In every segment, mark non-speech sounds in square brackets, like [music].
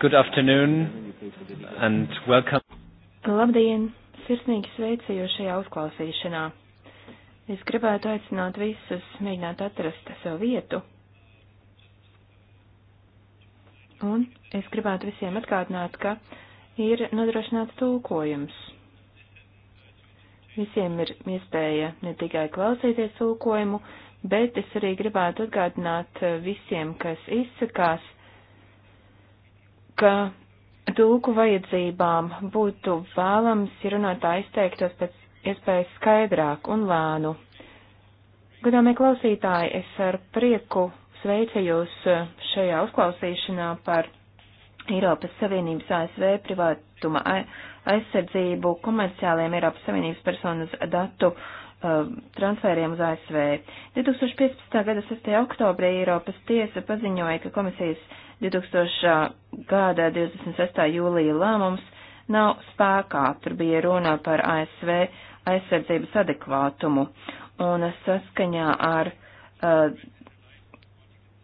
Good afternoon and welcome. Labdien! Sirsnīgi sveicu jūs šajā uzklausīšanā. Es gribētu aicināt visus mēģināt atrast savu vietu. Un es gribētu visiem atgādināt, ka ir nodrošināts tulkojums. Visiem ir iespēja ne tikai klausīties tulkojumu, bet es arī gribētu atgādināt visiem, kas izsakās, ka tulku vajadzībām būtu vēlams, ja runātāji izteiktos pēc iespējas skaidrāk un lēnu. Gadāmie klausītāji, es ar prieku sveicu jūs šajā uzklausīšanā par Eiropas Savienības ASV privātuma aizsardzību komerciāliem Eiropas Savienības personas datu uh, um, transfēriem uz ASV. 2015. gada 6. oktobrī Eiropas tiesa paziņoja, ka komisijas 2000. gada 26. jūlija lēmums nav spēkā. Tur bija runa par ASV aizsardzības adekvātumu. Un saskaņā ar uh, eh,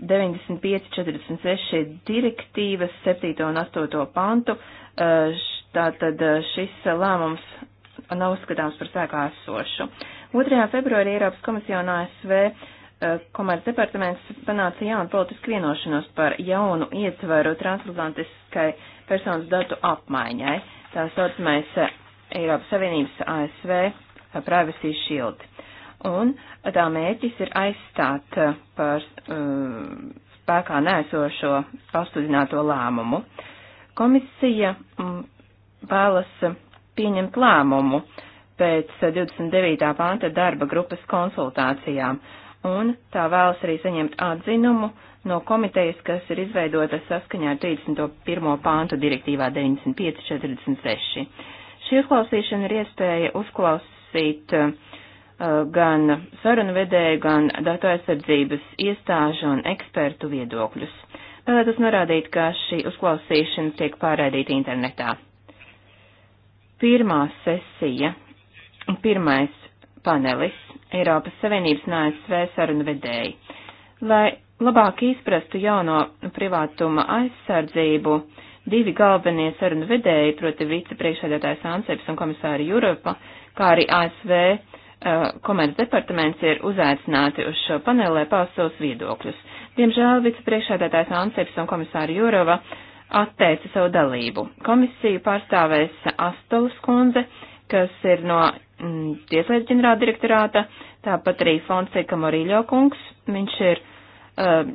95.46 direktīvas 7. un 8. pantu, uh, tātad eh, šis lēmums nav uzskatāms par spēkā esošu. 2. februārī Eiropas komisija un ASV uh, Eh, Komercdepartaments panāca jaunu politisku vienošanos par jaunu ietveru transatlantiskai personas datu apmaiņai, tā saucamais eh, Eiropas Savienības ASV eh, Privacy Shield. Un tā mērķis ir aizstāt par uh, spēkā nēsošo pastudināto lēmumu. Komisija mm, vēlas pieņemt lēmumu pēc 29. panta darba grupas konsultācijām. Uh, un tā vēlas arī saņemt atzinumu no komitejas, kas ir izveidota saskaņā ar 31. pāntu direktīvā 9546. Šī uzklausīšana ir iespēja uzklausīt uh, gan sarunvedēju, gan datu aizsardzības iestāžu un ekspertu viedokļus. Vēlētos norādīt, ka šī uzklausīšana tiek pārraidīta internetā. Pirmā sesija, pirmais panelis Eiropas Savienības un ASV sarunu vedēji. Lai labāk izprastu jauno privātuma aizsardzību, divi galvenie sarunu vedēji, proti vicepriekšsēdētājs Anseps un komisāri Europa, kā arī ASV eh, komerces departaments ir uzaicināti uz šo paneli, lai paust savus viedokļus. Diemžēl vicepriekšādātājs Anseps un komisāra Jurova atteica savu dalību. Komisiju pārstāvēs Astolas kundze, kas ir no mm, Tieslietu ģenerāla direktorāta, tāpat arī Fonseca Morīļo kungs. Viņš ir uh,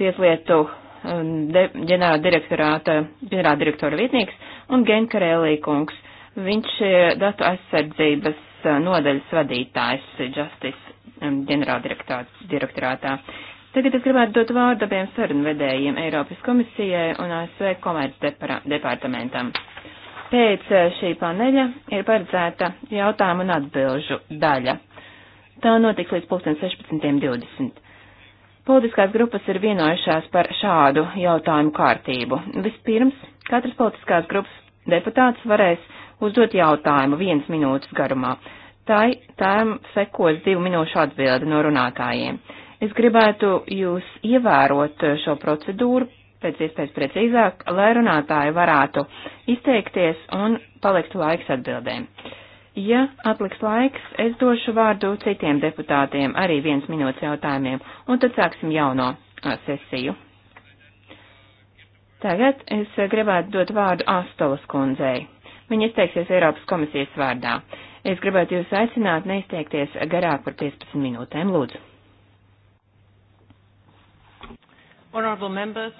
Tieslietu um, ģenerāla direktorāta, ģenerāla direktora vietnieks, un Genka Rēlī kungs. Viņš ir datu aizsardzības uh, nodaļas vadītājs Justice um, ģenerāla direktorātā. Tagad es gribētu dot vārdu abiem sarunvedējiem Eiropas komisijai un ASV komerc departamentam. Pēc eh, šī paneļa ir paredzēta jautājumu un atbilžu daļa. Tā notiks līdz 16.20. Politiskās grupas ir vienojušās par šādu jautājumu kārtību. Vispirms, katras politiskās grupas deputāts varēs uzdot jautājumu viens minūtes garumā. Tai, tām sekos divu minūšu atbildi no runātājiem. Es gribētu jūs ievērot eh, šo procedūru, pēc iespējas precīzāk, lai runātāji varētu izteikties un paliktu laiks atbildēm. Ja atliks laiks, es došu vārdu citiem deputātiem arī viens minūtes jautājumiem, un tad sāksim jauno sesiju. Tagad es gribētu dot vārdu Astolas kundzei. Viņa izteiksies Eiropas komisijas vārdā. Es gribētu jūs aicināt neizteikties garāk par 15 minūtēm, lūdzu. Honorable members,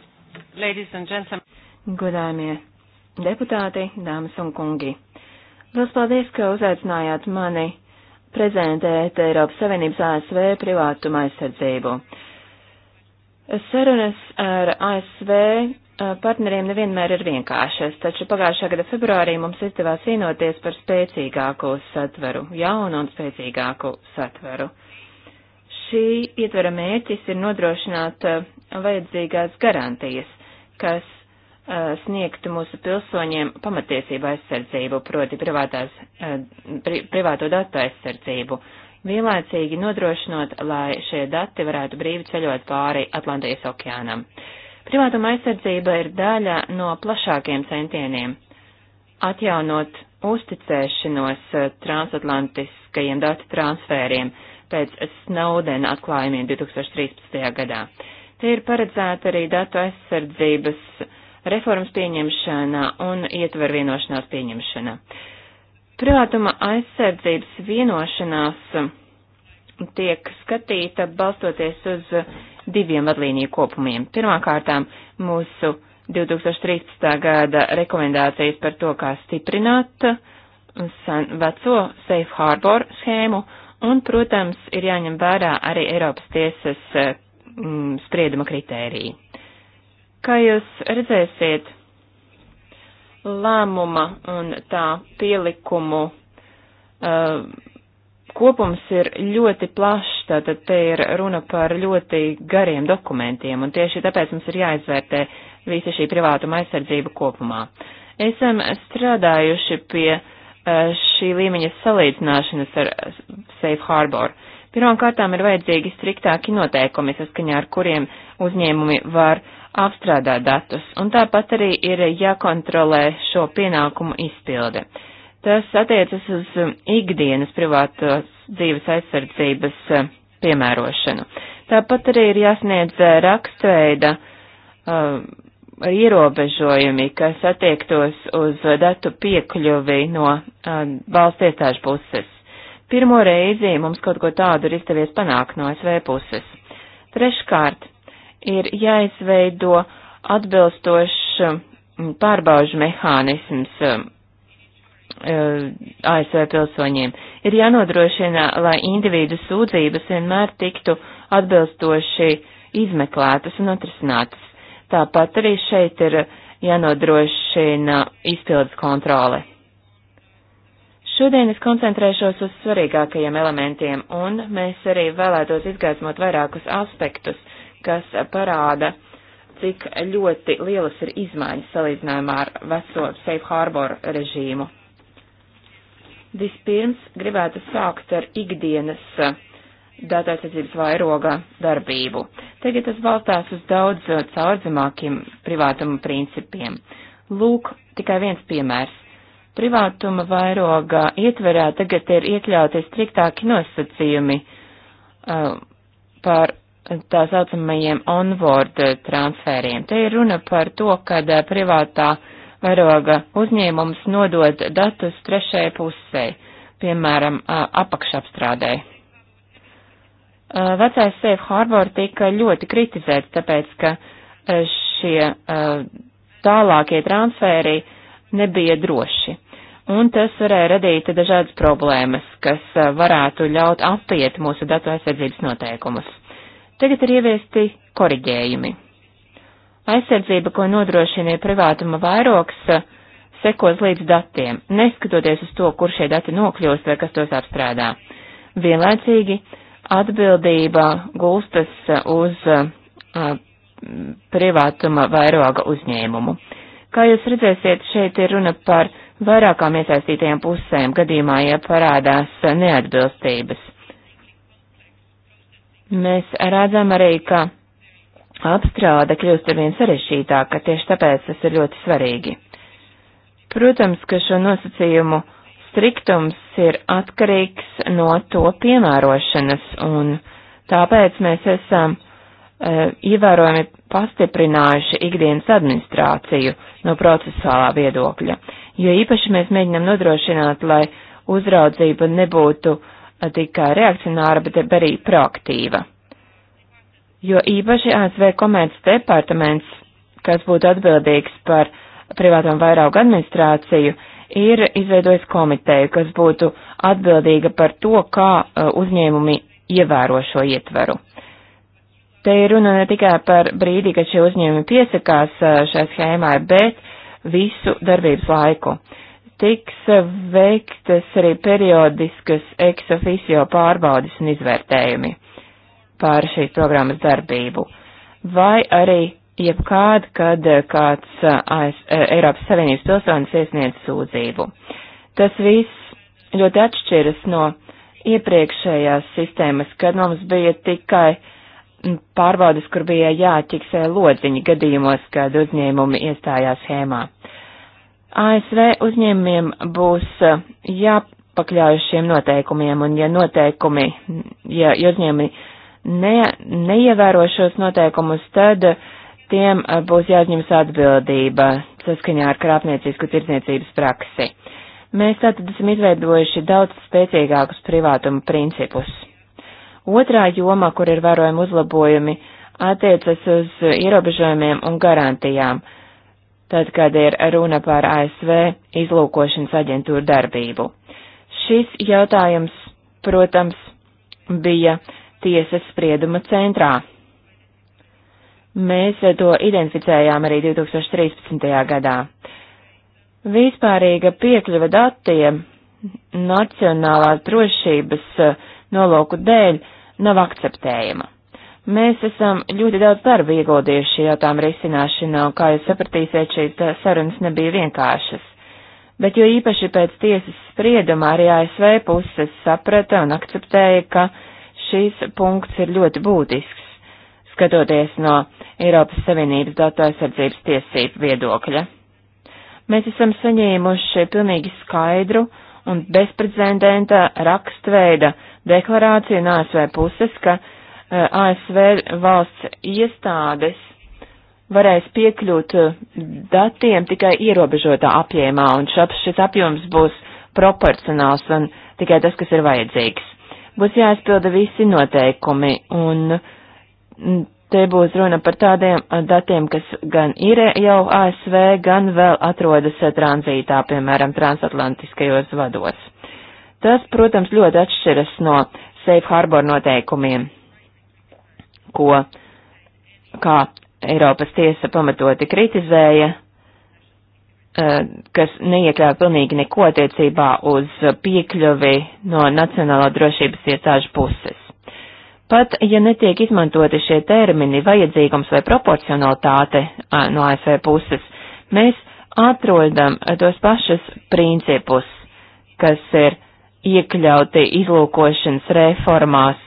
Ladies and gentlemen. Godājumie deputāti, dāmas un kungi. Liels paldies, ka uzaicinājāt mani prezentēt Eiropas Savienības ASV privātuma aizsardzību. Sarunas ar ASV partneriem nevienmēr ir vienkāršas, taču pagājušā gada februārī mums izdevās vienoties par spēcīgāko satveru, jaunu un spēcīgāku satveru šī ietvera mērķis ir nodrošināt vajadzīgās garantijas, kas uh, sniegtu mūsu pilsoņiem pamatiesību aizsardzību, proti privātās, uh, pri, privāto datu aizsardzību, vienlaicīgi nodrošinot, lai šie dati varētu brīvi ceļot pāri Atlantijas okeānam. Privātuma aizsardzība ir daļa no plašākiem centieniem atjaunot uzticēšanos transatlantiskajiem datu transfēriem pēc Snowden atklājumiem 2013. gadā. Te ir paredzēta arī datu aizsardzības reformas pieņemšana un ietver vienošanās pieņemšana. Privātuma aizsardzības vienošanās tiek skatīta balstoties uz diviem vadlīniju kopumiem. Pirmkārtām mūsu 2013. gada rekomendācijas par to, kā stiprināt san, veco Safe Harbor schēmu, un, protams, ir jāņem vērā arī Eiropas tiesas mm, sprieduma kritēriju. Kā jūs redzēsiet, lēmuma un tā pielikumu uh, kopums ir ļoti plašs, tātad te ir runa par ļoti gariem dokumentiem, un tieši tāpēc mums ir jāizvērtē visa šī privātuma aizsardzība kopumā. Esam strādājuši pie uh, šī līmeņa salīdzināšanas ar Safe Harbor. Uh, Pirmkārtām ir vajadzīgi striktāki noteikumi, saskaņā ar kuriem uzņēmumi var apstrādāt datus, un tāpat arī ir jākontrolē šo pienākumu izpilde. Tas attiecas uz ikdienas privātās dzīves aizsardzības eh, piemērošanu. Tāpat arī ir jāsniedz eh, rakstveida uh, eh, ierobežojumi, kas attiektos uz datu piekļuvi no uh, valsts iestāžu puses. Pirmo reizi mums kaut ko tādu ir izdevies panākt no SV puses. Treškārt, ir jāizveido atbilstošs mm, pārbaužu mehānisms mm, eh, ASV pilsoņiem. Ir jānodrošina, lai individu sūdzības vienmēr tiktu atbilstoši izmeklētas un atrisinātas. Tāpat arī šeit ir jānodrošina izpildes kontrole. Šodien es koncentrēšos uz svarīgākajiem elementiem, un mēs arī vēlētos izgaismot vairākus aspektus, kas parāda, cik ļoti lielas ir izmaiņas salīdzinājumā ar veco Safe Harbor režīmu. Vispirms gribētu sākt ar ikdienas uh, datu aizsardzības vairoga darbību. Tagad tas balstās uz daudz uh, caurzemākiem privātuma principiem. Lūk, tikai viens piemērs. Privātuma vairogā ietverā tagad ir iekļauti striktāki nosacījumi uh, par tā saucamajiem onboard transferiem. Te ir runa par to, ka privātā varoga uzņēmums nodod datus trešajai pusē, piemēram, apakšapstrādē. Vecais Safe Harbor tika ļoti kritizēts, tāpēc, ka šie tālākie transferi nebija droši un tas varēja radīt dažādas problēmas, kas eh, varētu ļaut apiet mūsu datu aizsardzības noteikumus. Tagad ir ieviesti koriģējumi. Aizsardzība, ko nodrošina privātuma vairoks, eh, sekos līdz datiem, neskatoties uz to, kur šie dati nokļūst vai kas tos apstrādā. Vienlaicīgi atbildība gulstas uz uh, privātuma vairoga uzņēmumu. Kā jūs redzēsiet, šeit ir runa par vairākām iesaistītajām pusēm gadījumā, ja parādās neatbilstības. Mēs redzam arī, ka apstrāde kļūst arvien sarešķītāka, tieši tāpēc tas ir ļoti svarīgi. Protams, ka šo nosacījumu striktums ir atkarīgs no to piemērošanas, un tāpēc mēs esam e, ievērojami pastiprinājuši ikdienas administrāciju no procesuālā viedokļa, jo īpaši mēs mēģinam nodrošināt, lai uzraudzība nebūtu eh, tikai reakcionāra, bet arī proaktīva. Jo īpaši ASV komerc departaments, kas būtu atbildīgs par privāto un vairāku administrāciju, ir izveidojis komiteju, kas būtu atbildīga par to, kā eh, uzņēmumi ievēro šo ietveru. Te ir runa ne tikai par brīdi, kad šie uzņēmumi piesakās šai schēmai, bet visu darbības laiku. Tiks veiktas arī periodiskas ex officio pārbaudas un izvērtējumi pār šīs programmas darbību. Vai arī jebkād, kad kāds AS, Eiropas Savienības pilsonis iesniedz sūdzību. Tas viss ļoti atšķiras no iepriekšējās sistēmas, kad mums bija tikai uh, pārbaudas, kur bija jāķiksē lodziņi gadījumos, kad uzņēmumi iestājās schēmā. ASV uzņēmumiem būs eh, jāpakļauj šiem noteikumiem, un ja noteikumi, ja uzņēmumi ne, neievēro šos noteikumus, tad eh, tiem eh, būs jāuzņemas atbildība saskaņā ar krāpniecisku tirdzniecības praksi. Mēs tātad esam izveidojuši daudz spēcīgākus privātuma principus. Otrā joma, kur ir vērojami uzlabojumi, attiecas uz ierobežojumiem un garantijām, tad, kad ir runa par ASV izlūkošanas aģentūru darbību. Šis jautājums, protams, bija tiesas sprieduma centrā. Mēs to identificējām arī 2013. gadā. Vispārīga piekļuva datiem nacionālās drošības uh, nolauku dēļ nav akceptējama. Mēs esam ļoti daudz darba ieguldījuši šī jautājuma risināšanā, un, kā jūs sapratīsiet, šīs eh, sarunas nebija vienkāršas. Bet jo īpaši pēc tiesas sprieduma arī ASV puses saprata un akceptēja, ka šīs punkts ir ļoti būtisks, skatoties no Eiropas Savienības datu aizsardzības tiesību viedokļa. Mēs esam saņēmuši pilnīgi skaidru un bezprecedenta rakstveida deklarācija no ASV puses, ka eh, ASV valsts iestādes varēs piekļūt eh, datiem tikai ierobežotā apjēmā, un šis apjoms būs proporcionāls un tikai tas, kas ir vajadzīgs. Būs jāizpilda visi noteikumi, un mm, te būs runa par tādiem eh, datiem, kas gan ir jau ASV, gan vēl atrodas tranzītā, piemēram, transatlantiskajos vados. Tas, protams, ļoti atšķiras no safe harbor noteikumiem, ko, kā Eiropas tiesa pamatoti kritizēja, eh, kas neiekļāva pilnīgi neko attiecībā uz piekļuvi no Nacionālo drošības iestāžu puses. Pat, ja netiek izmantoti šie termini vajadzīgums vai proporcionalitāte no ASV puses, mēs atrodam eh, tos pašus principus, kas ir iekļauti izlūkošanas reformās,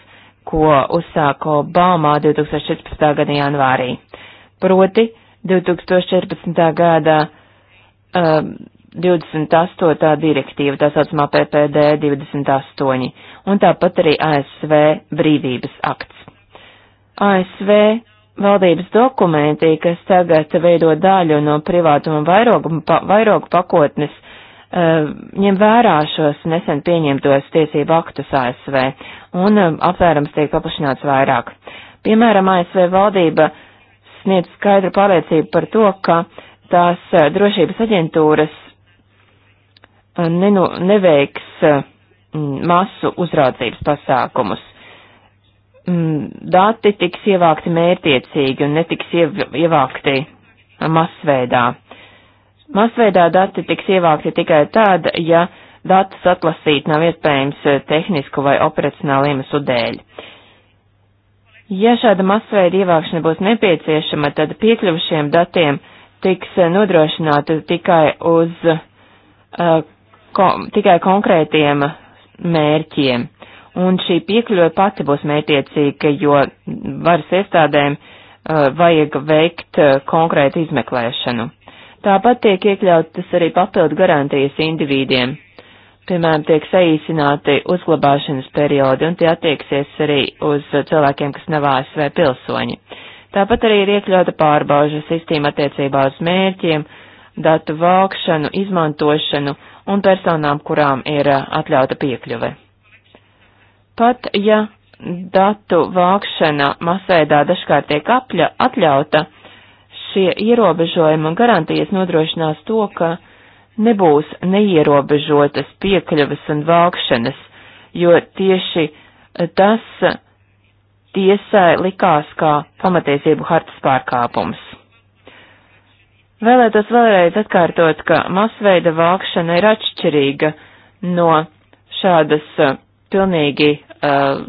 ko uzsāka Obama 2014. gada janvārī. Proti 2014. gada um, 28. direktīva, tā saucamā PPD 28, un tāpat arī ASV brīvības akts. ASV valdības dokumenti, kas tagad veido daļu no privātuma vairogu, pa, vairogu pakotnes, Eh, ņem vērā šos nesen pieņemtos tiesību aktus ASV, un eh, apvērums tiek paplašināts vairāk. Piemēram, ASV valdība sniedz skaidru pārliecību par to, ka tās eh, drošības aģentūras nenu, neveiks masu uzraudzības pasākumus. Dati tiks ievākti mērtiecīgi un netiks ievākti masveidā. Masveidā dati tiks ievākti tikai tad, ja datus atlasīt nav iespējams eh, tehnisku vai operacionālu iemeslu dēļ. Ja šāda masveida ievākšana būs nepieciešama, tad piekļuvu šiem datiem tiks eh, nodrošināta tikai uz uh, ko, tikai konkrētiem mērķiem. Un šī piekļuve pati būs mērķiecīga, jo varas iestādēm uh, vajag veikt uh, konkrētu izmeklēšanu. Tāpat tiek iekļautas arī papildu garantijas individiem. Piemēram, tiek saīsināti uzglabāšanas periodi, un tie attieksies arī uz cilvēkiem, kas nav ASV pilsoņi. Tāpat arī ir iekļauta pārbaužu sistēma attiecībā uz mērķiem, datu vākšanu, izmantošanu un personām, kurām ir uh, atļauta piekļuve. Pat ja datu vākšana masveidā dažkārt tiek apļa, atļauta, šie ierobežojumi un garantijas nodrošinās to, ka nebūs neierobežotas piekļuves un valkšanas, jo tieši eh, tas tiesai likās kā pamatiesību hartas pārkāpums. Vēlētos vēlreiz atkārtot, ka masveida vākšana ir atšķirīga no šādas eh, pilnīgi uh,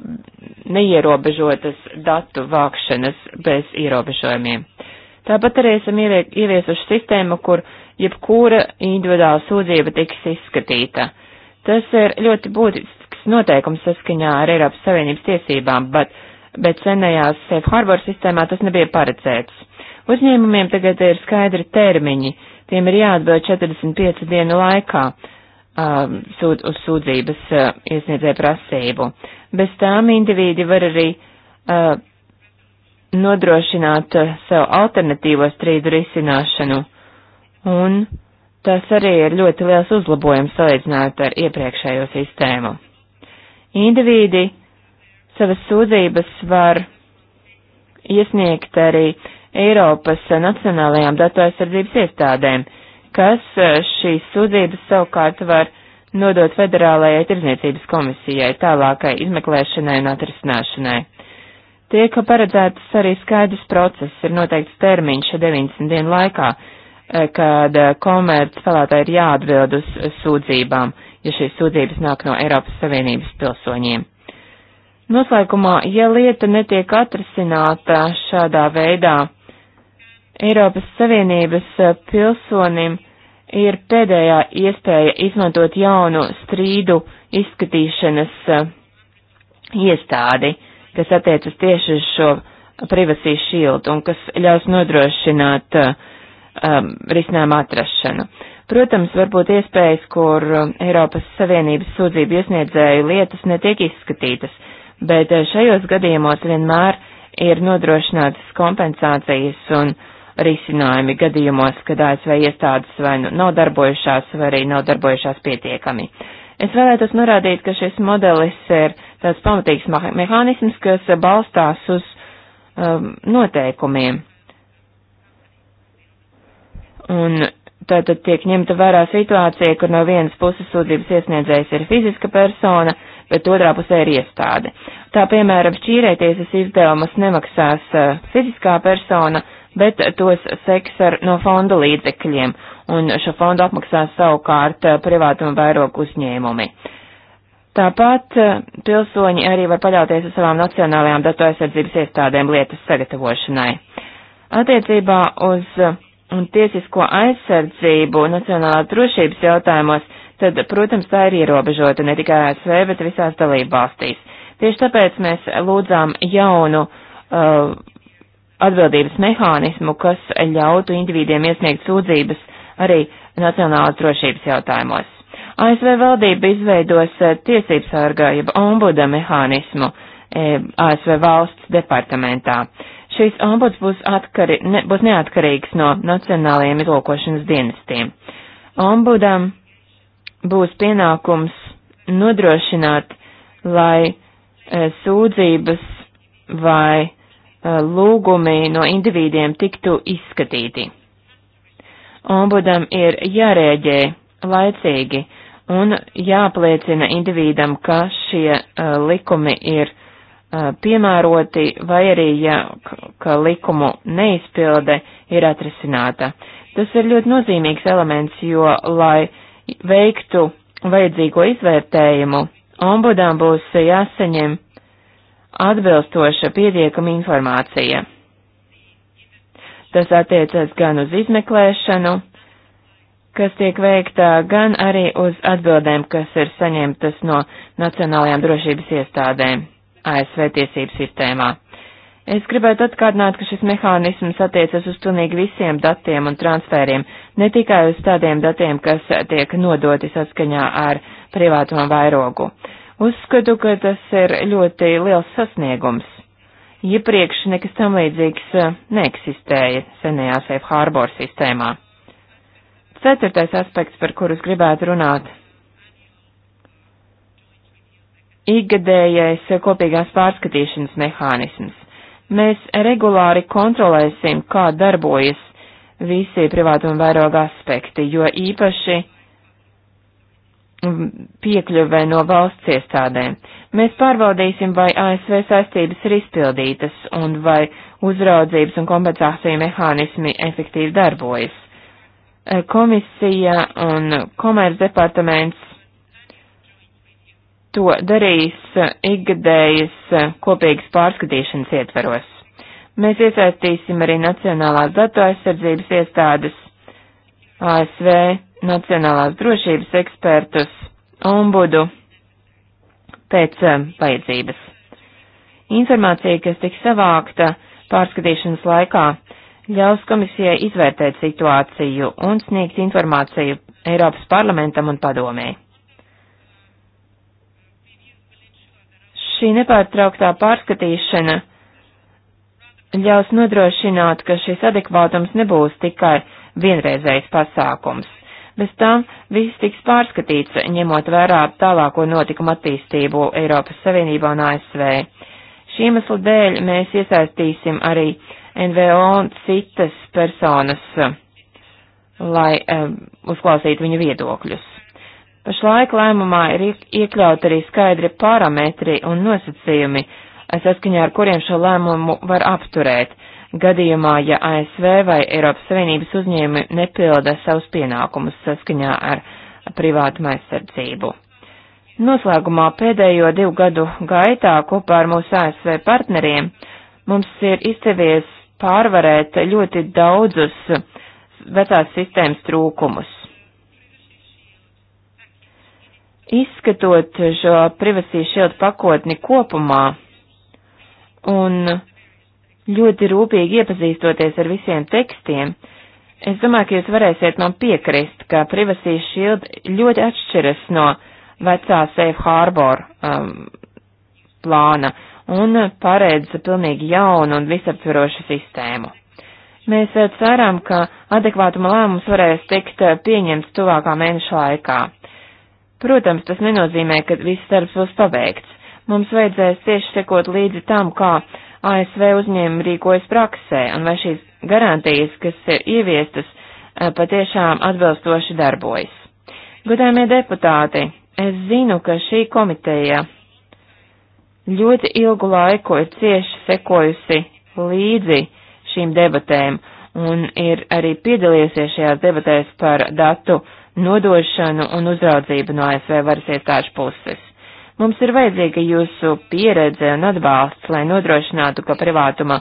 neierobežotas datu vākšanas bez ierobežojumiem. Uh, Tāpat arī esam ieviesuši sistēmu, kur jebkura individuāla sūdzība tiks izskatīta. Tas ir ļoti būtisks noteikums saskaņā ar Eiropas Savienības tiesībām, bet, bet senajās Safe Harbor sistēmā tas nebija paredzēts. Uzņēmumiem tagad ir skaidri termiņi, tiem ir jāatbild 45 dienu laikā um, sūd, uz sūdzības uh, iesniedzēju prasību. Bez tām indivīdi var arī uh, nodrošināt eh, sev alternatīvo strīdu risināšanu, un tas arī ir ļoti liels uzlabojums salīdzināt ar iepriekšējo sistēmu. Indivīdi savas sūdzības var iesniegt arī Eiropas Nacionālajām datu aizsardzības iestādēm, kas eh, šīs sūdzības savukārt var nodot Federālajai tirzniecības komisijai tālākai izmeklēšanai un atrisināšanai. Tiek paredzētas arī skaidrs process, ir noteikts termiņš 90 dienu laikā, e, kad e, komerc spēlētāji ir jāatbild uz sūdzībām, ja šīs sūdzības nāk no Eiropas Savienības pilsoņiem. Noslēgumā, ja lieta netiek atrisināta šādā veidā, Eiropas Savienības e, pilsonim ir pēdējā iespēja izmantot jaunu strīdu izskatīšanas iestādi. Uh, kas attiecas tieši uz šo privaciju šildu un kas ļaus nodrošināt uh, um, risinājumu atrašanu. Protams, varbūt iespējas, kur um, Eiropas Savienības sūdzību iesniedzēju lietas netiek izskatītas, bet uh, šajos gadījumos vienmēr ir nodrošinātas kompensācijas un risinājumi gadījumos, kad ASV iestādes vai nu nav darbojušās, vai arī nav darbojušās pietiekami. Es vēlētos norādīt, ka šis modelis ir tāds pamatīgs mehānisms, kas balstās uz um, noteikumiem. Un tātad tiek ņemta vērā situācija, kur no vienas puses sūdzības iesniedzējs ir fiziska persona, bet otrā pusē ir iestāde. Tā piemēram, šķīrētiesas izdevumus nemaksās uh, fiziskā persona, bet tos seks ar no fonda līdzekļiem, un šo fondu apmaksās savukārt uh, privātuma vairogu uzņēmumi. Uh, Tāpat eh, pilsoņi arī var paļauties uz savām nacionālajām datu aizsardzības iestādēm lietas sagatavošanai. Attiecībā uz eh, tiesisko aizsardzību nacionālā drošības jautājumos, tad, protams, tā ir ierobežota ne tikai ASV, bet visās dalībvalstīs. Tieši tāpēc mēs lūdzām jaunu uh, atbildības mehānismu, kas ļautu individiem iesniegt sūdzības arī nacionālās drošības jautājumos. ASV valdība izveidos eh, tiesības sārgājību ombuda mehānismu eh, ASV valsts departamentā. Šīs ombuds būs, atkari, ne, būs neatkarīgs no nacionālajiem izlūkošanas dienestiem. Ombudam būs pienākums nodrošināt, lai eh, sūdzības vai lūgumi no individiem tiktu izskatīti. Ombudam ir jārēģē laicīgi un jāpliecina individam, ka šie uh, likumi ir uh, piemēroti, vai arī, ja, ka likumu neizpilde ir atrisināta. Tas ir ļoti nozīmīgs elements, jo, lai veiktu vajadzīgo izvērtējumu, ombudām būs jāsaņem atbilstoša pietiekama informācija. Tas attiecas gan uz izmeklēšanu, kas tiek veikta, gan arī uz atbildēm, kas ir saņemtas no Nacionālajām drošības iestādēm ASV tiesību sistēmā. Es gribētu atkārtināt, ka šis mehānisms attiecas uz pilnīgi visiem datiem un transfēriem, ne tikai uz tādiem datiem, kas tiek nodoti saskaņā ar privāto vairogu. Uzskatu, ka tas ir ļoti liels sasniegums. Iepriekš nekas tam līdzīgs eh, neeksistēja senajā Safe Harbor sistēmā. Ceturtais aspekts, par kuru es gribētu runāt. Igadējais kopīgās pārskatīšanas mehānisms. Mēs regulāri kontrolēsim, kā darbojas visi privātuma vairoga aspekti, jo īpaši piekļuvē no valsts iestādēm. Mēs pārbaudīsim, vai ASV saistības ir izpildītas un vai uzraudzības un kompensāciju mehānismi efektīvi darbojas. Eh, komisija un komērts departaments to darīs ikgadējas eh, kopīgas pārskatīšanas ietveros. Mēs iesaistīsim arī Nacionālās datu aizsardzības iestādes, ASV, Nacionālās drošības ekspertus, ombudu pēc eh, vajadzības. Informācija, kas tiks savākta pārskatīšanas laikā, ļaus komisijai izvērtēt situāciju un sniegt informāciju Eiropas parlamentam un padomē. Šī nepārtrauktā pārskatīšana ļaus nodrošināt, ka šis adekvātums nebūs tikai vienreizējs pasākums. Bez tam viss tiks pārskatīts, ņemot vērā tālāko notikumu attīstību Eiropas Savienībā un ASV. Šī iemesla dēļ mēs iesaistīsim arī NVO un citas personas, lai um, uzklausītu viņu viedokļus. Pašlaik lēmumā ir iekļaut arī skaidri parametri un nosacījumi, eh, saskaņā ar kuriem šo lēmumu var apturēt, gadījumā, ja ASV vai Eiropas Savienības uzņēmumi nepilda savus pienākumus saskaņā ar privātu aizsardzību. Noslēgumā pēdējo divu gadu gaitā kopā ar mūsu ASV partneriem mums ir izdevies pārvarēt ļoti daudzus vecās sistēmas trūkumus. Izskatot šo privacīšu šildu pakotni kopumā un ļoti rūpīgi iepazīstoties ar visiem tekstiem, es domāju, ka jūs varēsiet man piekrist, ka privacīšu šildu ļoti atšķiras no vecā Safe Harbor um, plāna. Uh, un paredz pilnīgi jaunu un visaptverošu sistēmu. Mēs eh, ceram, ka adekvātuma lēmums varēs tikt eh, pieņemts tuvākā mēneša laikā. Protams, tas nenozīmē, ka viss darbs būs pabeigts. Mums vajadzēs tieši sekot līdzi tam, kā ASV uzņēmumi rīkojas praksē un vai šīs garantijas, kas ir ieviestas, eh, patiešām atbilstoši darbojas. Godājumie deputāti, es zinu, ka šī komiteja ļoti ilgu laiku ir cieši sekojusi līdzi šīm debatēm un ir arī piedalījusies šajās debatēs par datu nodošanu un uzraudzību no ASV varas iestāžu puses. Mums ir vajadzīga jūsu pieredze un atbalsts, lai nodrošinātu, ka privātuma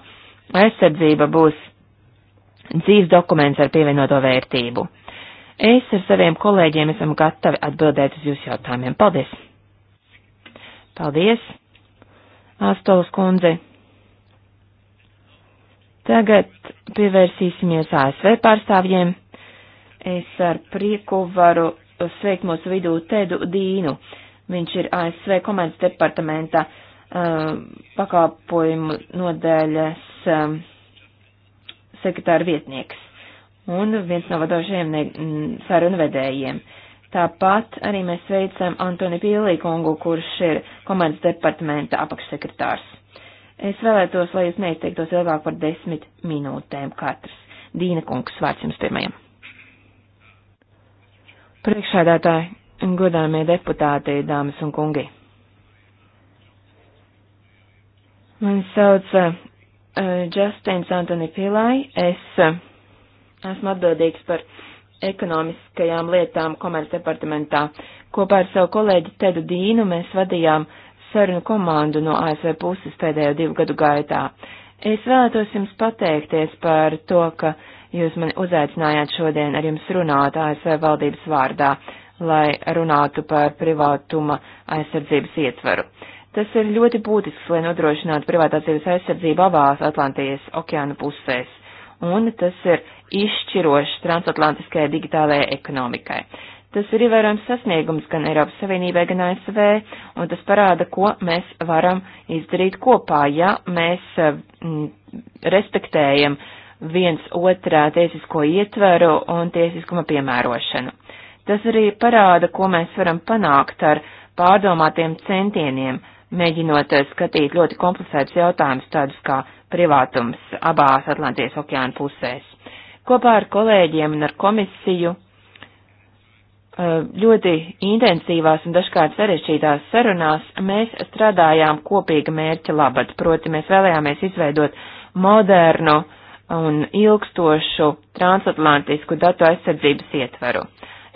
aizsardzība būs dzīves dokuments ar pievienoto vērtību. Es ar saviem kolēģiem esam gatavi atbildēt uz jūsu jautājumiem. Paldies! Paldies! Astolas kundzi. Tagad pievērsīsimies ASV pārstāvjiem. Es ar prieku varu sveikt mūsu vidū Tedu Dīnu. Viņš ir ASV komandas departamenta uh, pakāpojumu nodaļas um, sekretāra vietnieks un viens no vadošajiem mm, sarunu vedējiem. Uh, Tāpat arī mēs veicam Antoni Pielīkungu, kurš ir komandas departamenta apakšsekretārs. Es vēlētos, lai jūs neizteiktos ilgāk par desmit minūtēm katrs. Dīna kungs, vārds jums pirmajam. Priekšādātāji, godāmie deputāti, dāmas un kungi. Mani sauc uh, Justins Antoni Pilai. Es uh, esmu atbildīgs par ekonomiskajām lietām komercdepartamentā. Kopā ar savu kolēģi Tedu Dīnu mēs vadījām sarunu komandu no ASV puses pēdējo divu gadu gaitā. Es vēlētos jums pateikties par to, ka jūs mani uzaicinājāt šodien ar jums runāt ASV valdības vārdā, lai runātu par privātuma aizsardzības ietvaru. Tas ir ļoti būtisks, lai nodrošinātu privātās dzīves aizsardzību abās Atlantijas okeāna pusēs un tas ir izšķirošs transatlantiskajai digitālajai ekonomikai. Tas ir ievērojams sasniegums gan Eiropas Savienībai, gan ASV, un tas parāda, ko mēs varam izdarīt kopā, ja mēs m, mm, respektējam viens otrā tiesisko ietveru un tiesiskuma piemērošanu. Tas arī parāda, ko mēs varam panākt ar pārdomātiem centieniem, mēģinot eh, skatīt ļoti komplicētus jautājumus tādus kā privātums abās Atlantijas okeāna pusēs. Kopā ar kolēģiem un ar komisiju eh, ļoti intensīvās un dažkārt sarežģītās sarunās mēs strādājām kopīga mērķa labad, proti mēs vēlējāmies izveidot modernu un ilgstošu transatlantisku datu aizsardzības ietvaru.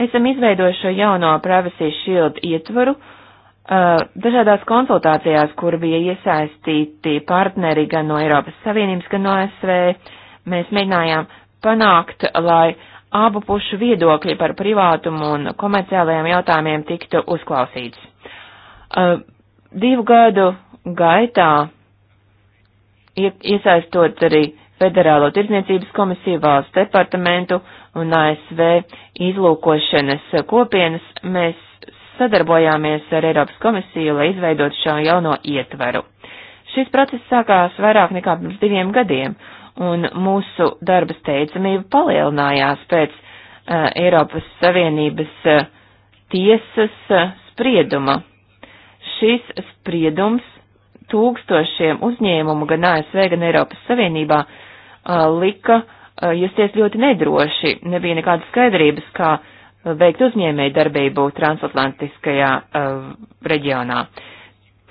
Esam izveidojuši jauno Privacy Shield ietvaru Uh, dažādās konsultācijās, kur bija iesaistīti partneri gan no Eiropas Savienības, gan no ASV, mēs mēģinājām panākt, lai abu pušu viedokļi par privātumu un komerciālajiem jautājumiem tiktu uzklausīts. Uh, divu gadu gaitā, iesaistot arī Federālo tirdzniecības komisiju, valsts departamentu un ASV izlūkošanas kopienas, mēs sadarbojāmies ar Eiropas komisiju, lai izveidot šo jauno ietvaru. Šis process sākās vairāk nekā pirms diviem gadiem, un mūsu darba steidzamība palielinājās pēc uh, Eiropas Savienības uh, tiesas uh, sprieduma. Šis spriedums tūkstošiem uzņēmumu gan ASV, gan Eiropas Savienībā uh, lika uh, justies ļoti nedroši, nebija nekādas skaidrības, kā uh, veikt uzņēmēju darbību transatlantiskajā uh, reģionā.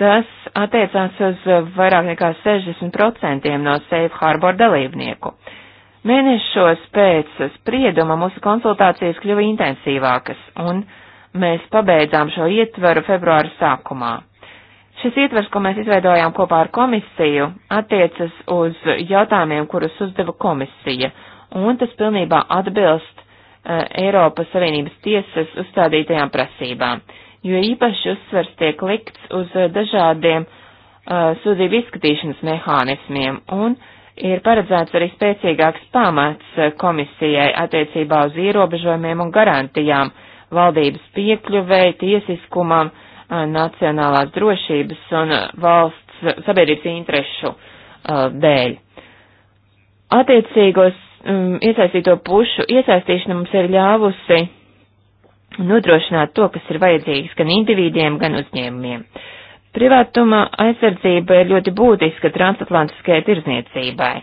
Tas attiecās uz vairāk nekā 60% no Safe Harbor dalībnieku. Mēnešos pēc sprieduma mūsu konsultācijas kļuva intensīvākas, un mēs pabeidzām šo ietveru februāra sākumā. Šis ietvers, ko mēs izveidojām kopā ar komisiju, attiecas uz jautājumiem, kurus uzdeva komisija, un tas pilnībā atbilst Eh, Eiropas Savienības tiesas uzstādītajām prasībām, jo īpaši uzsvers tiek likts uz eh, dažādiem uh, sūdzību izskatīšanas mehānismiem un ir paredzēts arī spēcīgāks pamats komisijai attiecībā uz ierobežojumiem un garantijām valdības piekļuvei, tiesiskumam, uh, nacionālās drošības un valsts sabiedrības interešu uh, dēļ. Attiecīgos um, iesaistīto pušu iesaistīšana mums ir ļāvusi nodrošināt to, kas ir vajadzīgs gan individiem, gan uzņēmumiem. Privātuma aizsardzība ir ļoti būtiska transatlantiskajai tirzniecībai.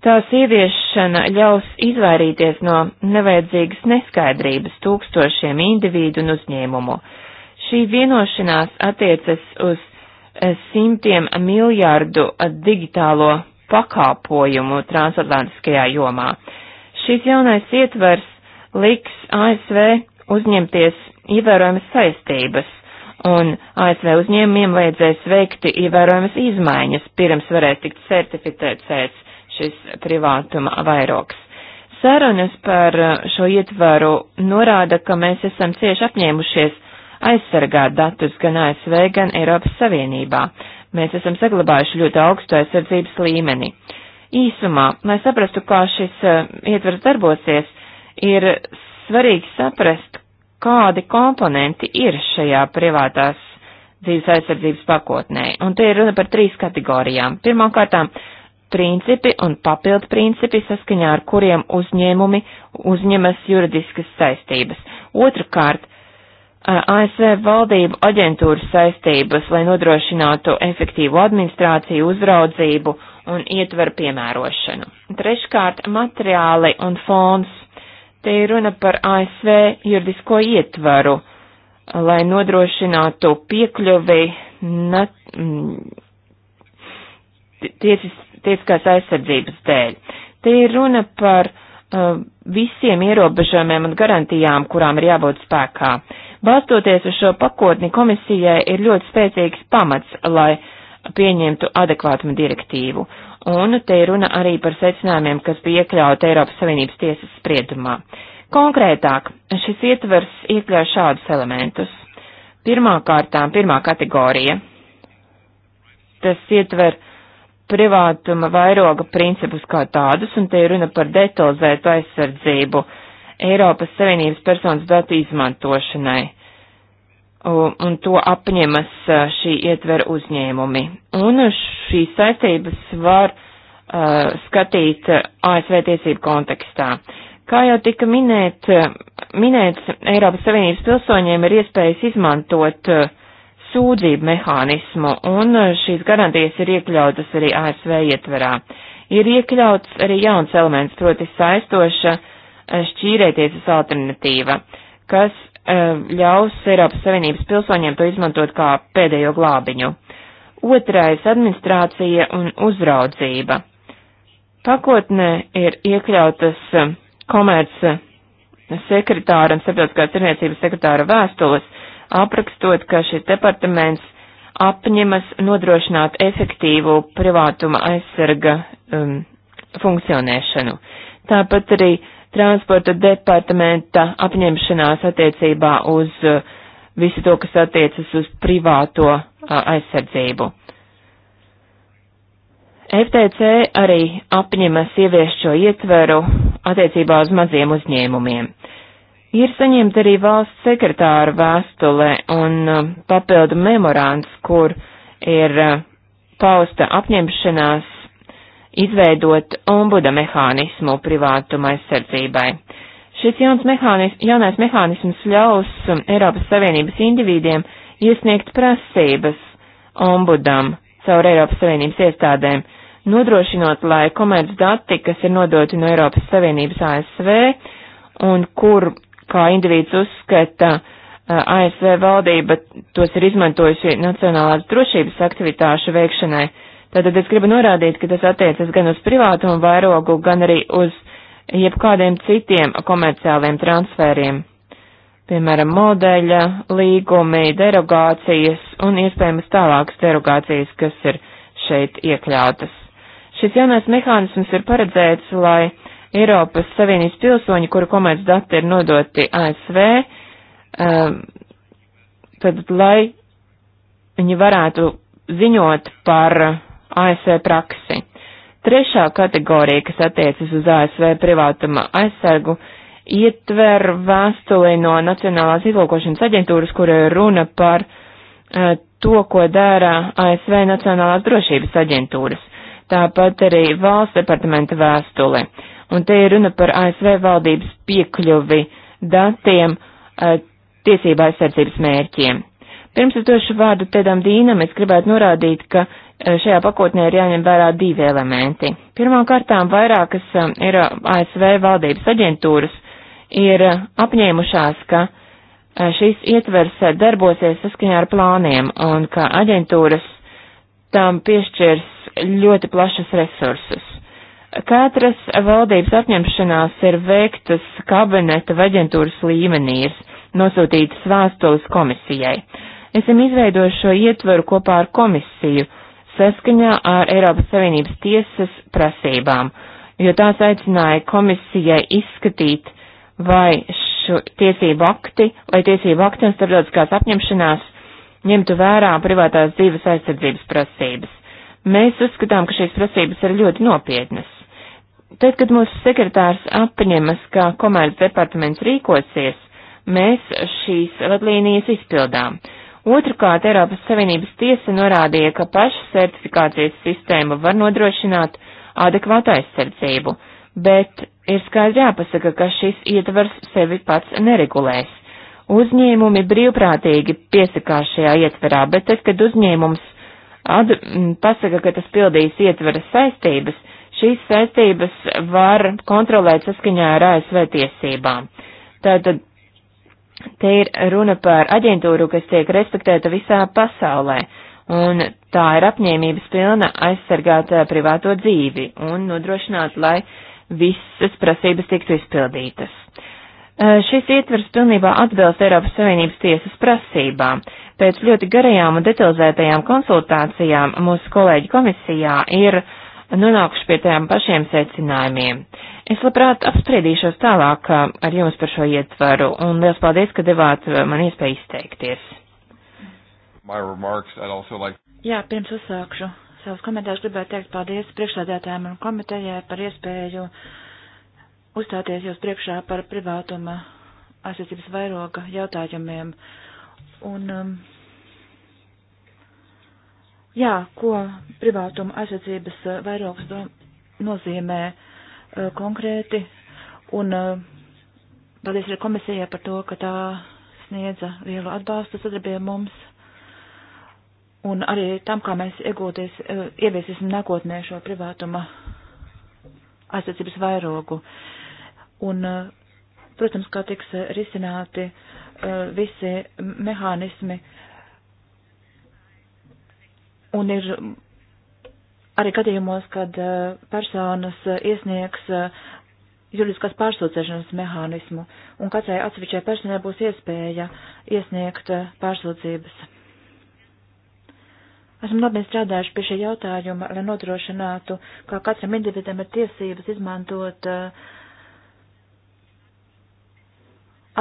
Tās ieviešana ļaus izvairīties no nevajadzīgas neskaidrības tūkstošiem individu un uzņēmumu. Šī vienošanās attiecas uz eh, simtiem miljārdu eh, digitālo pakāpojumu transatlantiskajā jomā. Šis jaunais ietvers liks ASV uzņemties ievērojamas saistības, un ASV uzņēmumiem vajadzēs veikti ievērojamas izmaiņas, pirms varēs tikt certificēts šis privātuma vairoks. Sarunas par uh, šo ietvaru norāda, ka mēs esam cieši apņēmušies aizsargāt datus gan ASV, gan Eiropas Savienībā. Mēs esam saglabājuši ļoti augstu aizsardzības līmeni. Īsumā, lai saprastu, kā šis uh, ietvers darbosies, ir svarīgi saprast, kādi komponenti ir šajā privātās dzīves aizsardzības pakotnē. Un te ir runa par trīs kategorijām. Pirmkārtām, principi un papildu principi, saskaņā ar kuriem uzņēmumi uzņemas juridiskas saistības. Otrakārt, ASV valdību aģentūras saistības, lai nodrošinātu efektīvu administrāciju, uzraudzību un ietveru piemērošanu. Treškārt, materiāli un fonds. Te ir runa par ASV juridisko ietvaru, lai nodrošinātu piekļuvi na, tiesis, tiesiskās aizsardzības dēļ. Te ir runa par uh, visiem ierobežojumiem un garantijām, kurām ir jābūt spēkā. Balstoties uz šo pakotni, komisijai ir ļoti spēcīgs pamats, lai pieņemtu adekvātumu direktīvu. Un te ir runa arī par secinājumiem, kas bija iekļauti Eiropas Savienības tiesas spriedumā. Konkrētāk, šis ietvers iekļauj šādus elementus. Pirmā kārtām, pirmā kategorija. Tas ietver privātuma vairoga principus kā tādus, un te ir runa par detalizētu aizsardzību Eiropas Savienības personas datu izmantošanai. Un, un to apņemas šī ietver uzņēmumi. Un šīs saistības var uh, skatīt ASV tiesību kontekstā. Kā jau tika minēt, minēts, Eiropas Savienības pilsoņiem ir iespējas izmantot uh, sūdzību mehānismu, un eh, šīs garantijas ir iekļautas arī ASV ietverā. Ir iekļauts arī jauns elements, proti saistoša eh, šķīrētiesas alternatīva, kas eh, ļaus Eiropas Savienības pilsoņiem to izmantot kā pēdējo glābiņu. Otrais - administrācija un uzraudzība. Pakotnē ir iekļautas komerc sekretāra un starptautiskās tirniecības sekretāra vēstules, aprakstot, ka šis departaments apņemas nodrošināt efektīvu privātuma aizsarga um, funkcionēšanu. Tāpat arī transporta departamenta apņemšanās attiecībā uz uh, visu to, kas attiecas uz privāto uh, aizsardzību. FTC arī apņemas ieviest šo ietveru attiecībā uz maziem uzņēmumiem. Ir saņemta arī valsts sekretāra vēstule un uh, papildu memorāns, kur ir uh, pausta apņemšanās izveidot ombuda mehānismu privātuma aizsardzībai. Šis jauns mehānis, jaunais mehānisms ļaus um, Eiropas Savienības individiem iesniegt prasības ombudam caur Eiropas Savienības iestādēm, nodrošinot, lai komerc dati, kas ir nodoti no Eiropas Savienības ASV un kur kā individs uzskata, ASV valdība tos ir izmantojuši nacionālās drošības aktivitāšu veikšanai. Tātad es gribu norādīt, ka tas attiecas gan uz privātumu vairogu, gan arī uz jebkādiem citiem komerciāliem transferiem. Piemēram, modeļa, līgumi, derogācijas un iespējams tālākas derogācijas, kas ir šeit iekļautas. Šis jaunais mehānisms ir paredzēts, lai Eiropas Savienības pilsoņi, kuru komēdus dati ir nodoti ASV, um, tad lai viņi varētu ziņot par ASV praksi. Trešā kategorija, kas attiecas uz ASV privātuma aizsargu, ietver vēstuli no Nacionālās izlūkošanas aģentūras, kur runa par uh, to, ko dara ASV Nacionālās drošības aģentūras. Tāpat arī valsts departamenta vēstuli. Un te ir runa par ASV valdības piekļuvi datiem tiesībā aizsardzības mērķiem. Pirms es došu vārdu Tedam Dīnam, es gribētu norādīt, ka šajā pakotnē ir jāņem vērā divi elementi. Pirmkārtām vairākas ir ASV valdības aģentūras ir apņēmušās, ka šīs ietvers darbosies saskaņā ar plāniem un ka aģentūras tam piešķirs ļoti plašas resursus. Katras valdības apņemšanās ir veiktas kabineta vaģentūras līmenī, ir nosūtītas vēstules komisijai. Esam izveidojuši šo ietvaru kopā ar komisiju saskaņā ar Eiropas Savienības tiesas prasībām, jo tās aicināja komisijai izskatīt, vai šo tiesību akti, vai tiesību akti un starptautiskās apņemšanās ņemtu vērā privātās dzīves aizsardzības prasības. Mēs uzskatām, ka šīs prasības ir ļoti nopietnas. Tad, kad mūsu sekretārs apņemas, ka komērts departaments rīkosies, mēs šīs vadlīnijas izpildām. Otrakārt, Eiropas Savienības tiesa norādīja, ka paša certifikācijas sistēma var nodrošināt adekvātu aizsardzību, bet ir skaidri jāpasaka, ka šis ietvars sevi pats neregulēs. Uzņēmumi brīvprātīgi piesakās šajā ietverā, bet tad, kad uzņēmums ad, pasaka, ka tas pildīs ietveras saistības, Šīs saistības var kontrolēt saskaņā ar ASV tiesībām. Tātad te ir runa par aģentūru, kas tiek respektēta visā pasaulē, un tā ir apņēmības pilna aizsargāt privāto dzīvi un nodrošināt, lai visas prasības tiktu izpildītas. Šis ietvers pilnībā atbilst Eiropas Savienības tiesas prasībām. Pēc ļoti garajām un detalizētajām konsultācijām mūsu kolēģi komisijā ir uh, nonākuši pie tajām pašiem secinājumiem. Es labprāt apspriedīšos tālāk uh, ar jums par šo ietvaru, un liels paldies, ka devāt uh, man iespēju izteikties. Remarks, like... Jā, pirms uzsākšu savus komentārus, gribētu teikt paldies priekšsādātājiem un komitejai par iespēju uzstāties jūs priekšā par privātuma aizsardzības vairoga jautājumiem. Un, um, Jā, ko privātuma aizsardzības eh, vairākas nozīmē eh, konkrēti, un eh, paldies arī komisijai par to, ka tā sniedza lielu atbalstu sadarbību mums, un arī tam, kā mēs iegūties, ieviesīsim nākotnē šo privātuma aizsardzības vairogu. Un, protams, kā tiks risināti visi mehānismi, uh, Un ir arī gadījumos, kad e, personas e, iesniegs e, juridiskās pārsūdzēšanas mehānismu, un katrai atsevišķai personai būs iespēja iesniegt pārsūdzības. Esmu nopietni strādājuši pie šī jautājuma, lai nodrošinātu, ka katram individam ir tiesības izmantot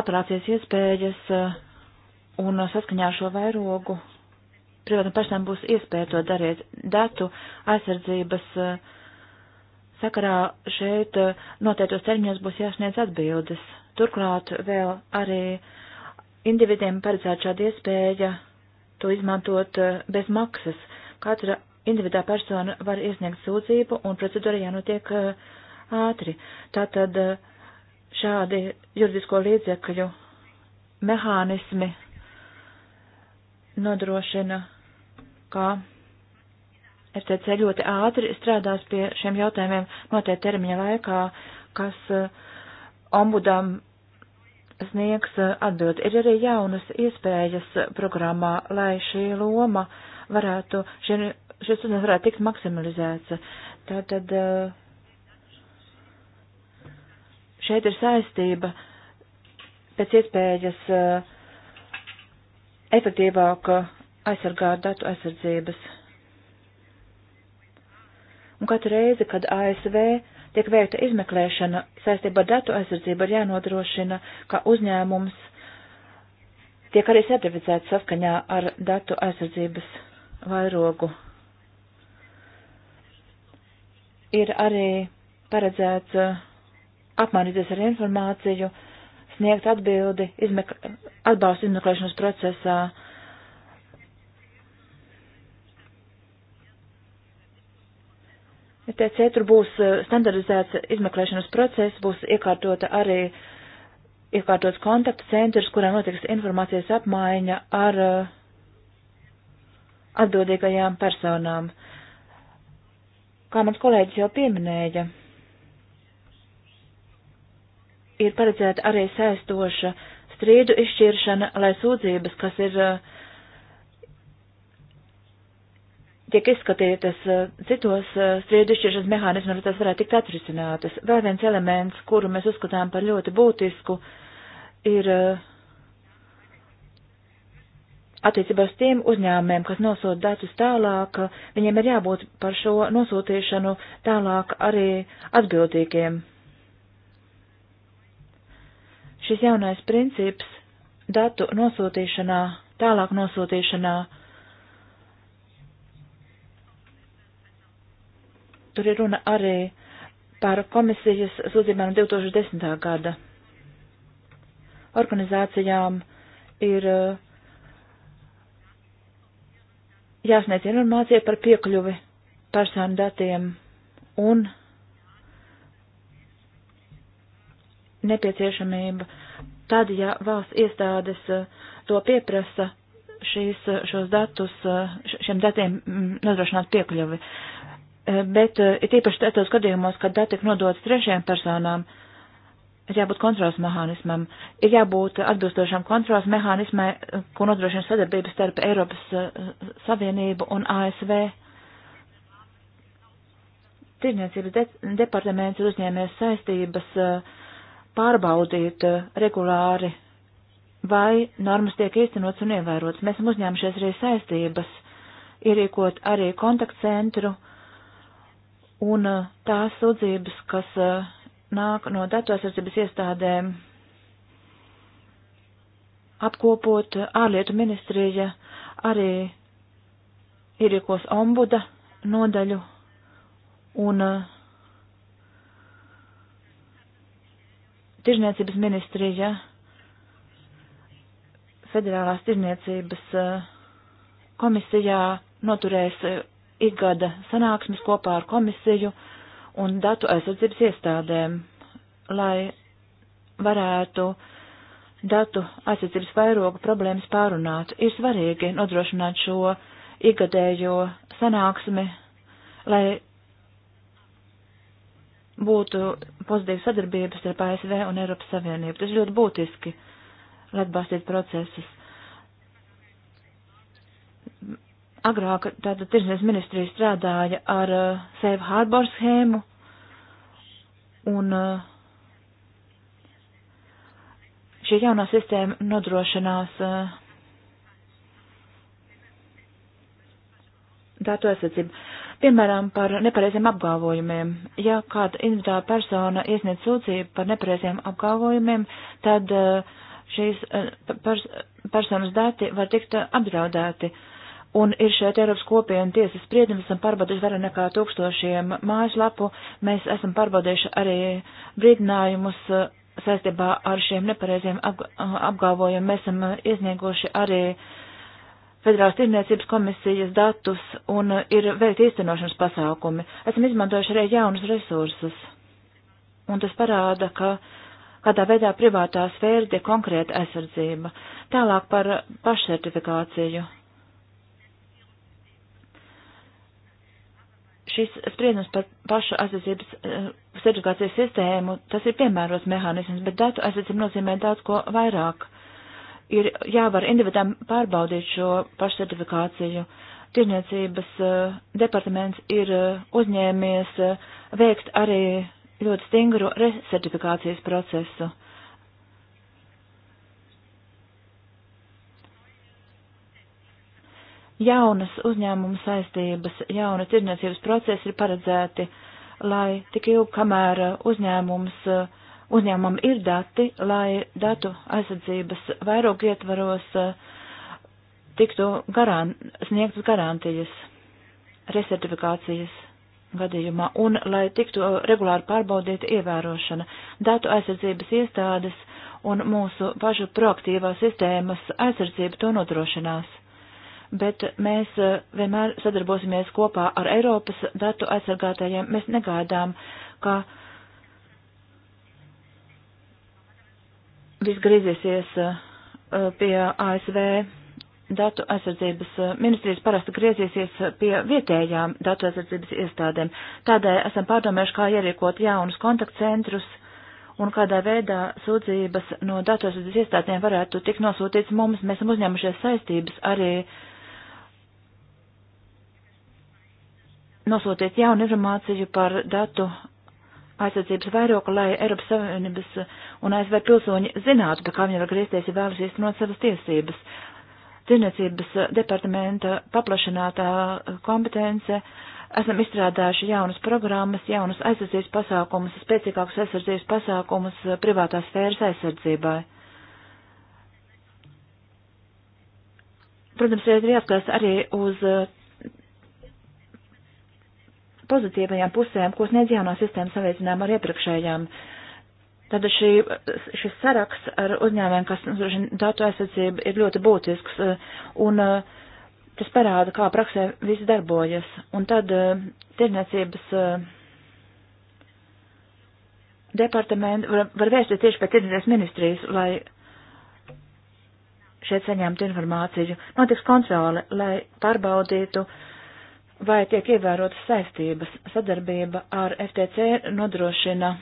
apelācijas iespējas un saskaņā ar šo vairogu privātam personam būs iespēja to darīt. Datu aizsardzības eh, sakarā šeit eh, noteiktos termiņos būs jāsniedz atbildes. Turklāt vēl arī individiem paredzēta šāda iespēja to izmantot eh, bez maksas. Katra individuā persona var iesniegt sūdzību un procedūra jānotiek ātri. Tātad šādi juridisko līdzekļu mehānismi nodrošina ka FTC ļoti ātri strādās pie šiem jautājumiem noteikti termiņa laikā, kas eh, ombudam sniegs eh, atbild. Ir arī jaunas iespējas programmā, lai šī loma varētu, šie, šis uzdevums varētu tikt maksimalizēts. Tātad eh, šeit ir saistība pēc iespējas efektīvāk aizsargāt datu aizsardzības. Un katru reizi, kad ASV tiek veikta izmeklēšana saistībā ar datu aizsardzību, ir jānodrošina, ka uzņēmums tiek arī certificēts saskaņā ar datu aizsardzības vairogu. Ir arī paredzēts uh, apmainīties ar informāciju, sniegt atbildi, izmek atbalstu izmeklēšanas procesā, uh, Es teicu, ja tur būs eh, standardizēts izmeklēšanas process, būs iekārtota arī iekārtots kontaktu centrs, kurā notiks informācijas apmaiņa ar eh, atbildīgajām personām. Kā mans kolēģis jau pieminēja, ir paredzēta arī saistoša strīdu izšķiršana, lai sūdzības, kas ir uh, tiek izskatītas eh, citos eh, striedušķiešanas mehānismos, tas varētu tikt atrisinātas. Vēl viens elements, kuru mēs uzskatām par ļoti būtisku, ir eh, attiecībā uz tiem uzņēmumiem, kas nosūta datus tālāk, viņiem ir jābūt par šo nosūtīšanu tālāk arī atbildīgiem. Šis jaunais princips datu nosūtīšanā, tālāk nosūtīšanā, Tur ir runa arī par komisijas sūdzībām 2010. gada. Organizācijām ir eh, jāsniedz informācija par piekļuvi personu datiem un nepieciešamība. Tad, ja valsts iestādes eh, to pieprasa, šīs, eh, šos datus, šiem datiem mm, nodrošināt piekļuvi. Uh, Eh, bet eh, ir tīpaši tādos gadījumos, kad dati tiek nodots trešajām personām, ir jābūt kontrols mehānismam, ir jābūt atbilstošam kontrols mehānismai, eh, ko nodrošina sadarbības starp Eiropas Savienību un ASV. Tirniecības de departaments ir uzņēmies saistības pārbaudīt regulāri, vai normas tiek īstenots un ievērots. Mēs esam uzņēmušies arī saistības ierīkot arī kontaktcentru, uh, Un uh, tās sūdzības, kas uh, nāk no datorsardzības iestādēm, apkopot uh, ārlietu ministrija arī ierīkos ombuda nodaļu un tirzniecības ministrija, federālās tirzniecības komisijā noturēs ikgada sanāksmes kopā ar komisiju un datu aizsardzības iestādēm, lai varētu datu aizsardzības vairogu problēmas pārunāt. Ir svarīgi nodrošināt šo ikgadējo sanāksmi, lai būtu pozitīva sadarbības ar ASV un Eiropas Savienību. Tas ļoti būtiski, lai atbalstītu procesus. agrāk tātad tirsniecības ministrija strādāja ar uh, Safe Harbor schēmu un uh, šī jaunā sistēma nodrošinās uh, datu aizsardzību. Piemēram, par nepareiziem apgalvojumiem. Ja kāda individuāla persona iesniedz sūdzību par nepareiziem apgalvojumiem, tad uh, šīs uh, pers personas dati var tikt apdraudēti. Uh, Un ir šeit Eiropas kopiena tiesas spriedums, esam pārbaudījuši vairāk nekā tūkstošiem mājaslapu, mēs esam pārbaudījuši arī brīdinājumus uh, saistībā ar šiem nepareiziem uh, apgalvojumiem, mēs esam uh, iesnieguši arī Federālās tirniecības komisijas datus un ir veikti īstenošanas pasākumi. Esam izmantojuši arī jaunus resursus. Un tas parāda, ka kādā veidā privātā sfēra tiek konkrēta aizsardzība. Tālāk par pašsertifikāciju. šis spriedums par pašu aizsardzības uh, eh, certifikācijas sistēmu, tas ir piemērots mehānisms, bet datu aizsardzība nozīmē daudz ko vairāk. Ir jāvar individuām pārbaudīt šo pašu certifikāciju. Tirniecības uh, eh, departaments ir uh, uzņēmies veikt arī ļoti stingru resertifikācijas procesu. Uh, jaunas uzņēmuma saistības, jauna tirdzniecības procesi ir paredzēti, lai tik ilgi, kamēr uh, uzņēmums, uh, uzņēmumam ir dati, lai datu aizsardzības vairāk ietvaros uh, tiktu garan, sniegtas garantijas, resertifikācijas gadījumā, un lai tiktu regulāri pārbaudīta ievērošana, datu aizsardzības iestādes un mūsu pašu proaktīvās sistēmas aizsardzība to nodrošinās bet mēs eh, vienmēr sadarbosimies kopā ar Eiropas datu aizsargātājiem. Mēs negaidām, ka viss griezīsies eh, pie ASV datu aizsardzības eh, ministrijas parasti griezīsies pie vietējām datu aizsardzības iestādēm. Tādēļ esam pārdomājuši, kā ierīkot jaunus kontaktcentrus un kādā veidā sūdzības no datu aizsardzības iestādēm varētu tikt nosūtīts mums. Mēs esam uzņēmušies saistības arī uh, nosūtīt jaunu informāciju par datu aizsardzības vairoku, lai Eiropas Savienības un ASV pilsoņi zinātu, pie kā viņi var griezties, ja vēlas īstenot savas tiesības. Tirniecības departamenta paplašinātā kompetence. Esam izstrādājuši jaunas programmas, jaunas aizsardzības pasākumus, spēcīgākus aizsardzības pasākumus privātās sfēras aizsardzībai. Protams, ir jāskatās arī uz pozitīvajām pusēm, ko sniedz jaunā sistēma salīdzinām ar iepriekšējām. Tad šī, šis saraksts ar uzņēmēm, kas nu, datu aizsardzība ir ļoti būtisks, eh, un eh, tas parāda, kā praksē viss darbojas. Un tad eh, tirniecības departamenti var, var vērsties tieši pēc tirniecības ministrijas, lai šeit saņemtu informāciju. Notiks kontrole, lai pārbaudītu uh, vai tiek ievērotas saistības. Sadarbība ar FTC nodrošina,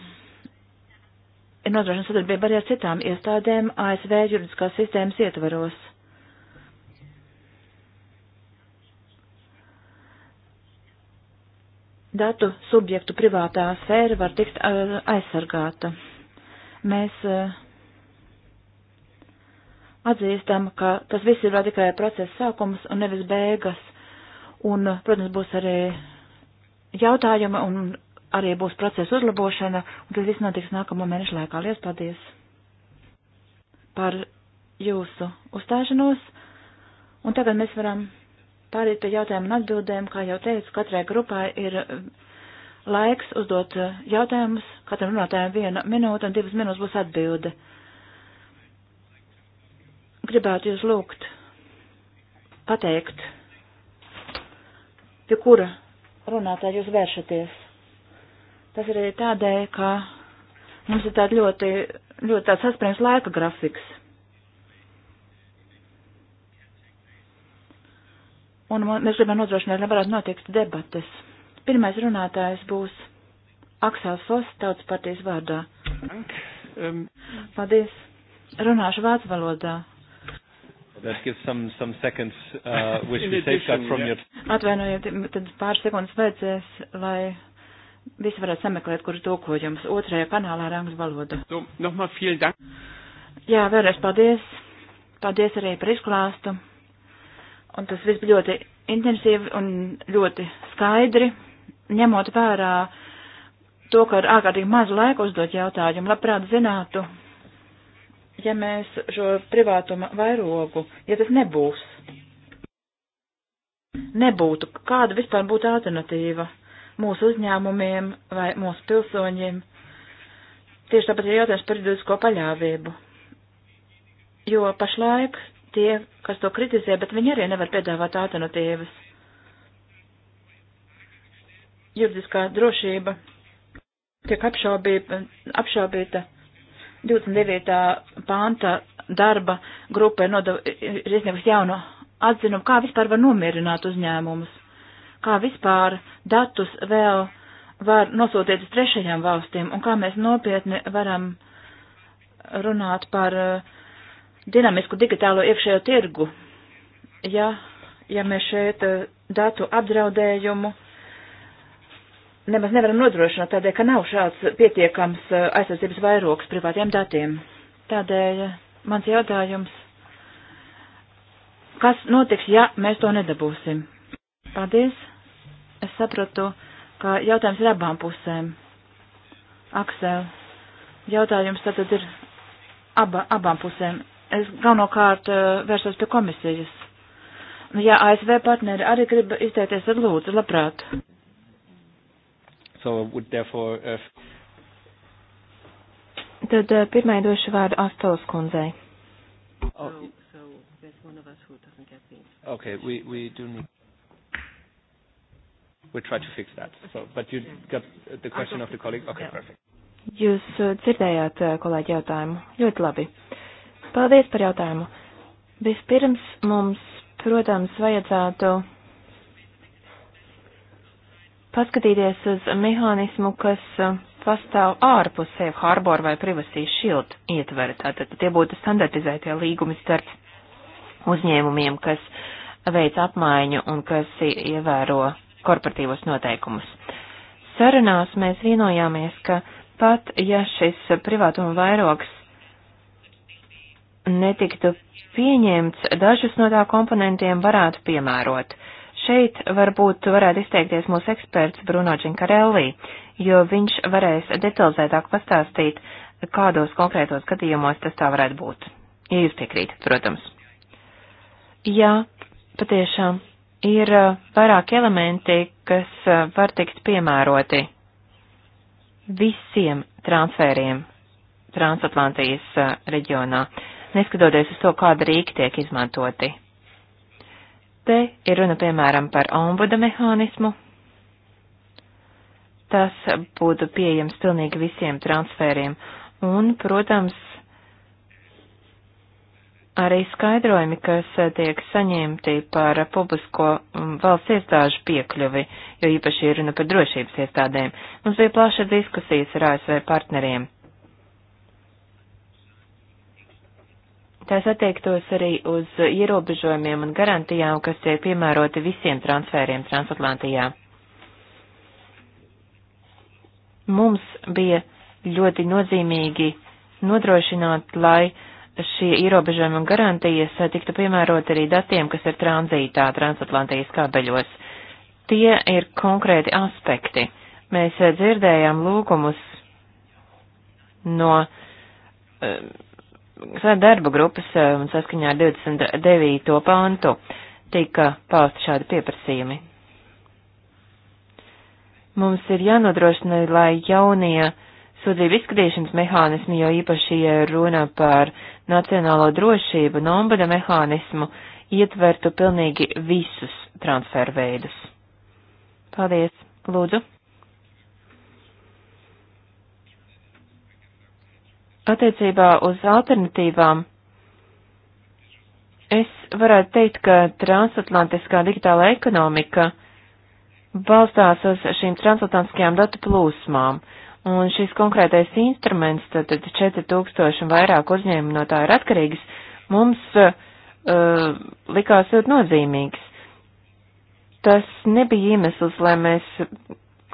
nodrošina sadarbību arī ar citām iestādēm ASV juridiskās sistēmas ietvaros. Datu subjektu privātā sfēra var tikt aizsargāta. Mēs atzīstam, ka tas viss ir vēl tikai procesa sākums un nevis beigas Un, protams, būs arī jautājumi un arī būs procesa uzlabošana, un tas viss notiks nākamo mēnešu laikā. Lies paldies par jūsu uzstāšanos, un tagad mēs varam pāriet pie jautājumu un atbildēm. Kā jau teicu, katrai grupai ir laiks uzdot jautājumus, katram runātājam viena minūte un divas minūtes būs atbilde. Gribētu jūs lūgt pateikt pie kura runātāji jūs vēršaties. Tas ir arī tādēļ, ka mums ir tāda ļoti, ļoti tāds saspringts laika grafiks. Un mēs gribam nodrošināt, lai varētu notikt debates. Pirmais runātājs būs Aksels Fos, tautas partijas vārdā. Um, Paldies. Runāšu vācu valodā. That gives some, some seconds, uh, [laughs] which we safeguard from yeah. your... Atvainojiet, tad pāris sekundes vajadzēs, lai visi varētu sameklēt, kurš tūkojums otrajā kanālā ar angļu valodu. So, nochmal vielen dank. Jā, vēlreiz paldies. Paldies arī par izklāstu. Un tas viss bija ļoti intensīvi un ļoti skaidri, ņemot vērā to, ka ar ārkārtīgi mazu laiku uzdot jautājumu, labprāt zinātu, ja mēs šo privātuma vairogu, ja tas nebūs, nebūtu, kāda vispār būtu alternatīva mūsu uzņēmumiem vai mūsu pilsoņiem, tieši tāpat ir jautājums par juridisko paļāvību. Jo pašlaik tie, kas to kritizē, bet viņi arī nevar piedāvāt alternatīvas. Juridiskā drošība tiek apšaubīta, apšaubīta 29. panta darba grupa ir, nodav, ir izņemusi jaunu atzinumu, kā vispār var nomierināt uzņēmumus, kā vispār datus vēl var nosūtīt uz trešajām valstīm un kā mēs nopietni varam runāt par eh, dinamisku digitālo iekšējo tirgu. Ja, ja mēs šeit eh, datu apdraudējumu nemaz nevaram nodrošināt tādēļ, ka nav šāds pietiekams eh, aizsardzības vairogs privātiem datiem. Tādēļ eh, mans jautājums, kas notiks, ja mēs to nedabūsim? Paldies. Es sapratu, ka jautājums ir abām pusēm. Aksel, jautājums tātad ir aba, abām pusēm. Es galvenokārt eh, vērsos pie komisijas. Nu, ja ASV partneri arī grib izteikties, tad lūdzu, labprāt. So I would therefore... Uh, Tad uh, pirmai došu vārdu Astolas kundzei. Oh. So, so there's one of us who doesn't get the... Okay, we, we do need... We'll try to fix that. So, but you got the question of the colleague? Okay, yeah. perfect. Jūs uh, dzirdējāt uh, kolēģi jautājumu. Ļoti labi. Paldies par jautājumu. Vispirms mums, protams, vajadzētu paskatīties uz mehānismu, kas uh, pastāv ārpus sev harbor vai privacy shield ietvera. Tātad tie būtu standartizētie līgumi starp uzņēmumiem, kas veic apmaiņu un kas ievēro korporatīvos noteikumus. Sarunās mēs vienojāmies, ka pat ja šis privātuma vairogs netiktu pieņemts, dažus no tā komponentiem varētu piemērot. Uh, Šeit varbūt varētu izteikties mūsu eksperts Bruno Džinkarelli, jo viņš varēs detalizētāk pastāstīt, kādos konkrētos gadījumos tas tā varētu būt. Ja jūs piekrītat, protams. Jā, patiešām ir uh, vairāk elementi, kas uh, var tikt piemēroti visiem transfēriem transatlantijas uh, reģionā, neskatoties uz to, kāda rīka tiek izmantoti. Te ir runa, piemēram, par ombuda mehānismu. Tas būtu pieejams pilnīgi visiem transferiem. Un, protams, arī skaidrojumi, kas tiek saņemti par publisko mm, valsts iestāžu piekļuvi, jo īpaši ir runa par drošības iestādēm. Mums bija plaša diskusijas ar ASV partneriem. Tās attiektos arī uz ierobežojumiem un garantijām, kas tiek piemēroti visiem transfēriem Transatlantijā. Mums bija ļoti nozīmīgi nodrošināt, lai šie ierobežojumi un garantijas tiktu piemērot arī datiem, kas ir tranzītā Transatlantijas kabeļos. Tie ir konkrēti aspekti. Mēs dzirdējām lūgumus no. Um, darba grupas eh, un saskaņā ar 29. pantu tika pausti šādi pieprasījumi. Mums ir jānodrošina, lai jaunie sūdzību izskatīšanas mehānismi, jo īpaši, ja runa par nacionālo drošību un ombuda mehānismu, ietvertu pilnīgi visus transferveidus. Paldies! Lūdzu! Attiecībā uz alternatīvām es varētu teikt, ka transatlantiskā digitāla ekonomika balstās uz šīm transatlantiskajām datu plūsmām, un šis konkrētais instruments, tad 4000 un vairāk uzņēmumu no tā ir atkarīgs, mums uh, likās ļoti nozīmīgs. Tas nebija iemesls, lai mēs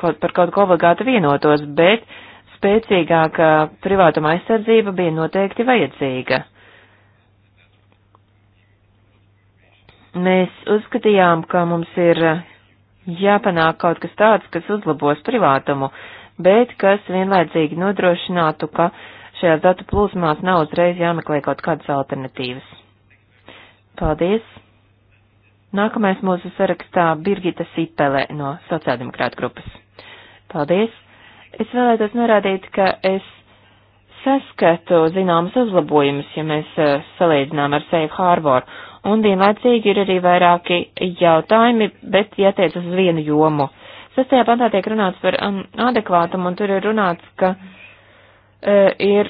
kaut par kaut ko obligāti vienotos, bet uh, spēcīgāka privātuma aizsardzība bija noteikti vajadzīga. Mēs uzskatījām, ka mums ir jāpanāk kaut kas tāds, kas uzlabos privātumu, bet kas vienlaicīgi nodrošinātu, ka šajās datu plūsmās nav uzreiz jāmeklē kaut kādas alternatīvas. Paldies! Nākamais mūsu sarakstā Birgita Sipele no sociāldemokrāta grupas. Paldies! Es vēlētos norādīt, ka es saskatu zināmas uzlabojumus, ja mēs uh, salīdzinām ar Safe Harbor, un vienlaicīgi ir arī vairāki jautājumi, bet jātiec uz vienu jomu. Sastajā pantā tiek runāts par um, adekvātumu, un tur ir runāts, ka uh, ir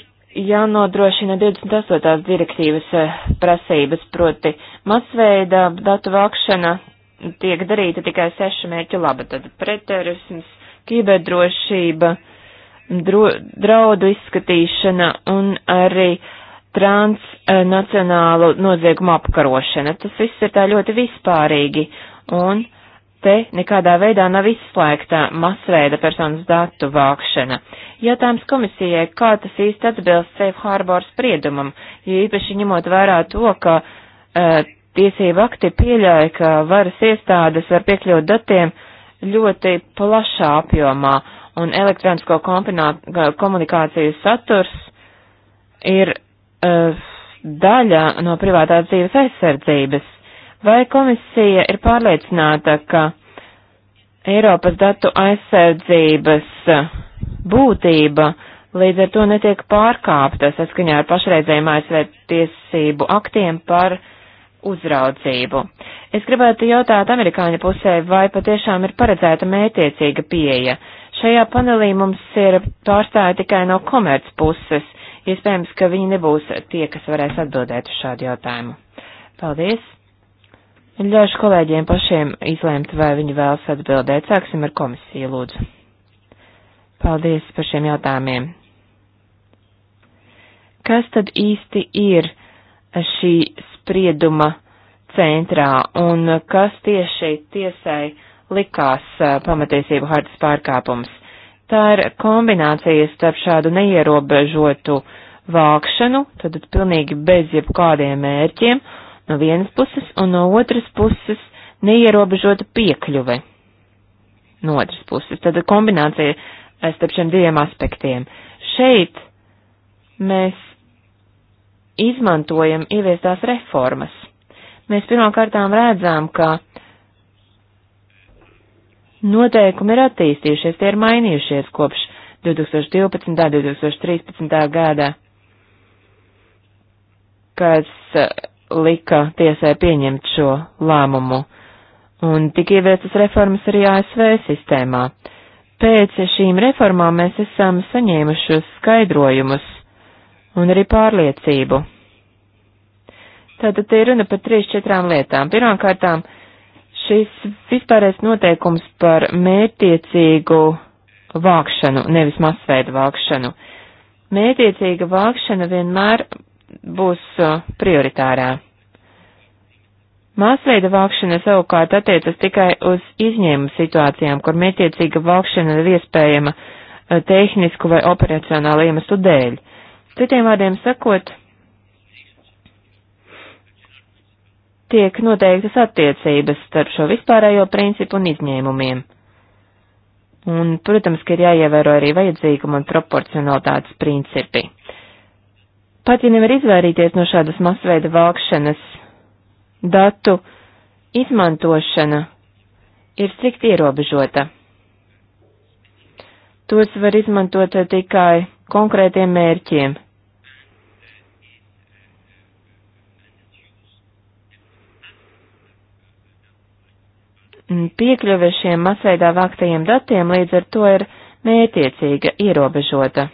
jānodrošina 28. direktīvas uh, prasības, proti masveida datu vākšana tiek darīta tikai sešu mērķu laba, tad pretterisms, kiberdrošība, dro, draudu izskatīšana un arī transnacionālu noziegumu apkarošana. Tas viss ir tā ļoti vispārīgi, un te nekādā veidā nav izslēgta masveida personas datu vākšana. Jautājums komisijai, kā tas īsti atbilst Safe Harbor spriedumam, jo īpaši ņemot vērā to, ka uh, eh, tiesība akti pieļauj, ka varas iestādes var piekļūt datiem, uh, ļoti plašā apjomā, un elektronisko komunikāciju saturs ir uh, daļa no privātā dzīves aizsardzības. Vai komisija ir pārliecināta, ka Eiropas datu aizsardzības būtība līdz ar to netiek pārkāpta saskaņā ar pašreizējiem ASV tiesību aktiem par uh, uzraudzību. Es gribētu jautāt amerikāņu pusē, vai patiešām ir paredzēta mētiecīga pieeja. Šajā panelī mums ir pārstāja tikai no komerc puses. Iespējams, ka viņi nebūs tie, kas varēs atbildēt uz šādu jautājumu. Paldies! Ļaušu kolēģiem pašiem izlēmt, vai viņi vēlas atbildēt. Sāksim ar komisiju, lūdzu. Paldies par šiem jautājumiem. Kas tad īsti ir šī sprieduma centrā un kas tieši tiesai likās pamatiesību hartas pārkāpums. Tā ir kombinācija starp šādu neierobežotu vākšanu, tad pilnīgi bez jebkādiem mērķiem, no vienas puses, un no otras puses neierobežota piekļuve. No otras puses, tad kombinācija starp šiem diviem aspektiem. Šeit mēs izmantojam ieviestās reformas. Mēs pirmkārtām redzam, ka noteikumi ir attīstījušies, tie ir mainījušies kopš 2012. un 2013. gadā, kas eh, lika tiesai pieņemt šo lēmumu, un tika ieviestas reformas arī ASV sistēmā. Pēc šīm reformām mēs esam saņēmušos skaidrojumus un arī pārliecību. Tātad te ir runa par trīs, četrām lietām. Pirmkārtām, šis vispārējais noteikums par mērtiecīgu vākšanu, nevis masveidu vākšanu. Mērtiecīga vākšana vienmēr būs prioritārā. Māsveida vākšana savukārt attiecas tikai uz izņēmumu situācijām, kur mētiecīga vākšana ir iespējama e, tehnisku vai operacionālu iemeslu dēļ. Citiem vārdiem sakot, tiek noteiktas attiecības starp šo vispārējo principu un izņēmumiem. Un, protams, ka ir jāievēro arī vajadzīguma un proporcionalitātes principi. Pat ja nevar izvairīties no šādas masveida vākšanas, datu izmantošana ir strikt ierobežota. Tos var izmantot tikai konkrētiem mērķiem, piekļuve šiem masveidā vāktajiem datiem līdz ar to ir mētiecīga, ierobežota.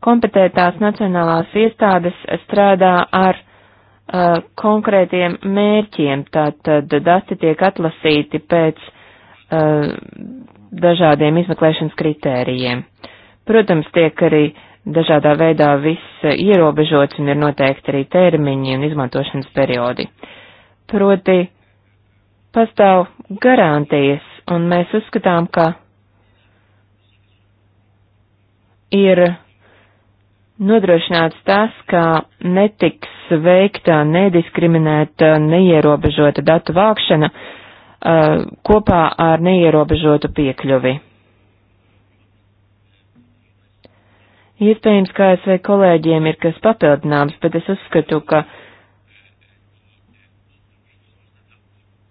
Kompetētās nacionālās iestādes strādā ar uh, konkrētiem mērķiem, tātad dati tiek atlasīti pēc uh, dažādiem izmeklēšanas kritērijiem. Protams, tiek arī dažādā veidā viss ierobežots un ir noteikti arī termiņi un izmantošanas periodi. Proti, uh, pastāv garantijas, un mēs uzskatām, ka ir nodrošināts tas, ka netiks veikta nediskriminēta, neierobežota datu vākšana uh, kopā ar neierobežotu piekļuvi. Iespējams, kā es vai kolēģiem ir kas papildināms, bet es uzskatu, ka uh,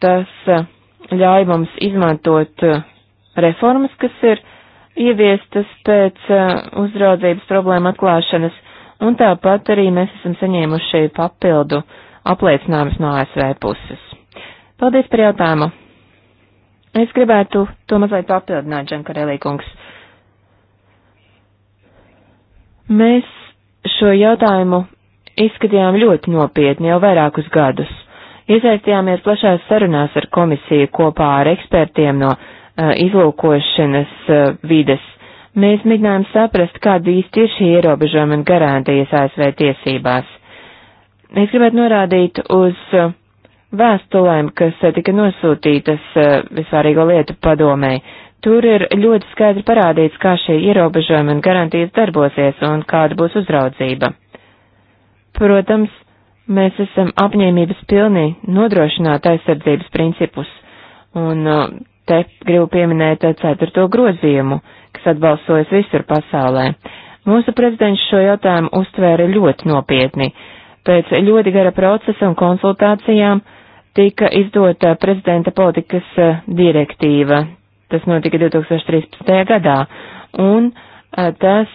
Tas e, ļauj mums izmantot e, reformas, kas ir ieviestas pēc e, uzraudzības problēma atklāšanas, un tāpat arī mēs esam saņēmuši papildu apliecinājumus no ASV puses. Paldies par jautājumu! Es gribētu to mazliet papildināt, Džankarelī kungs. Mēs šo jautājumu izskatījām ļoti nopietni jau vairākus gadus. Iesaistījāmies plašās sarunās ar komisiju kopā ar ekspertiem no uh, izlūkošanas uh, vides. Mēs mēģinājām saprast, kāda īsti ir šī ierobežojuma un garantijas ASV tiesībās. Es gribētu norādīt uz uh, vēstulēm, kas tika nosūtītas visvārīgo lietu padomē. Tur ir ļoti skaidri parādīts, kā šie ierobežojumi un garantijas darbosies un kāda būs uzraudzība. Protams, Mēs esam apņēmības pilnī nodrošināt aizsardzības principus, un uh, te gribu pieminēt uh, ceturto grozījumu, kas atbalsojas visur pasaulē. Mūsu prezidents šo jautājumu uztvēra ļoti nopietni. Pēc ļoti gara procesa un konsultācijām tika izdota prezidenta politikas uh, direktīva. Tas notika 2013. gadā, un tas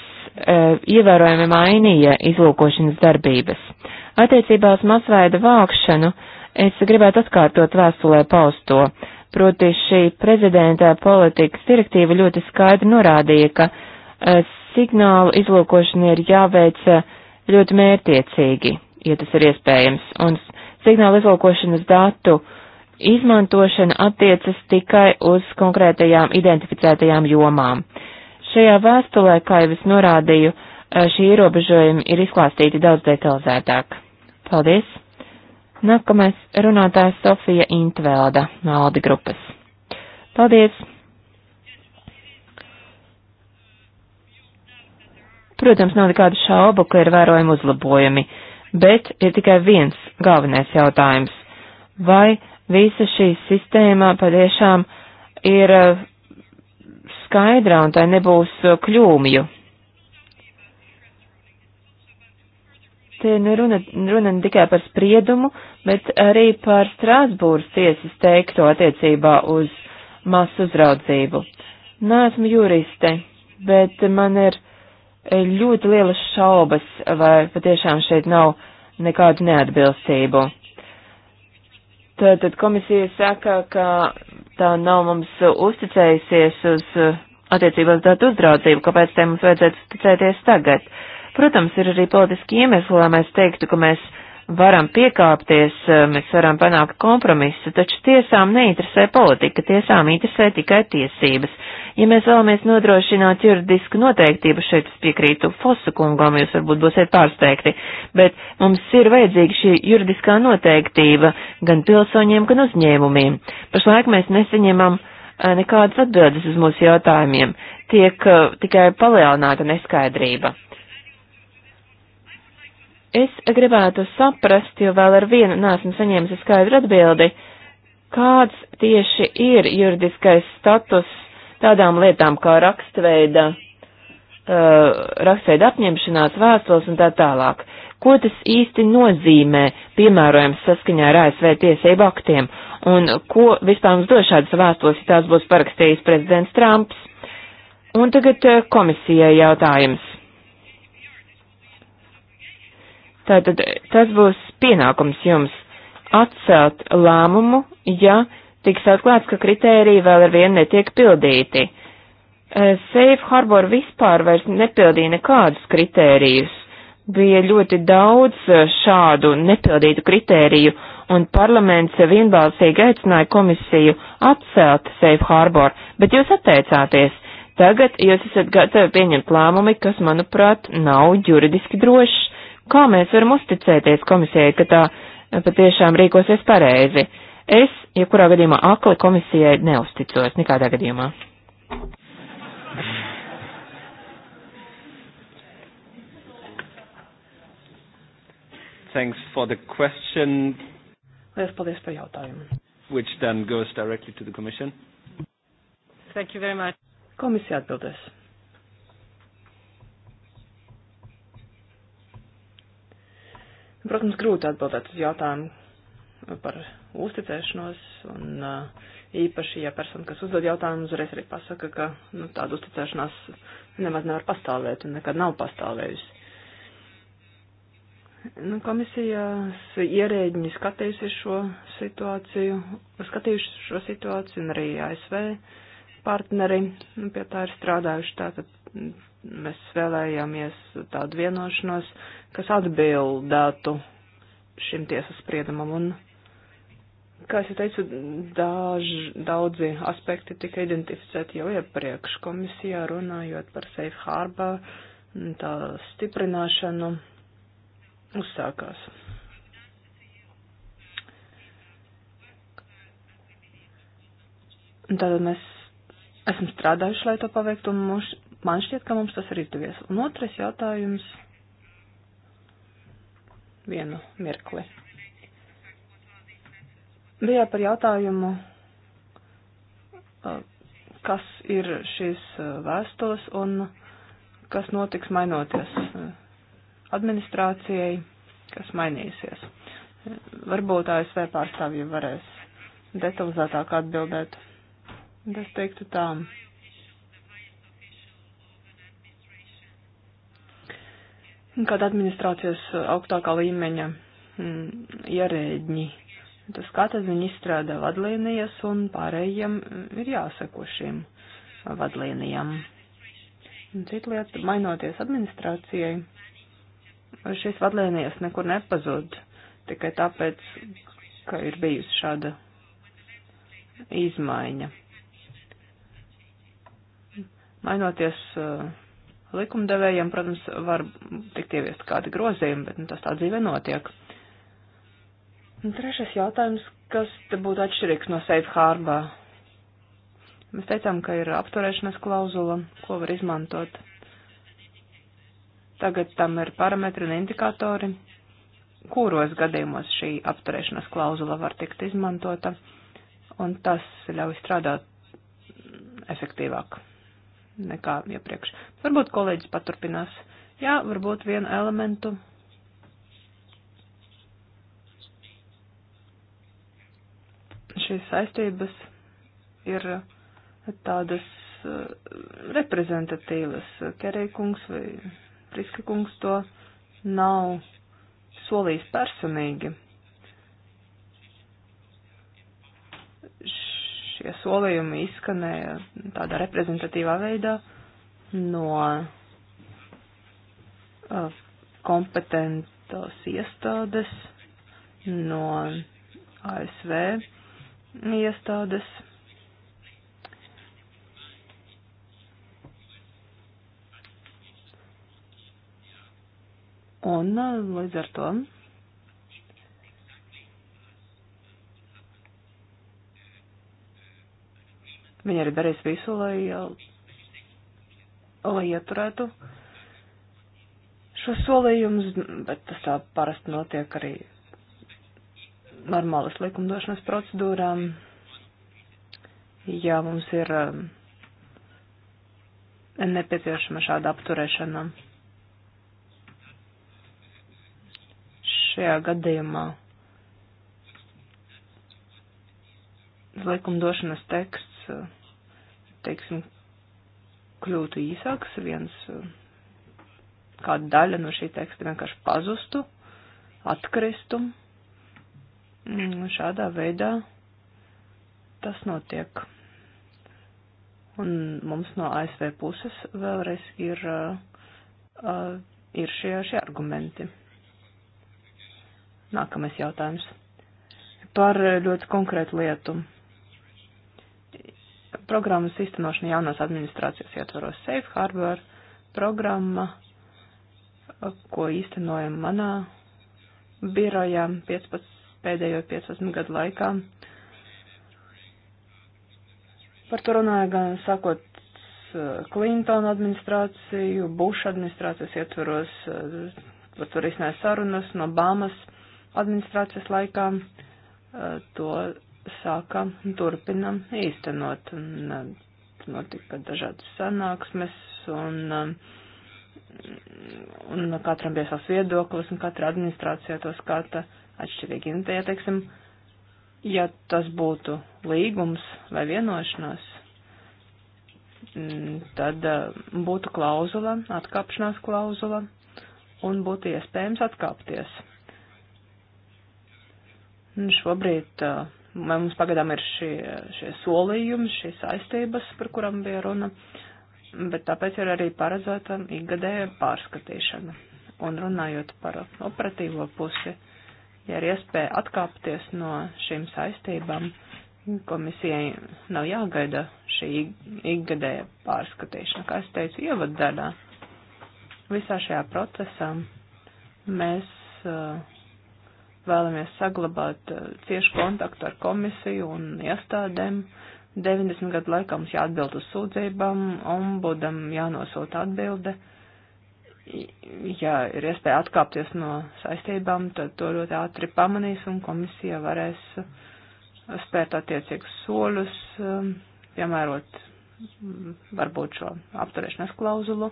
ievērojami mainīja izlūkošanas darbības. Attiecībā uz masveida vākšanu es gribētu atkārtot vēstulē pausto. Proti šī prezidenta politikas direktīva ļoti skaidri norādīja, ka uh, signālu izlūkošana ir jāveic eh, ļoti mērtiecīgi, ja tas ir iespējams, un signālu izlūkošanas datu izmantošana attiecas tikai uz konkrētajām identificētajām jomām. Šajā vēstulē, kā jau es norādīju, eh, šie ierobežojumi ir izklāstīti daudz detalizētāk. Paldies! Nākamais runātājs Sofija Intvelda no Aldi grupas. Paldies! Protams, nav nekādu šaubu, ka ir vērojami uzlabojumi, bet ir tikai viens galvenais jautājums. Vai visa šī sistēma patiešām ir eh, skaidrā un tai nebūs eh, kļūmju? Te neruna nu runa ne tikai par spriedumu, bet arī par Strāsbūras tiesas teikto attiecībā uz masu uzraudzību. Nē, juriste, bet man ir e, ļoti lielas šaubas, vai patiešām šeit nav nekādu neatbilstību. Tātad komisija saka, ka tā nav mums uzticējusies uz e, attiecībās datu uzraudzību, kāpēc te mums vajadzētu uzticēties tagad. Uh, Protams, ir arī politiski iemesli, lai mēs teiktu, ka mēs varam piekāpties, eh, mēs varam panākt kompromisu, taču tiesām neinteresē politika, tiesām interesē tikai tiesības. Ja mēs vēlamies nodrošināt juridisku noteiktību, šeit es piekrītu Fosu kungam, jūs varbūt būsiet pārsteigti, bet mums ir vajadzīga šī juridiskā noteiktība gan pilsoņiem, gan uzņēmumiem. Pašlaik mēs nesaņemam eh, nekādas atbildes uz mūsu jautājumiem, tiek eh, tikai palielināta neskaidrība. Es gribētu saprast, jo vēl ar vienu nesmu saņēmusi skaidru atbildi, kāds tieši ir juridiskais status tādām lietām kā rakstveida, uh, rakstveida apņemšanās, vēstules un tā tālāk. Ko tas īsti nozīmē, piemērojams, saskaņā ar ASV tiesību aktiem, un ko vispār mums dos šādas vēstules, ja tās būs parakstījis prezidents Trumps? Un tagad uh, komisijai jautājums. Tātad tas būs pienākums jums atcelt lēmumu, ja tiks atklāts, ka kritēriji vēl ar vienu netiek pildīti. Eh, Safe Harbor vispār vairs nepildīja nekādus kritērijus. Bija ļoti daudz eh, šādu nepildītu kritēriju, un parlaments vienbalsīgi aicināja komisiju atcelt Safe Harbor, bet jūs atteicāties. Tagad jūs esat gatavi pieņemt lēmumi, kas, manuprāt, nav juridiski drošs, Kā mēs varam uzticēties komisijai, ka tā eh, patiešām rīkosies pareizi? Es, ja kurā gadījumā akli komisijai neusticos, nekādā gadījumā. Thanks for the question. Lielas paldies par jautājumu. Which then goes directly to the commission. Thank you very much. Komisija atbildēs. Protams, grūti atbildēt uz jautājumu par uzticēšanos, un īpaši, ja persona, kas uzdod jautājumu, uzreiz arī pasaka, ka nu, tāda uzticēšanās nemaz nevar pastāvēt un nekad nav pastāvējusi. Nu, komisijas ierēģiņi skatījusi šo situāciju, skatījuši šo situāciju un arī ASV partneri nu, pie tā ir strādājuši. Tātad Mēs vēlējāmies tādu vienošanos, kas atbildētu šim tiesas spriedumam. Un, kā es teicu, daž, daudzi aspekti tika identificēti jau iepriekš komisijā, runājot par safe harbor, tā stiprināšanu uzsākās. Un tātad mēs esam strādājuši, lai to paveiktu, un mums Man šķiet, ka mums tas ir izdevies. Un otrais jautājums. Vienu mirkli. Bija par jautājumu, eh, kas ir šīs eh, vēstos un kas notiks mainoties eh, administrācijai, kas mainīsies. Varbūt ASV pārstāvji varēs detalizētāk atbildēt. Es teiktu tā. kāda administrācijas uh, augstākā līmeņa mm, ierēģi. Tas katrs viņi izstrādā vadlīnijas un pārējiem mm, ir jāseko šīm vadlīnijām. Cita lieta, mainoties administrācijai, šīs vadlīnijas nekur nepazūd tikai tāpēc, ka ir bijusi šāda izmaiņa. Mainoties uh, likumdevējiem, protams, var tikt ieviest kādi grozījumi, bet nu, tas tā dzīvē notiek. Un trešais jautājums, kas te būtu atšķirīgs no Safe Harbor? Mēs teicām, ka ir apturēšanās klauzula, ko var izmantot. Tagad tam ir parametri un indikatori, kuros gadījumos šī apturēšanās klauzula var tikt izmantota, un tas ļauj strādāt efektīvāk nekā iepriekš. Varbūt kolēģis paturpinās. Jā, varbūt vienu elementu. Šīs saistības ir tādas eh, reprezentatīvas. Kerīkungs vai Friska kungs to nav solījis personīgi. šie solījumi izskanēja tādā reprezentatīvā veidā no kompetentas iestādes, no ASV iestādes. Un līdz ar to Viņi arī darīs visu, lai, lai ieturētu šo solījumus, bet tas tā parasti notiek arī normālas likumdošanas procedūrām. Jā, mums ir um, nepieciešama šāda apturēšana. Šajā gadījumā likumdošanas teksts Uh, teiksim, kļūtu īsāks, viens uh, kāda daļa no šī teksta vienkārši pazustu, atkristu. Mm, šādā veidā tas notiek. Un mums no ASV puses vēlreiz ir, uh, uh, ir šie, šie argumenti. Nākamais jautājums par ļoti konkrētu lietu programmas īstenošana jaunās administrācijas ietvaros Safe Harbor programma, ko īstenojam manā birojā 15, pēdējo 15 gadu laikā. Par to runāja gan sākot Klintona administrāciju, Buša administrācijas ietvaros, par to risināja sarunas no Bamas administrācijas laikā. To sākām un turpinām īstenot. Un, uh, notika dažādas sanāksmes un, uh, un katram bija savs viedoklis un katra administrācija to skata atšķirīgi. Un, ja, teiksim, ja tas būtu līgums vai vienošanās, mm, tad uh, būtu klauzula, atkāpšanās klauzula un būtu iespējams atkāpties. Un šobrīd uh, Mums pagadām ir šie, šie solījumi, šīs aizstības, par kurām bija runa, bet tāpēc ir arī paredzēta ikgadēja pārskatīšana. Un runājot par operatīvo pusi, ja ir iespēja atkāpties no šīm saistībām, komisijai nav jāgaida šī ikgadēja pārskatīšana, kā es teicu, ievaddaļā. Visā šajā procesā mēs uh, vēlamies saglabāt eh, ciešu kontaktu ar komisiju un iestādēm. 90 gadu laikā mums jāatbild uz sūdzībām, ombudam jānosūta atbilde. Ja ir iespēja atkāpties no saistībām, tad to ļoti ātri pamanīs un komisija varēs eh, spērt attiecīgus soļus, eh, piemērot mm, varbūt šo apturēšanas klauzulu.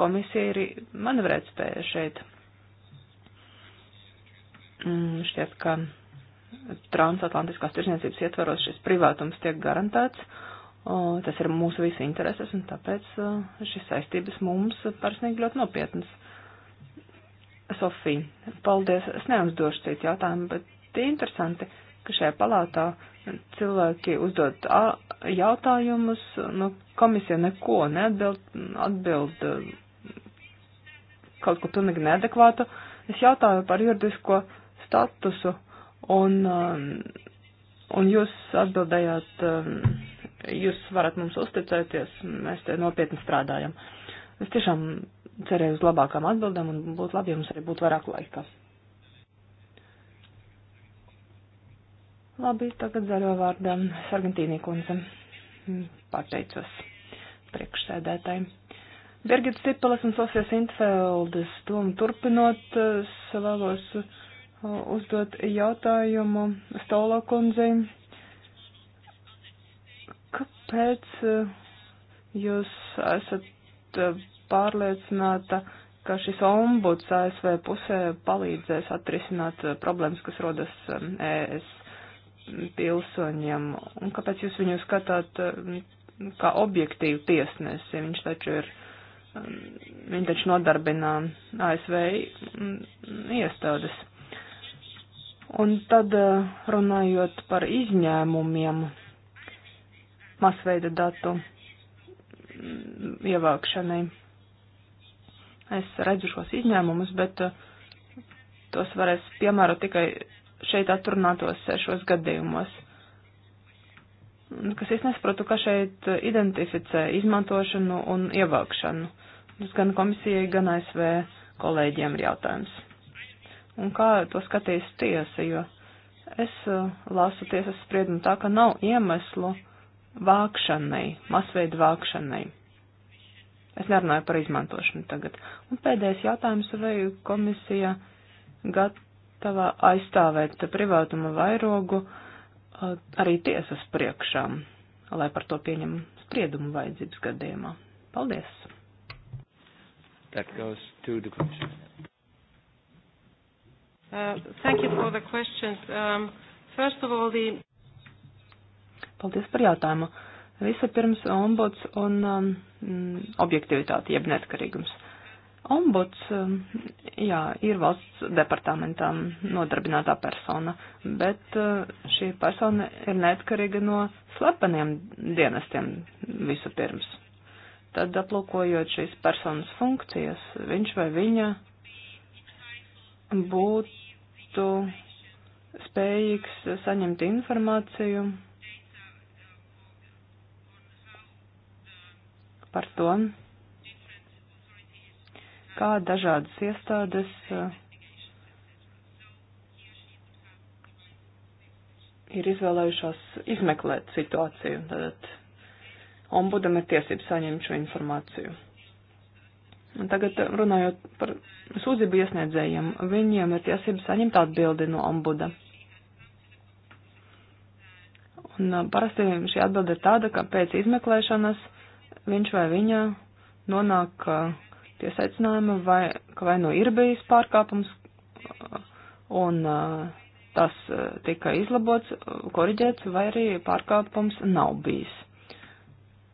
Komisija ir manevrēt spēja šeit Mm, šķiet, ka transatlantiskās tirsniecības ietvaros šis privātums tiek garantēts. Tas ir mūsu visu intereses, un tāpēc šīs saistības mums personīgi ļoti nopietnas. Sofija, paldies. Es neuzdošu citu jautājumu, bet interesanti, ka šajā palātā cilvēki uzdod jautājumus, nu, komisija neko neatbild, atbild e, kaut ko pilnīgi neadekvātu. Es jautāju par juridisko statusu, un, um, un jūs atbildējāt, um, jūs varat mums uzticēties, mēs te nopietni strādājam. Es tiešām cerēju uz labākām atbildēm, un būtu labi, ja mums arī būtu vairāk laika. Labi, tagad zaļo vārdā Sargentīnī kundze. Pateicos priekšsēdētājiem. Birgit Stipelas un Sofijas Intfeldes domu turpinot, es eh, vēlos. Uh, uzdot jautājumu Stola kundzei. Kāpēc eh, jūs esat eh, pārliecināta, ka šis ombuds ASV pusē palīdzēs atrisināt eh, problēmas, kas rodas ES e pilsoņiem? Un kāpēc jūs viņu skatāt kā objektīvu tiesnesi? Viņš taču ir. Viņš taču nodarbina ASV mm, iestādes. Un tad eh, runājot par izņēmumiem masveida datu mm, ievākšanai. Es redzu šos izņēmumus, bet eh, tos varēs piemērot tikai šeit atrunātos sešos gadījumos. Kas es nesaprotu, ka šeit identificē izmantošanu un ievākšanu. Tas gan komisijai, gan ASV kolēģiem ir jautājums un kā to skatīs tiesa, jo es uh, lasu tiesas spriedumu tā, ka nav iemeslu vākšanai, masveidu vākšanai. Es nerunāju par izmantošanu tagad. Un pēdējais jautājums, vai komisija gatava aizstāvēt privātuma vairogu uh, arī tiesas priekšā, lai par to pieņem spriedumu vajadzības gadījumā. Paldies! That goes to the commission. Uh, thank you for the questions. Um, first of all, the... Paldies par jautājumu. Vispirms ombuds un um, objektivitāte, jeb neatkarīgums. Ombuds, um, jā, ir valsts departamentā nodarbinātā persona, bet uh, šī persona ir neatkarīga no slepeniem dienestiem vispirms. Tad aplūkojot šīs personas funkcijas, viņš vai viņa būtu spējīgs saņemt informāciju par to, kā dažādas iestādes uh, ir izvēlējušās izmeklēt situāciju. Tātad ombudam ir tiesības saņemt šo informāciju. Un tagad eh, runājot par sūdzību iesniedzējiem, viņiem ir tiesības saņemt atbildi no ombuda. Un eh, parasti šī atbilde ir tāda, ka pēc izmeklēšanas viņš vai viņa nonāk tiesaicinājuma eh, vai, ka vai nu ir bijis pārkāpums un tas tika izlabots, koriģēts, vai arī pārkāpums nav bijis.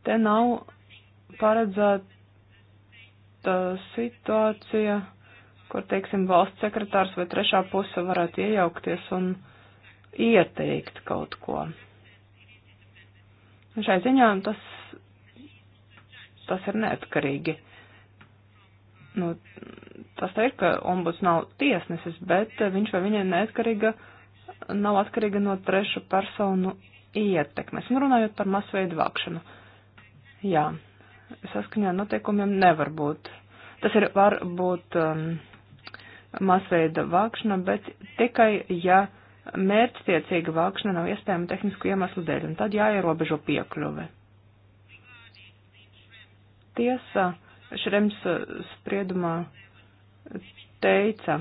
Te nav paredzēt situācija, kur, teiksim, valsts sekretārs vai trešā puse varētu iejaukties un ieteikt kaut ko. Un šai ziņā tas, tas ir neatkarīgi. Nu, tas teikt, ka ombuds nav tiesnesis, bet viņš vai viņa neatkarīga, nav atkarīga no trešu personu ietekmes. Un runājot par masveidu vākšanu. Jā saskaņā noteikumiem nevar būt. Tas ir, var būt um, masveida vākšana, bet tikai, ja mērķtiecīga vākšana nav iespējama tehnisku iemeslu dēļ, un tad jāierobežo piekļuve. Tiesa Šrems spriedumā teica,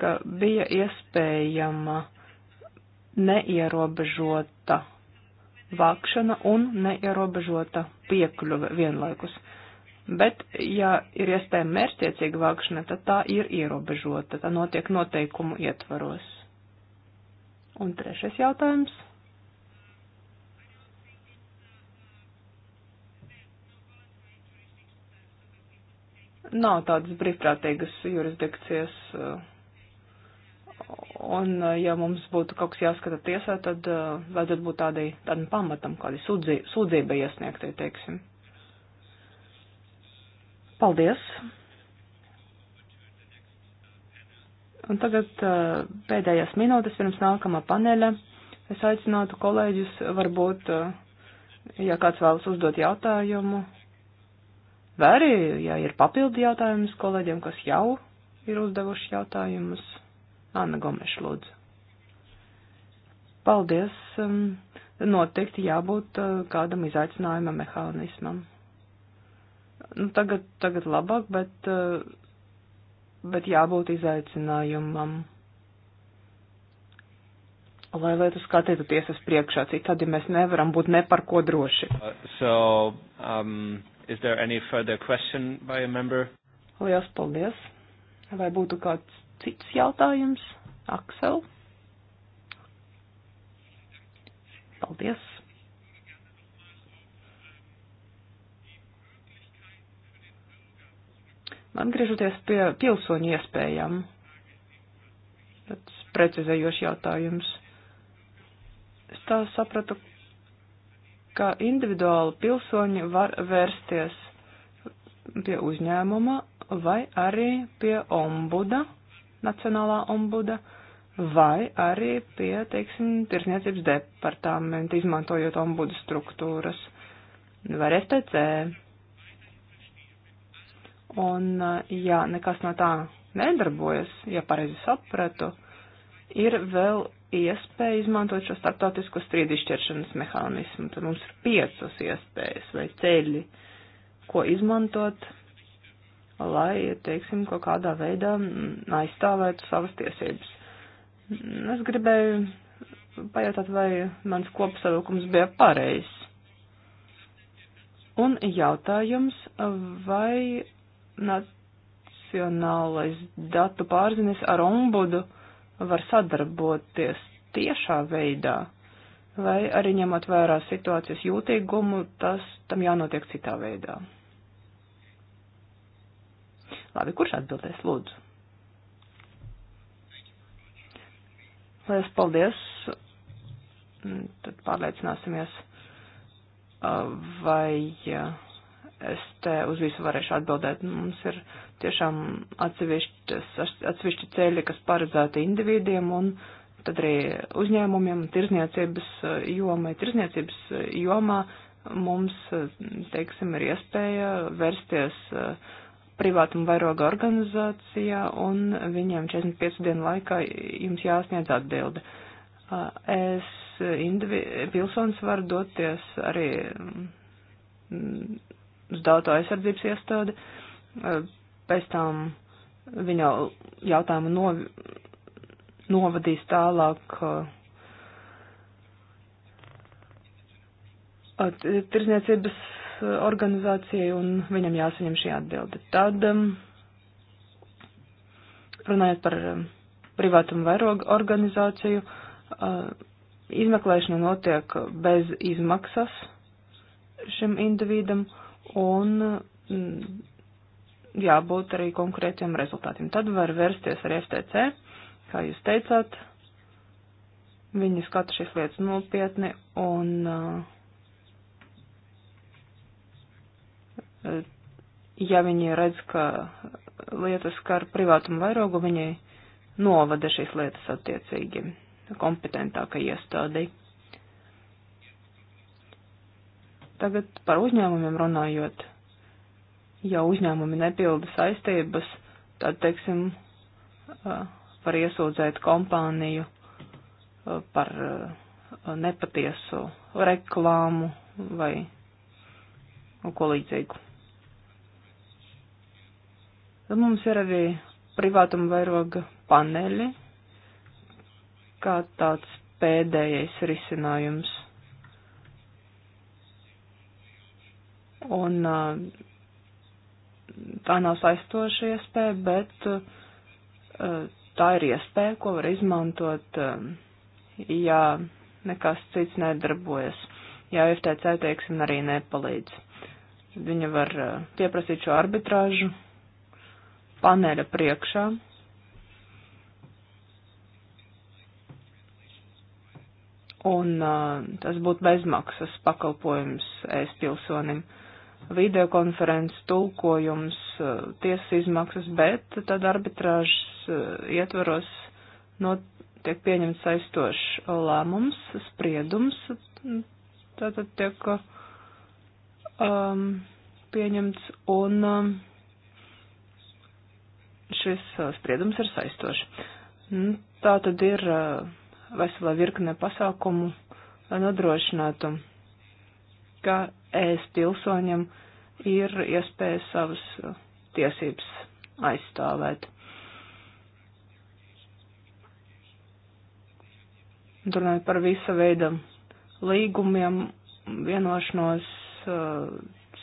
ka bija iespējama neierobežot vākšana un neierobežota piekļuve vienlaikus. Bet, ja ir iespēja mērķtiecīga vākšana, tad tā ir ierobežota, tā notiek noteikumu ietvaros. Un trešais jautājums. Nav tādas brīvprātīgas jurisdikcijas. Uh, Un, uh, ja mums būtu kaut kas jāskata tiesā, tad uh, vajadzētu būt tādai, tādam pamatam, kāda sūdzība iesniegtai, teiksim. Paldies! Un tagad uh, pēdējās minūtes pirms nākamā paneļa. Es aicinātu kolēģus, varbūt, uh, ja kāds vēlas uzdot jautājumu, vai arī, ja ir papildi jautājums kolēģiem, kas jau ir uzdevuši jautājumus. Anna Gomeša lūdzu. Paldies. Um, noteikti jābūt uh, kādam izaicinājuma mehānismam. Nu, tagad, tagad labāk, bet, uh, bet jābūt izaicinājumam. Lai lietas skatītu tiesas priekšā, citādi mēs nevaram būt ne par ko droši. Uh, so, um, is there any further question by a member? Lielas paldies. Vai būtu kāds cits jautājums? Aksel? Paldies! Atgriežoties pie pilsoņu iespējām, tāds precizējošs jautājums. Es tā sapratu, ka individuāli pilsoņi var vērsties pie uzņēmuma vai arī pie ombuda nacionālā ombuda vai arī pie, teiksim, tirsniecības departamenta, izmantojot ombudu struktūras vai STC. Un, eh, ja nekas no tā nedarbojas, ja pareizi sapratu, ir vēl iespēja izmantot šo starptautisko strīdu izšķiršanas mehānismu. Tad mums ir piecas iespējas vai ceļi, ko izmantot lai, teiksim, kaut kādā veidā aizstāvētu savas tiesības. Es gribēju pajautāt, vai mans kopsavilkums bija pareizs. Un jautājums, vai nacionālais datu pārzinis ar ombudu var sadarboties tiešā veidā, vai arī ņemot vērā situācijas jūtīgumu, tas tam jānotiek citā veidā. Labi, kurš atbildēs, lūdzu? Lielas paldies. Mm, tad pārliecināsimies, vai es te uz visu varēšu atbildēt. Mums ir tiešām atsevišķi ceļi, kas paredzēti individiem un tad arī uzņēmumiem, tirzniecības jomai. Tirzniecības jomā mums, teiksim, ir iespēja vērsties uh, privātuma vairoga organizācijā, un viņiem 45 dienu laikā jums jāsniedz atbildi. Es indivi, pilsonis var doties arī mm, uz datu aizsardzības iestādi, pēc tam viņa jautājumu nov, novadīs tālāk. Tirzniecības organizācijai un viņam jāsaņem šī atbilde. Tad, um, runājot par um, privātumu vairogu organizāciju, uh, izmeklēšana notiek bez izmaksas šim individam un mm, jābūt arī konkrētiem rezultātiem. Tad var vērsties ar FTC, kā jūs teicāt. Viņi skata šīs lietas nopietni un uh, ja viņi redz, ka lietas skar privātumu vairogu, viņi novada šīs lietas attiecīgi kompetentākai iestādei. Tagad par uzņēmumiem runājot. Ja uzņēmumi nepilda saistības, tad, teiksim, var iesūdzēt kompāniju par nepatiesu reklāmu vai ko līdzīgu. Tad mums ir arī privātuma vairoga paneļi, kā tāds pēdējais risinājums. Un tā nav saistoša iespēja, bet tā ir iespēja, ko var izmantot, ja nekas cits nedarbojas. Ja FTC, teiksim, arī nepalīdz. Viņa var pieprasīt šo arbitrāžu paneļa priekšā. Un uh, tas būtu bezmaksas pakalpojums ēst pilsonim. Videokonferences tulkojums, uh, tiesas izmaksas, bet tad arbitrāžas uh, ietvaros notiek pieņemts saistošs lēmums, spriedums, tātad tiek um, pieņemts un um, šis uh, spriedums ir saistošs. Nu, tā tad ir uh, veselā virkne pasākumu, lai nodrošinātu, ka ES pilsoņiem ir iespēja savas uh, tiesības aizstāvēt. Runājot par visa veida līgumiem, vienošanos,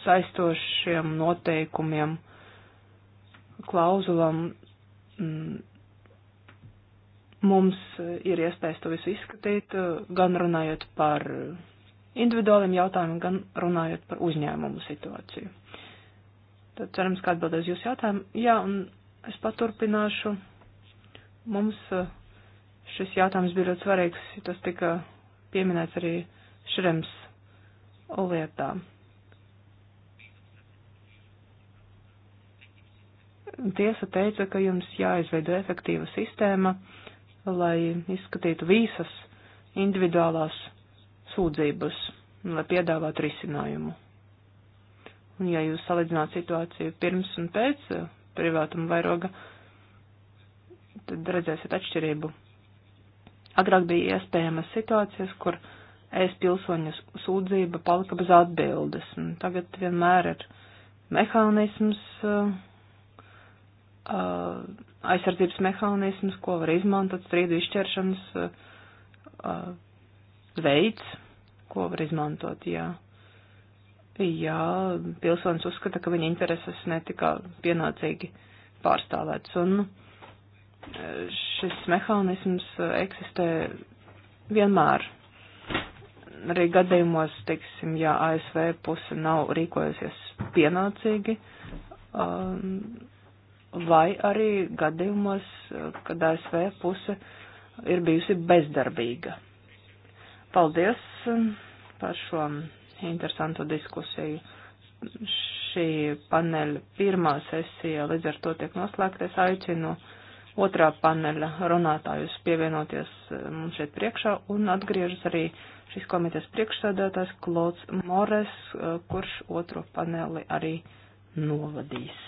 saistošiem noteikumiem klauzulām mm, mums ir iespējas to visu izskatīt, gan runājot par individuāliem jautājumiem, gan runājot par uzņēmumu situāciju. Tad cerams, ka atbildēs jūsu jautājumu. Jā, un es paturpināšu. Mums eh, šis jautājums bija ļoti svarīgs, tas tika pieminēts arī Šrems lietā. tiesa teica, ka jums jāizveido efektīva sistēma, lai izskatītu visas individuālās sūdzības, lai piedāvātu risinājumu. Un ja jūs salīdzināt situāciju pirms un pēc eh, privātuma vairoga, tad redzēsiet atšķirību. Agrāk bija iespējamas situācijas, kur es pilsoņu sūdzība palika bez atbildes, un tagad vienmēr ir mehānisms, uh, eh, uh, aizsardzības mehānisms, ko var izmantot strīdu izšķiršanas uh, uh, veids, ko var izmantot, jā. Ja pilsonis uzskata, ka viņa intereses netika pienācīgi pārstāvētas, un uh, šis mehānisms uh, eksistē vienmēr. Arī gadījumos, teiksim, ja ASV puse nav rīkojusies pienācīgi, um, vai arī gadījumos, kad ASV puse ir bijusi bezdarbīga. Paldies um, par šo interesantu diskusiju. Šī paneļa pirmā sesija līdz ar to tiek noslēgta. Es aicinu otrā paneļa runātājus pievienoties um, mums šeit priekšā un atgriežas arī šīs komitejas priekšsēdētājs Klods Mores, uh, kurš otro paneli arī novadīs.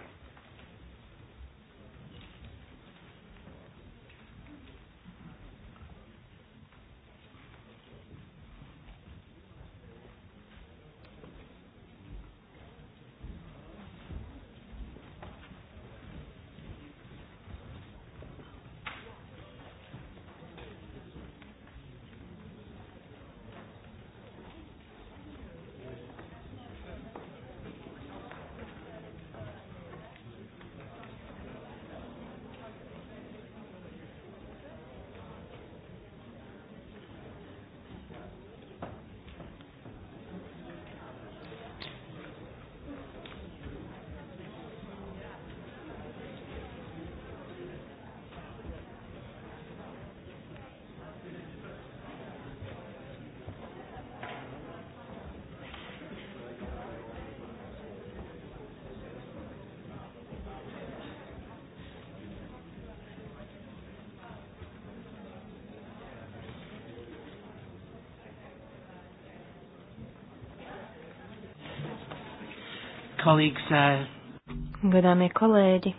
colleagues, uh, Godāmie kolēģi,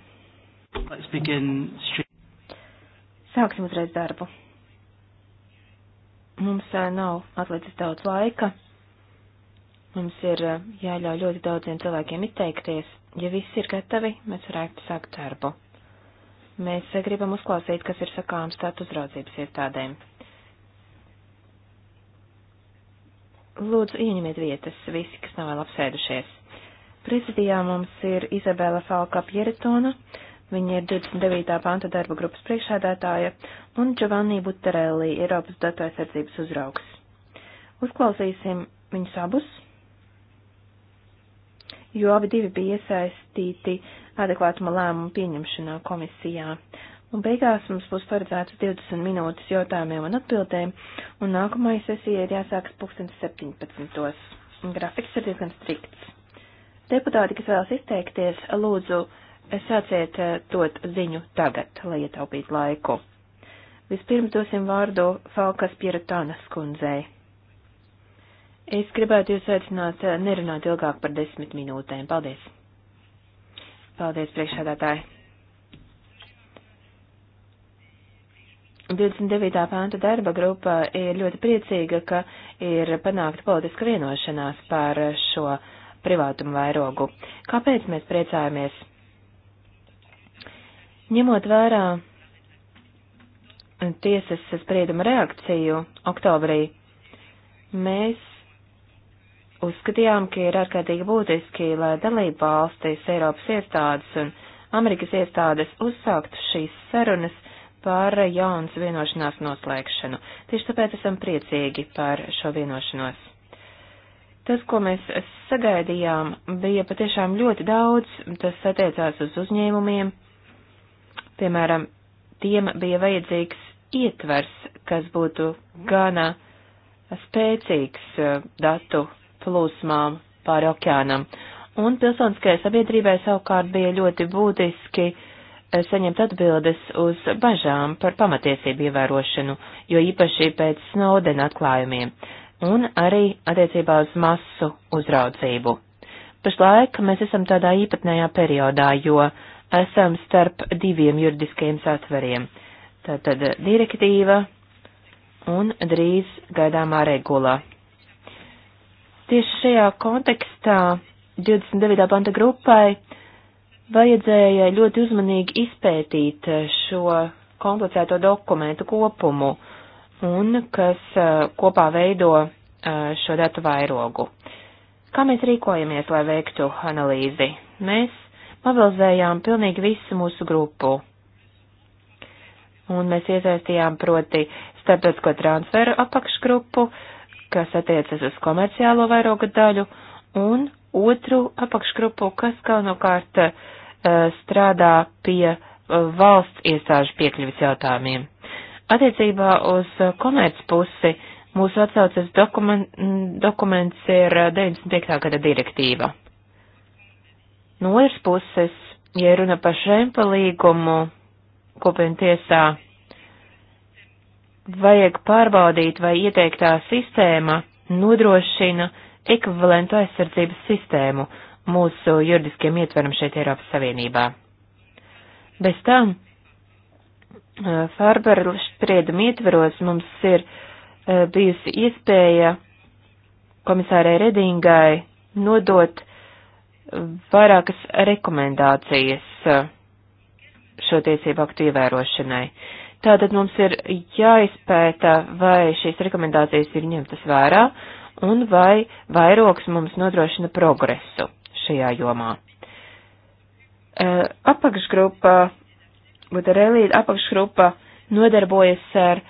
let's begin straight. Sāksim uzreiz darbu. Mums uh, nav atlicis daudz laika. Mums ir uh, jāļauj ļoti daudziem cilvēkiem izteikties. Ja viss ir gatavi, mēs varētu sākt darbu. Mēs uh, gribam uzklausīt, kas ir sakāms tāt uzraudzības iestādēm. Lūdzu, ieņemiet vietas visi, kas nav vēl apsēdušies. Prezidijā mums ir Izabela Falka Pieritona, viņa ir 29. panta darba grupas priekšādātāja, un Giovanni Butterelli, Eiropas datu aizsardzības uzraugs. Uzklausīsim viņus abus, jo abi divi bija iesaistīti adekvātuma lēmumu pieņemšanā komisijā. Un beigās mums būs paredzēts 20 minūtes jautājumiem un atbildēm, un nākamajai sesijai ir jāsākas 2017. Grafiks ir diezgan strikts. Deputāti, kas vēlas izteikties, lūdzu, sāciet eh, dot ziņu tagad, lai ietaupītu laiku. Vispirms dosim vārdu Falkas Pieratanas kundzei. Es gribētu jūs aicināt eh, nerunāt ilgāk par desmit minūtēm. Paldies! Paldies, priekšādātāji! 29. panta darba grupa ir ļoti priecīga, ka ir panākta politiska vienošanās par šo uh, privātumu vairogu. Kāpēc mēs priecājamies? Ņemot vērā tiesas sprieduma reakciju oktobrī, mēs uzskatījām, ka ir ārkārtīgi būtiski, lai dalība valstis, Eiropas iestādes un Amerikas iestādes uzsāktu šīs sarunas par jaunas vienošanās noslēgšanu. Tieši tāpēc esam priecīgi par šo vienošanos. Tas, ko mēs sagaidījām, bija patiešām ļoti daudz, tas attiecās uz uzņēmumiem. Piemēram, tiem bija vajadzīgs ietvers, kas būtu gana spēcīgs eh, datu plūsmām pāri okeānam. Un pilsoniskajai sabiedrībai savukārt bija ļoti būtiski eh, saņemt atbildes uz bažām par pamatiesību ievērošanu, jo īpaši pēc Snowden atklājumiem. Uh, un arī attiecībā uz masu uzraudzību. Pašlaik mēs esam tādā īpatnējā periodā, jo esam starp diviem juridiskajiem satveriem - tātad direktīva un drīz gaidāmā regula. Tieši šajā kontekstā 29. panta grupai vajadzēja ļoti uzmanīgi izpētīt šo komplicēto dokumentu kopumu un kas uh, kopā veido uh, šo datu vairogu. Kā mēs rīkojamies, lai veiktu analīzi? Mēs mobilizējām pilnīgi visu mūsu grupu. Un mēs iesaistījām proti starptautisko transferu apakšgrupu, kas attiecas uz komerciālo vairoga daļu, un otru apakšgrupu, kas galvenokārt uh, strādā pie valsts iestāžu piekļuvis jautājumiem. Attiecībā uz komerc pusi mūsu atsaucas dokumen, dokuments ir 95. gada direktīva. No otras puses, ja runa par šiem palīgumu kopienu tiesā, vajag pārbaudīt, vai ieteiktā sistēma nodrošina ekvivalentu aizsardzības sistēmu mūsu juridiskiem ietveram šeit Eiropas Savienībā. Bez tam Farberu spriedumu ietveros mums ir e, bijusi iespēja komisārai Redingai nodot vairākas rekomendācijas e, šo tiesību aktu ievērošanai. Tātad mums ir jāizpēta, vai šīs rekomendācijas ir ņemtas vērā un vai vairoks mums nodrošina progresu šajā jomā. E, apakšgrupa Butarelī apakšgrupa nodarbojas ar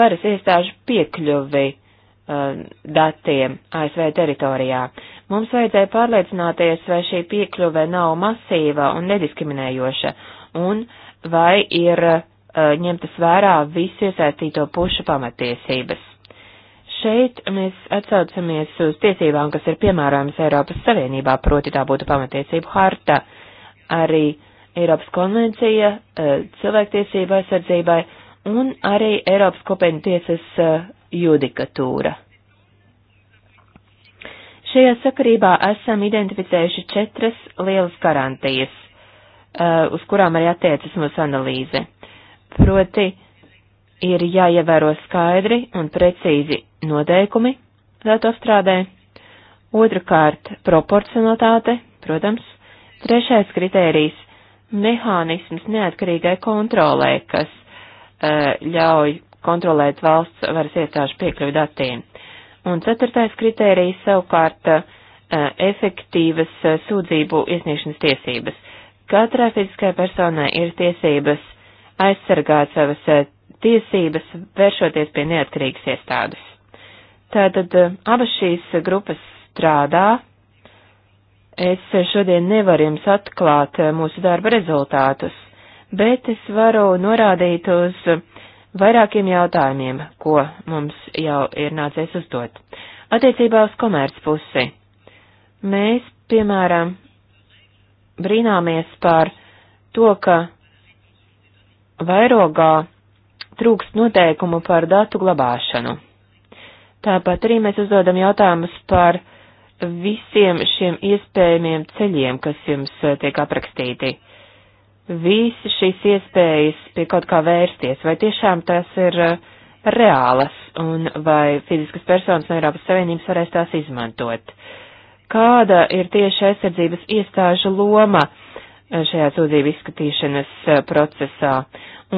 varas iestāžu piekļuvi uh, datiem ASV teritorijā. Mums vajadzēja pārliecināties, vai šī piekļuve nav masīva un nediskriminējoša, un vai ir uh, ņemtas vērā visu iesaistīto pušu pamatiesības. Šeit mēs atsaucamies uz tiesībām, kas ir piemērojamas Eiropas Savienībā, proti tā būtu pamatiesību harta, arī uh, Eiropas konvencija eh, cilvēktiesība aizsardzībai un arī Eiropas kopienu tiesas eh, judikatūra. Šajā sakarībā esam identificējuši četras lielas garantijas, eh, uz kurām arī attiecas mūsu analīze. Proti, ir jāievēro skaidri un precīzi noteikumi datu apstrādē, otrkārt proporcionalitāte, protams, trešais kritērijs mehānisms neatkarīgai kontrolē, kas eh, ļauj kontrolēt valsts varas iestāžu piekļuvi datiem. Un ceturtais kritērijs savukārt eh, efektīvas eh, sūdzību iesniegšanas tiesības. Katrai fiziskajai personai ir tiesības aizsargāt savas tiesības, vēršoties pie neatkarīgas iestādes. Tātad abas šīs grupas strādā Es šodien nevaru jums atklāt eh, mūsu darba rezultātus, bet es varu norādīt uz vairākiem jautājumiem, ko mums jau ir nācies uzdot. Attiecībā uz komerc pusi. Mēs, piemēram, brīnāmies par to, ka vairogā trūkst noteikumu par datu glabāšanu. Tāpat arī mēs uzdodam jautājumus par visiem šiem iespējamiem ceļiem, kas jums eh, tiek aprakstīti. Visi šīs iespējas pie kaut kā vērsties, vai tiešām tās ir eh, reālas un vai fiziskas personas no Eiropas Savienības varēs tās izmantot? Kāda ir tieši aizsardzības iestāžu loma? Uh, šajā sūdzību izskatīšanas eh, procesā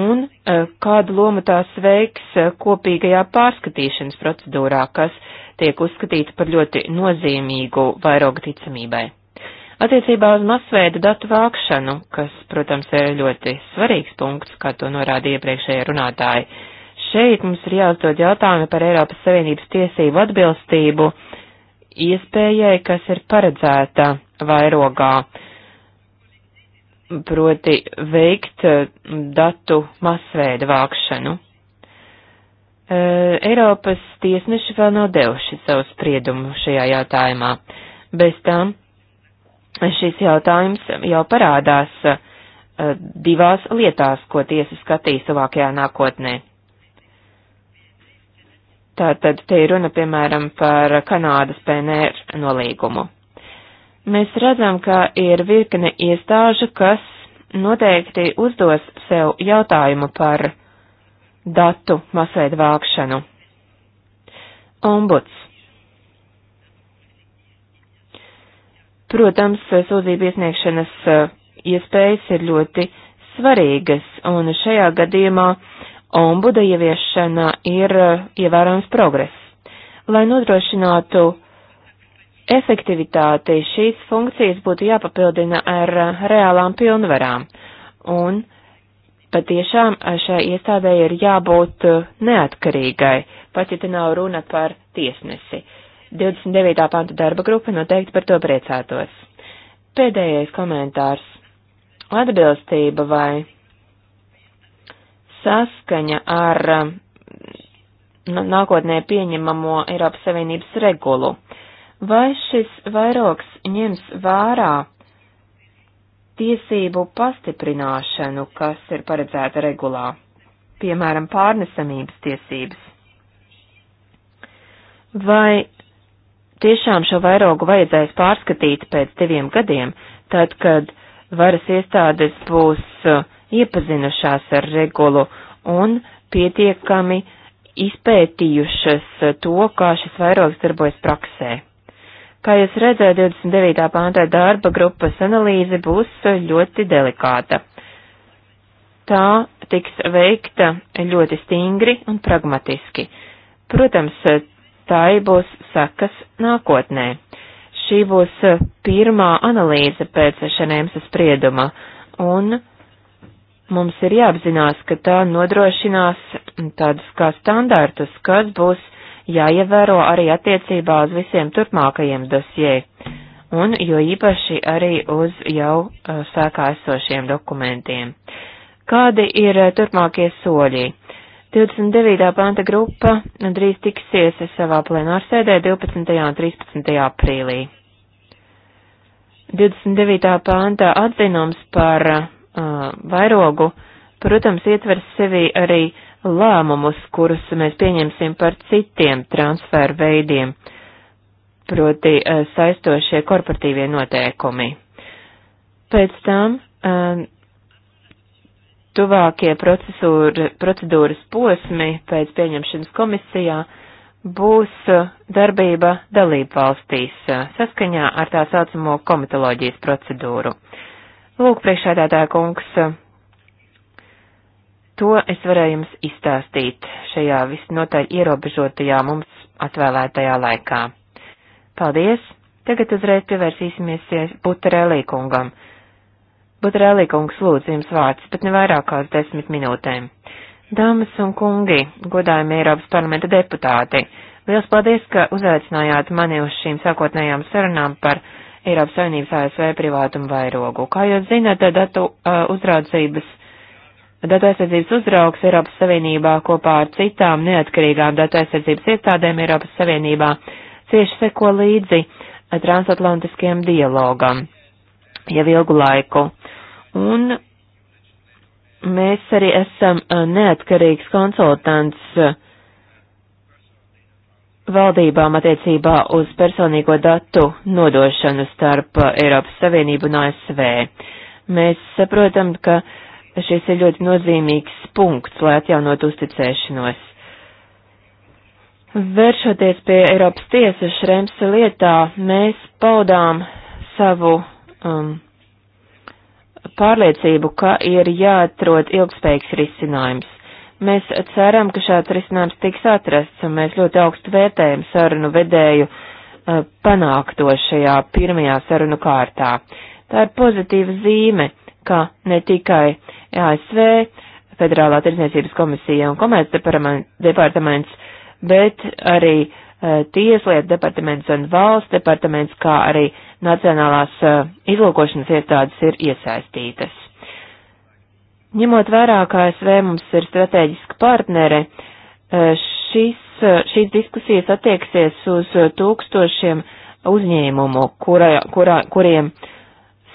un eh, kādu lomu tās veiks eh, kopīgajā pārskatīšanas procedūrā, kas tiek uzskatīta par ļoti nozīmīgu vairoga ticamībai. Attiecībā uz masveida datu vākšanu, kas, protams, ir ļoti svarīgs punkts, kā to norāda iepriekšējie runātāji, šeit mums ir jāuzdod jautājumi par Eiropas Savienības tiesību atbilstību iespējai, kas ir paredzēta vairogā proti veikt eh, datu masveida vākšanu. Eh, Eiropas tiesneši vēl nav devuši savu spriedumu šajā jautājumā. Bez tam šis jautājums jau parādās eh, divās lietās, ko tiesa skatīs tuvākajā nākotnē. Tātad te ir runa, piemēram, par Kanādas PNR nolīgumu. Mēs redzam, ka ir virkne iestāžu, kas noteikti uzdos sev jautājumu par datu masveidu vākšanu. Ombuds. Protams, sūdzību iesniegšanas eh, iespējas ir ļoti svarīgas, un šajā gadījumā ombuda ieviešana ir eh, ievērojams progress. Lai nodrošinātu efektivitāti šīs funkcijas būtu jāpapildina ar eh, reālām pilnvarām. Un patiešām eh, šai iestādē ir jābūt eh, neatkarīgai, pat ja te nav runa par tiesnesi. 29. panta darba grupa noteikti par to priecātos. Pēdējais komentārs. Atbilstība vai saskaņa ar nākotnē pieņemamo Eiropas Savienības regulu. Uh, Vai šis vairogs ņems vērā tiesību pastiprināšanu, kas ir paredzēta regulā, piemēram, pārnesamības tiesības? Vai tiešām šo vairogu vajadzēs pārskatīt pēc diviem gadiem, tad, kad varas iestādes būs uh, iepazinušās ar regulu un pietiekami izpētījušas uh, to, kā šis vairogs darbojas praksē? Kā jūs redzat, 29. pāntā darba grupas analīze būs ļoti delikāta. Tā tiks veikta ļoti stingri un pragmatiski. Protams, tai būs sekas nākotnē. Šī būs pirmā analīze pēc Šanēmsa sprieduma, un mums ir jāapzinās, ka tā nodrošinās tādus kā standārtus, kas būs jāievēro arī attiecībā uz visiem turpmākajiem dosjē, un jo īpaši arī uz jau uh, eh, sākā esošiem dokumentiem. Kādi ir uh, turpmākie soļi? 29. panta grupa drīz tiksies savā plenārsēdē 12. un 13. aprīlī. 29. panta atzinums par uh, vairogu, protams, ietvers sevi arī uh, lēmumus, kurus mēs pieņemsim par citiem transferu veidiem, proti eh, saistošie korporatīvie noteikumi. Pēc tam eh, tuvākie procedūras posmi pēc pieņemšanas komisijā būs eh, darbība dalību valstīs saskaņā ar tā saucamo komitoloģijas procedūru. Lūk, priekšādātāja kungs, To es varēju jums izstāstīt šajā visnotaļ ierobežotajā mums atvēlētajā laikā. Paldies! Tagad uzreiz pievērsīsimies Butarelī kungam. Butarelī kungs lūdzu jums vārds, bet ne vairākās desmit minūtēm. Dāmas un kungi, godājumi Eiropas parlamenta deputāti, liels paldies, ka uzaicinājāt mani uz šīm sākotnējām sarunām par Eiropas Savienības ASV privātumu vairogu. Kā jūs zināt, datu uh, uzraudzības Datu aizsardzības uzraugs Eiropas Savienībā kopā ar citām neatkarīgām datu aizsardzības iestādēm Eiropas Savienībā cieši seko līdzi transatlantiskajam dialogam jau ilgu laiku. Un mēs arī esam neatkarīgs konsultants valdībām attiecībā uz personīgo datu nodošanu starp Eiropas Savienību un ASV. Mēs saprotam, ka uh, Šis ir ļoti nozīmīgs punkts, lai atjaunot uzticēšanos. Vēršoties pie Eiropas tiesas Šremsa lietā, mēs paudām savu um, pārliecību, ka ir jāatrod ilgspējīgs risinājums. Mēs ceram, ka šāds risinājums tiks atrasts, un mēs ļoti augstu vērtējam sarunu vedēju uh, panākto šajā pirmajā sarunu kārtā. Tā ir pozitīva zīme ka ne tikai ASV, Federālā tirdzniecības komisija un komercdepartaments, bet arī uh, Tieslietu departaments un valsts departaments, kā arī Nacionālās uh, izlūkošanas iestādes ir iesaistītas. Ņemot vērā, ka ASV mums ir strateģiski partneri, uh, šis, šīs diskusijas attieksies uz tūkstošiem uzņēmumu, kura, kura, kuriem uh,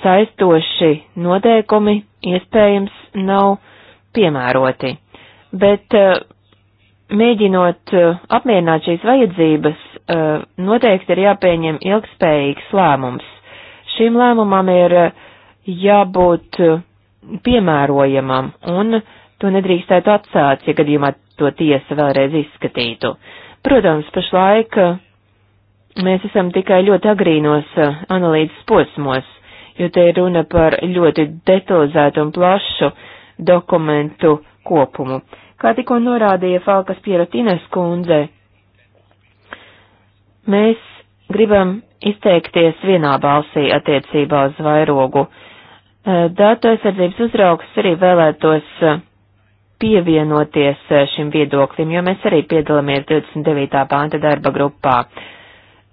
saistoši noteikumi iespējams nav piemēroti, bet eh, mēģinot eh, apmierināt šīs vajadzības, eh, noteikti ir jāpieņem ilgspējīgs lēmums. Šim lēmumam ir jābūt piemērojamam un to nedrīkstētu atstāt, ja gadījumā to tiesa vēlreiz izskatītu. Protams, pašlaik mēs esam tikai ļoti agrīnos analīzes posmos, jo te ir runa par ļoti detalizētu un plašu dokumentu kopumu. Kā tikko norādīja Falkas Pierotinas kundze, mēs gribam izteikties vienā balsī attiecībā uz vairogu. Eh, datu aizsardzības uzraugs arī vēlētos eh, pievienoties eh, šim viedoklim, jo mēs arī piedalāmies 29. panta darba grupā.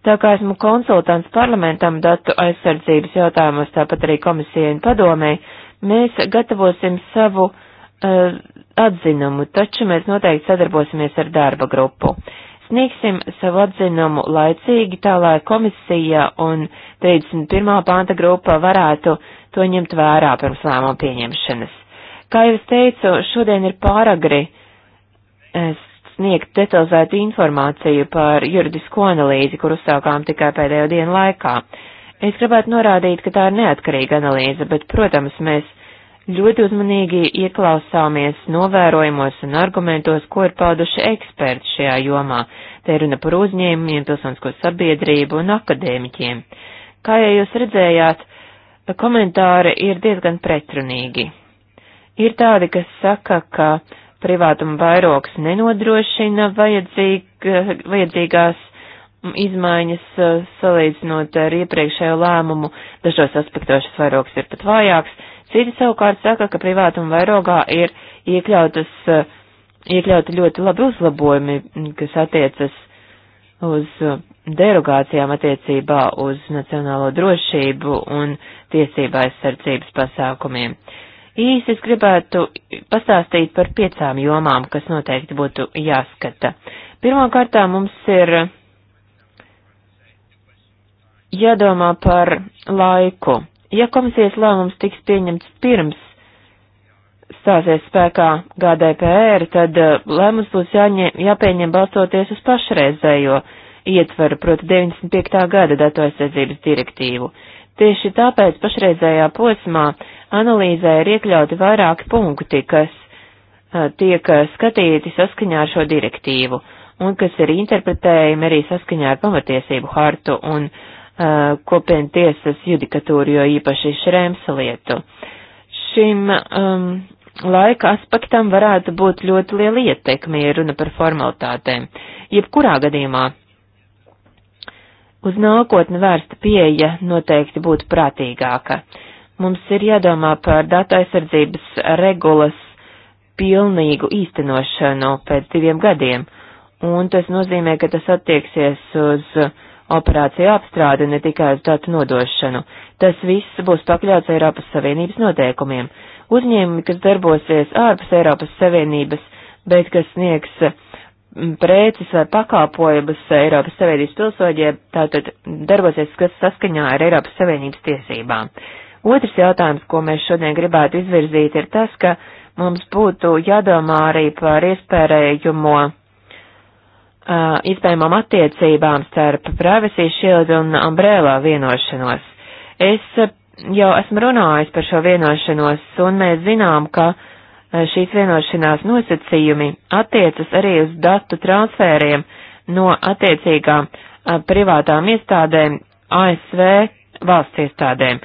Tā kā esmu konsultants parlamentam datu aizsardzības jautājumos, tāpat arī komisijai un padomēji, mēs gatavosim savu uh, atzinumu, taču mēs noteikti sadarbosimies ar darba grupu. Sniegsim savu atzinumu laicīgi, tā lai komisija un 31. panta grupa varētu to ņemt vērā pirms lēmumu pieņemšanas. Kā jau es teicu, šodien ir pāragri sniegt detalizētu informāciju par juridisko analīzi, kur uzsākām tikai pēdējo dienu laikā. Es gribētu norādīt, ka tā ir neatkarīga analīze, bet, protams, mēs ļoti uzmanīgi ieklausāmies novērojumos un argumentos, ko ir pauduši eksperti šajā jomā. Te ir runa par uzņēmumiem, pilsonisko sabiedrību un akadēmiķiem. Kā jau jūs redzējāt, komentāri ir diezgan pretrunīgi. Ir tādi, kas saka, ka privātuma vairogs nenodrošina vajadzīg, vajadzīgās izmaiņas eh, salīdzinot ar iepriekšējo lēmumu. Dažos aspektos šis vairogs ir pat vājāks. Citi savukārt saka, ka privātuma vairogā ir iekļautas, eh, iekļauti ļoti labi uzlabojumi, kas attiecas uz eh, derogācijām attiecībā uz nacionālo drošību un tiesībā aizsardzības pasākumiem. Uh, Īsi es gribētu pastāstīt par piecām jomām, kas noteikti būtu jāskata. Pirmkārt, mums ir jādomā par laiku. Ja komisijas lēmums tiks pieņemts pirms stāsies spēkā GDPR, tad uh, lēmums būs jāņem, jāpieņem balstoties uz pašreizējo ietvaru, proti 95. gada datu aizsardzības direktīvu. Tieši tāpēc pašreizējā posmā analīzē ir iekļauti vairāki punkti, kas uh, tiek eh, skatīti saskaņā ar šo direktīvu un kas ir interpretējumi arī saskaņā ar pamatiesību hartu un uh, eh, kopienu tiesas judikatūru, jo īpaši Šrēmsa lietu. Šim um, laika aspektam varētu būt ļoti liela ietekme, ja runa par formalitātēm. Jebkurā gadījumā uz nākotni vērsta pieeja noteikti būtu prātīgāka. Uh, Mums ir jādomā par datu aizsardzības regulas pilnīgu īstenošanu pēc diviem gadiem, un tas nozīmē, ka tas attieksies uz operāciju apstrādi, ne tikai uz datu nodošanu. Tas viss būs pakļauts Eiropas Savienības noteikumiem. Uzņēmumi, kas darbosies ārpus Eiropas Savienības, bet kas sniegs mm, preces vai pakāpojumus Eiropas Savienības pilsoģiem, tātad darbosies, kas saskaņā ar Eiropas Savienības tiesībām. Otrs jautājums, ko mēs šodien gribētu izvirzīt, ir tas, ka mums būtu jādomā arī par iespējumu Uh, iespējamām attiecībām starp Privacy Shield un Umbrella vienošanos. Es uh, jau esmu runājis par šo vienošanos, un mēs zinām, ka uh, šīs vienošanās nosacījumi attiecas arī uz datu transfēriem no attiecīgām privātām iestādēm ASV valsts iestādēm.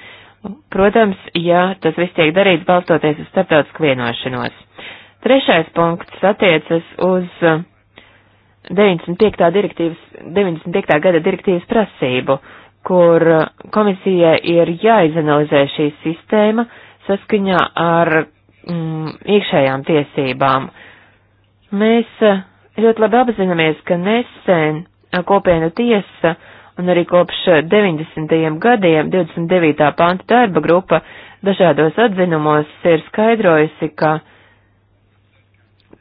Protams, ja tas viss tiek darīts balstoties uz starptautisku vienošanos. Trešais punkts attiecas uz 95. Uh, direktīvas, 95. gada direktīvas prasību, kur uh, komisija ir jāizanalizē šī sistēma saskaņā ar mm, iekšējām tiesībām. Mēs uh, ļoti labi apzināmies, ka nesen kopiena tiesa uh, un arī kopš 90. gadiem 29. panta darba grupa dažādos atzinumos ir skaidrojusi, ka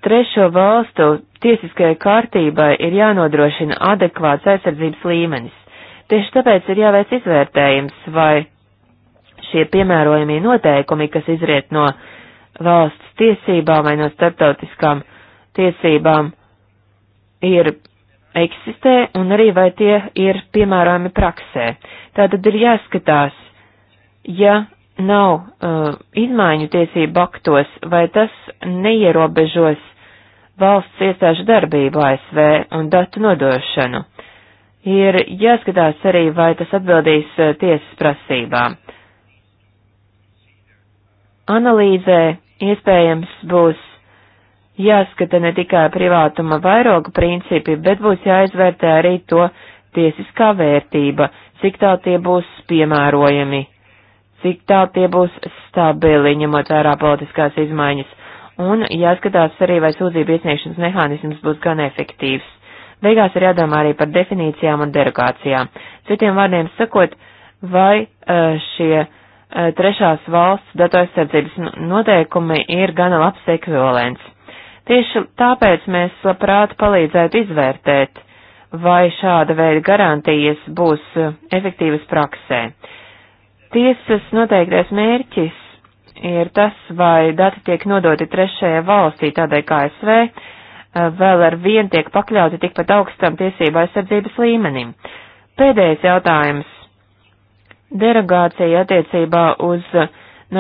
trešo valstu tiesiskajai kārtībai ir jānodrošina adekvāts aizsardzības līmenis. Tieši tāpēc ir jāveic izvērtējums, vai šie piemērojamie noteikumi, kas izriet no valsts tiesībām vai no starptautiskām tiesībām, ir eksistē un arī vai tie ir piemērojami praksē. Tātad ir jāskatās, ja nav uh, izmaiņu tiesību aktos, vai tas neierobežos valsts iestāžu darbību ASV un datu nodošanu. Ir jāskatās arī, vai tas atbildīs uh, tiesas prasībām. Analīzē iespējams būs jāskata ne tikai privātuma vairoga principi, bet būs jāizvērtē arī to tiesiskā vērtība, cik tā tie būs piemērojami, cik tā tie būs stabili, ņemot vērā politiskās izmaiņas, un jāskatās arī, vai sūdzību iesniegšanas mehānisms būs gan efektīvs. Beigās ir jādomā arī par definīcijām un derogācijām. Citiem vārdiem sakot, vai eh, šie eh, trešās valsts datu aizsardzības noteikumi ir gana labs ekvivalents. Tieši tāpēc mēs labprāt palīdzētu izvērtēt, vai šāda veida garantijas būs efektīvas praksē. Tiesas noteiktais mērķis ir tas, vai dati tiek nodoti trešajai valstī, tādai kā SV, vēl ar vienu tiek pakļauti tikpat augstam tiesību aizsardzības līmenim. Pēdējais jautājums. Derogācija attiecībā uz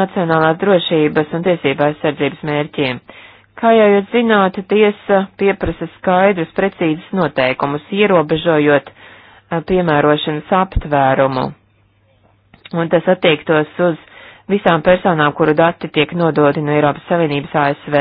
nacionālās drošības un tiesību aizsardzības mērķiem. Kā jau jūs zināt, tiesa pieprasa skaidrus, precīzus noteikumus, ierobežojot eh, piemērošanas aptvērumu. Un tas attiektos uz visām personām, kuru dati tiek nodoti no Eiropas Savienības ASV.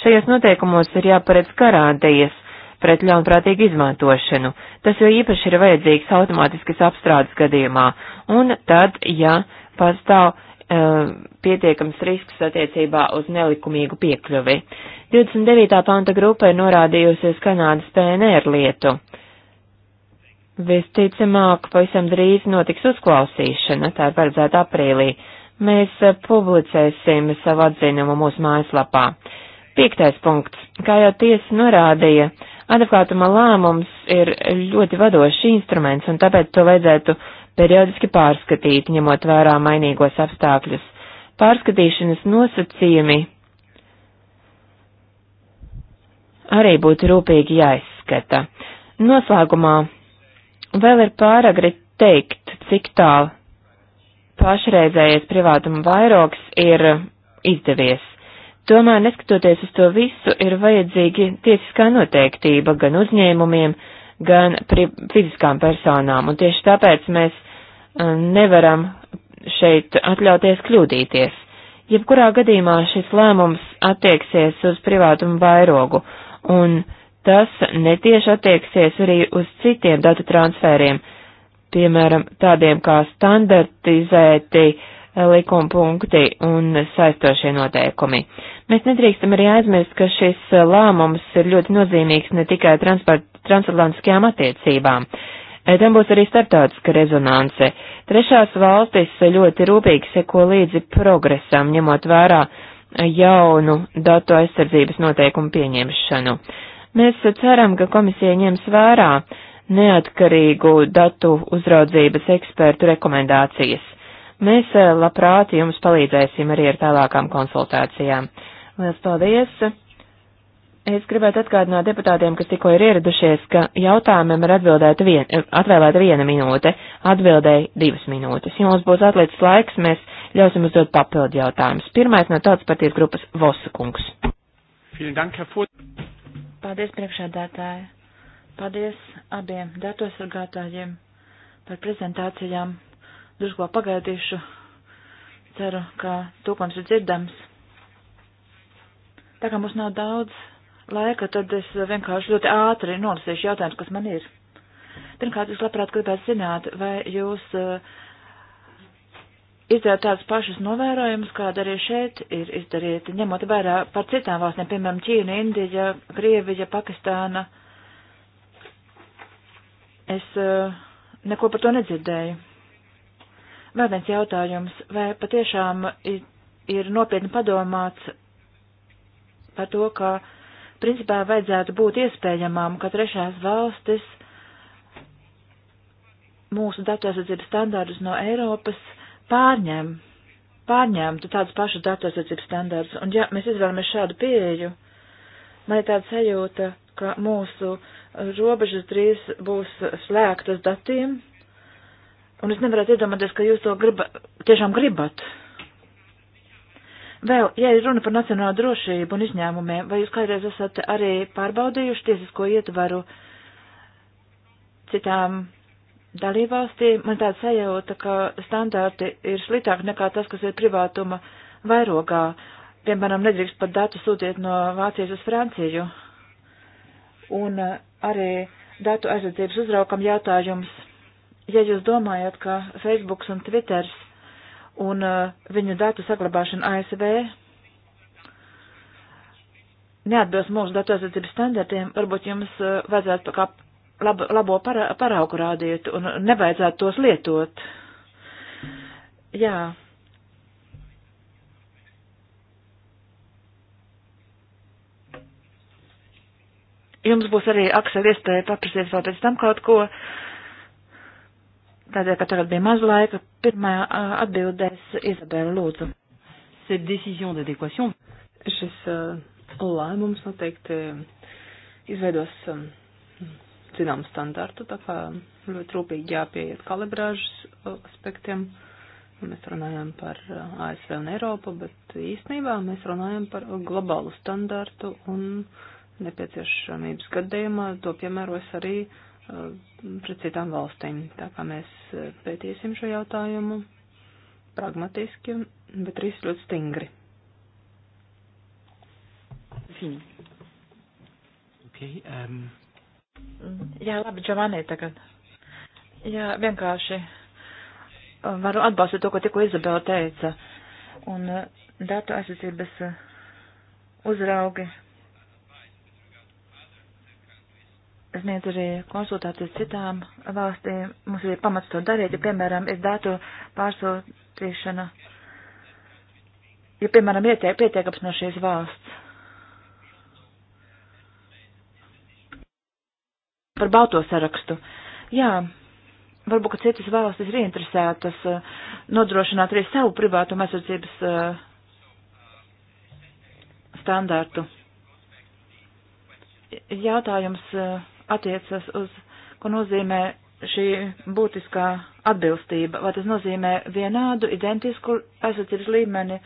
Šajos noteikumos ir jāparedz garantijas pret ļaunprātīgu izmantošanu. Tas jau īpaši ir vajadzīgs automātiskas apstrādes gadījumā, un tad, ja pastāv Uh, pietiekams risks attiecībā uz nelikumīgu piekļuvi. 29. panta grupa ir norādījusies Kanādas PNR lietu. Visticamāk, pavisam drīz notiks uzklausīšana, tā ir paredzēta aprīlī. Mēs uh, publicēsim savu atzinumu mūsu mājaslapā. Piektais punkts. Kā jau tiesa norādīja, advokātuma lēmums ir ļoti vadošs instruments, un tāpēc to vajadzētu periodiski pārskatīt, ņemot vērā mainīgos apstākļus. Pārskatīšanas nosacījumi arī būtu rūpīgi jāizskata. Noslēgumā vēl ir pāragri teikt, cik tālu pašreizējais privātuma vairogs ir izdevies. Tomēr, neskatoties uz to visu, ir vajadzīgi tiesiskā noteiktība gan uzņēmumiem, gan fiziskām personām, un tieši tāpēc mēs nevaram šeit atļauties kļūdīties. Jebkurā gadījumā šis lēmums attieksies uz privātumu vairogu, un tas netieši attieksies arī uz citiem datu transfēriem, piemēram, tādiem kā standartizēti eh, likuma punkti un saistošie noteikumi. Mēs nedrīkstam arī aizmirst, ka šis eh, lēmums ir ļoti nozīmīgs ne tikai transatlantiskajām attiecībām. Tam būs arī starptautiska rezonance. Trešās valstis ļoti rūpīgi seko līdzi progresam, ņemot vērā jaunu datu aizsardzības noteikumu pieņemšanu. Mēs ceram, ka komisija ņems vērā neatkarīgu datu uzraudzības ekspertu rekomendācijas. Mēs eh, labprāt jums palīdzēsim arī ar tālākām konsultācijām. Lielas paldies! Es gribētu atgādināt deputātiem, kas tikko ir ieradušies, ka jautājumiem ir atbildēta vien, eh, atvēlēta viena minūte, atbildēja divas minūtes. Ja mums būs atlicis laiks, mēs ļausim uzdot papildu jautājumus. Pirmais no tautas partijas grupas Vosakungs. Paldies priekšādātāji. Paldies abiem datosargātājiem par prezentācijām. Drusku pagaidīšu. Ceru, ka tūkums ir dzirdams. Tā kā mums nav daudz laika, tad es vienkārši ļoti ātri nolasīšu jautājumus, kas man ir. Pirmkārt, es labprāt gribētu zināt, vai jūs eh, izdarāt tādus pašus novērojumus, kāda arī šeit ir izdarīta, ņemot vērā par citām valstīm, piemēram, Ķīna, Indija, Krievija, Pakistāna. Es eh, neko par to nedzirdēju. Vēl viens jautājums, vai patiešām ir nopietni padomāts par to, ka principā vajadzētu būt iespējamām, ka trešās valstis mūsu datu aizsardzības standārdus no Eiropas pārņem, pārņemtu tādus pašus datu aizsardzības standārdus. Un ja mēs izvēlamies šādu pieeju, man ir tāda sajūta, ka mūsu robežas drīz būs slēgtas datiem, un es nevarētu iedomāties, ka jūs to griba, tiešām gribat. Vēl, ja ir runa par nacionālo drošību un izņēmumiem, vai jūs kādreiz esat arī pārbaudījuši tiesisko ietvaru citām dalībvalstīm? Man tāda sajūta, ka standarti ir sliktāk nekā tas, kas ir privātuma vairogā. Piemēram, nedrīkst pat datu sūtīt no Vācijas uz Franciju. Un eh, arī datu aizsardzības uzraukam jautājums. Ja jūs domājat, ka Facebooks un Twitters un uh, viņu datu saglabāšana ASV neatbilst mūsu datu aizsardzības standartiem, varbūt jums uh, vajadzētu kā lab, labo para, paraugu rādīt un nevajadzētu tos lietot. Jā. Jums būs arī aksa iespēja paprasīt vēl pēc tam kaut ko. Uh, tādēļ, ka tagad bija maz laika, pirmā atbildēs Izabela Lūdzu. Šis uh, lēmums noteikti izveidos um, zinām standartu, tā kā ļoti rūpīgi jāpieiet kalibrāžas uh, aspektiem. Mēs runājam par uh, ASV un Eiropu, bet īstenībā mēs runājam par globālu standartu un nepieciešamības gadījumā to piemēros arī uh, Eh, pret citām valstīm. Tā kā mēs eh, pētīsim šo jautājumu pragmatiski, bet arī ļoti stingri. Fini. Okay, um... Jā, labi, Giovanni, tagad. Jā, vienkārši eh, varu atbalstīt to, ko tikko Izabela teica. Un datu aizsardzības uzraugi sniedz arī konsultācijas citām valstīm. Mums ir pamats to darīt, ja, piemēram, ir datu pārsūtīšana, ja, piemēram, ir pieteikums no šīs valsts. Par balto sarakstu. Jā, varbūt, ka citas valstis ir interesētas eh, nodrošināt arī savu privātu aizsardzības eh, standārtu. Jautājums. Uh, attiecas uz, ko nozīmē šī būtiskā atbilstība, vai tas nozīmē vienādu, identisku aizsardzības līmeni,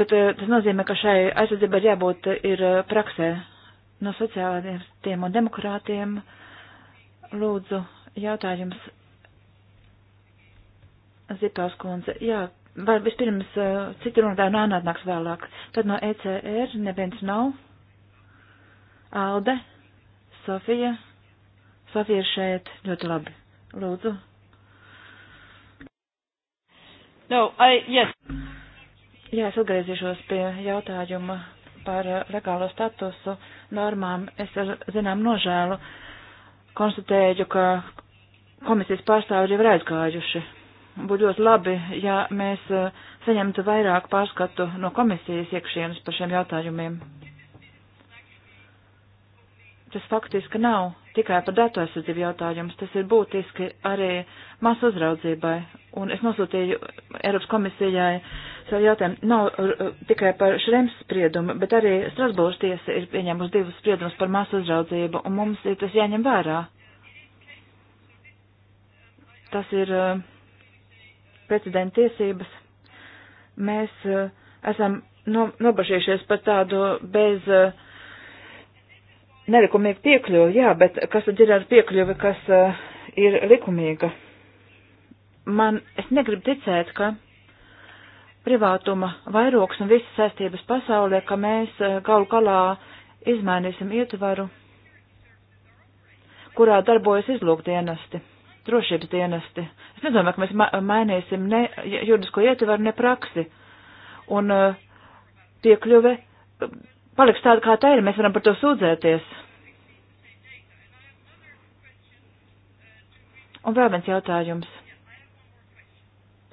bet eh, tas nozīmē, ka šai aizsardzībai jābūt eh, ir eh, praksē no sociāliem un demokrātiem. Lūdzu, jautājums Zipās kundze. Jā, vai vispirms citu runātāju nānātnāks vēlāk. Tad no ECR neviens nav. Alde. Sofija. Sofija ir šeit. Ļoti labi. Lūdzu. No, I, yes. Jā, es atgriezīšos pie jautājuma par uh, legālo statusu normām. Es ar zinām nožēlu konstatēju, ka komisijas pārstāvji jau ir aizgājuši. Būtu ļoti labi, ja mēs uh, saņemtu vairāk pārskatu no komisijas iekšienes par šiem jautājumiem tas faktiski nav tikai par datu aizsardzību jautājums, tas ir būtiski arī masu uzraudzībai. Un es nosūtīju Eiropas komisijai savu jautājumu, nav uh, tikai par Šrems spriedumu, bet arī Strasbūras tiesa ir pieņēmusi divus spriedumus par masu uzraudzību, un mums ir tas jāņem vērā. Tas ir uh, precedenta tiesības. Mēs uh, esam no, nobažījušies par tādu bez. Uh, nelikumīga piekļuva, jā, bet kas tad ir ar piekļuvi, kas uh, ir likumīga? Man, es negribu ticēt, ka privātuma vairoks un visas saistības pasaulē, ka mēs uh, galu galā izmainīsim ietvaru, kurā darbojas izlūkdienesti, drošības dienesti. Es nedomāju, ka mēs ma mainīsim ne juridisko ietvaru, ne praksi. Un uh, piekļuve paliks tāda, kā tā ir, mēs varam par to sūdzēties. Un vēl viens jautājums.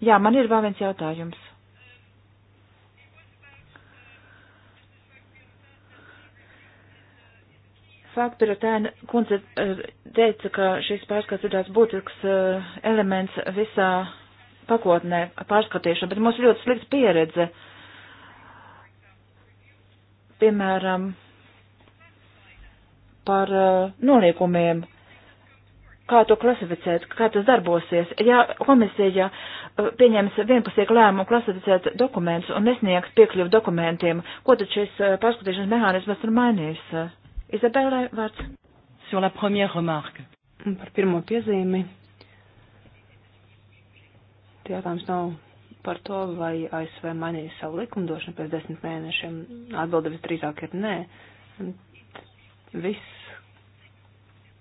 Jā, man ir vēl viens jautājums. Faktura tēna nu, kundze eh, teica, ka šis pārskats ir tāds būtisks eh, elements visā pakotnē pārskatīšana, bet mums ir ļoti slikta pieredze. Uh, piemēram, par eh, noliekumiem, kā to klasificēt, kā tas darbosies. Ja komisija eh, pieņems vienpusīgu lēmumu klasificēt dokumentus un nesniegs piekļuvu dokumentiem, ko tad šis eh, pārskatīšanas mehānismas ir mainījis? Izabelē vārds. Sur la première remarque. Par pirmo piezīmi. Jautājums nav par to, vai ASV mainīs savu likumdošanu pēc desmit mēnešiem. Atbilde visdrīzāk ir nē. Viss,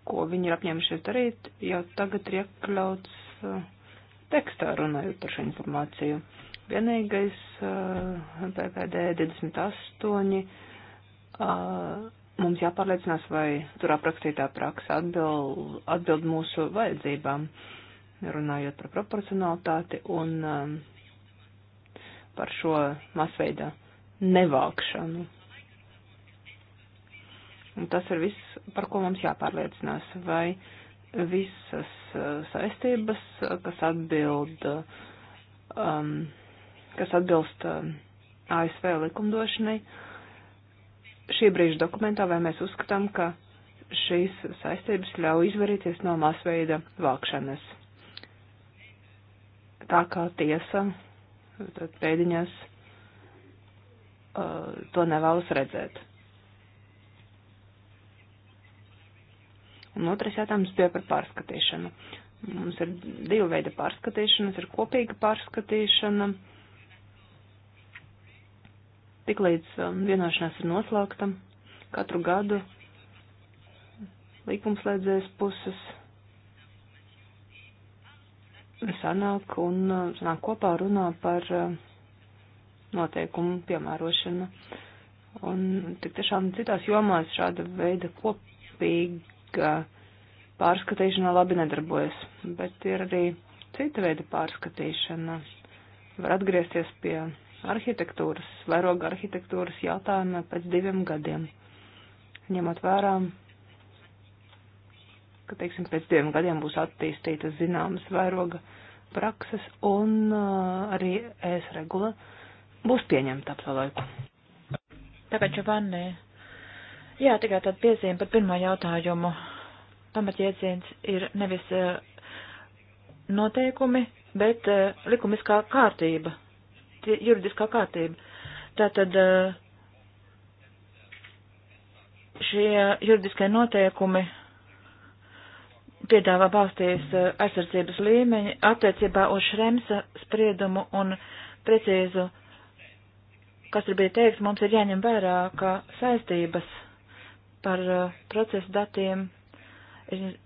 ko viņi ir apņēmušies darīt, jau tagad ir iekļauts uh, tekstā runājot par šo informāciju. Vienīgais uh, PPD 28 uh, mums jāpārliecinās, vai tur aprakstītā praksa atbild, atbild mūsu vajadzībām, runājot par proporcionalitāti un um, par šo masveida nevākšanu. Un tas ir viss, par ko mums jāpārliecinās, vai visas uh, saistības, kas atbild, um, kas atbilst um, ASV likumdošanai, šī brīža dokumentā, vai mēs uzskatām, ka šīs saistības ļauj izvarīties no masveida vākšanas. Tā kā tiesa tad pēdiņās uh, to nevēlas redzēt. Un otrs jautājums bija par pārskatīšanu. Mums ir divi veidi pārskatīšanas, ir kopīga pārskatīšana. Tiklīdz vienošanās ir noslēgta, katru gadu likumslēdzējas puses sanāk un eh, sanāk kopā runā par eh, noteikumu piemērošanu. Un tik tiešām citās jomās šāda veida kopīga pārskatīšana labi nedarbojas, bet ir arī cita veida pārskatīšana. Var atgriezties pie arhitektūras, vairoga arhitektūras jautājuma pēc diviem gadiem, ņemot vērām ka, teiksim, pēc diviem gadiem būs attīstītas zināmas vairoga prakses un uh, arī ES regula būs pieņemta ap to laiku. Tagad Čavannē. Jā, tikai tāda piezīme par pirmo jautājumu. Pamatjēdziens ir nevis uh, noteikumi, bet uh, likumiskā kārtība, juridiskā kārtība. Tātad uh, šie juridiskie noteikumi piedāvā balstīs eh, aizsardzības līmeņi attiecībā uz Šremsa spriedumu un precīzu, kas ir bija teikts, mums ir jāņem vērā, ka saistības par eh, procesu datiem ir,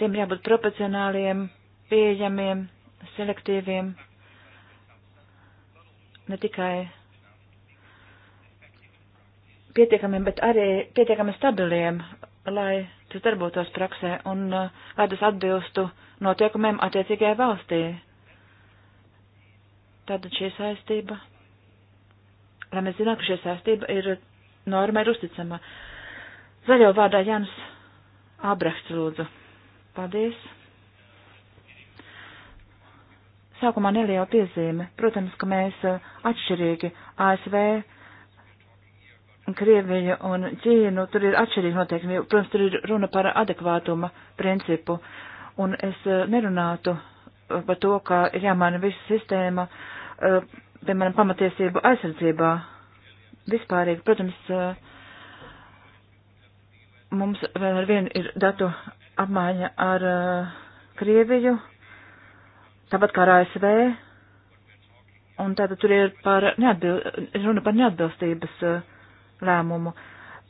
tiem jābūt proporcionāliem, pieejamiem, selektīviem, ne tikai pietiekamiem, bet arī pietiekami stabiliem, lai tas darbotos praksē un lai uh, tas atbilstu notiekumiem attiecīgajā valstī. Tātad šī saistība, lai mēs zinām, ka šī saistība ir norma ir uzticama. Zaļo vārdā Jans Abrechts lūdzu. Paldies. Sākumā neliela piezīme. Protams, ka mēs uh, atšķirīgi ASV Krieviju un Ķīnu, tur ir atšķirīgi noteikumi, jo, protams, tur ir runa par adekvātuma principu, un es eh, nerunātu eh, par to, ka ir jāmaina visa sistēma, eh, piemēram, pamatiesību aizsardzībā. Vispārīgi, protams, mums vēl ar vienu ir datu apmaiņa ar Krieviju, tāpat kā ar ASV, un tātad tur ir par neatbil, runa par neatbilstības uh, lēmumu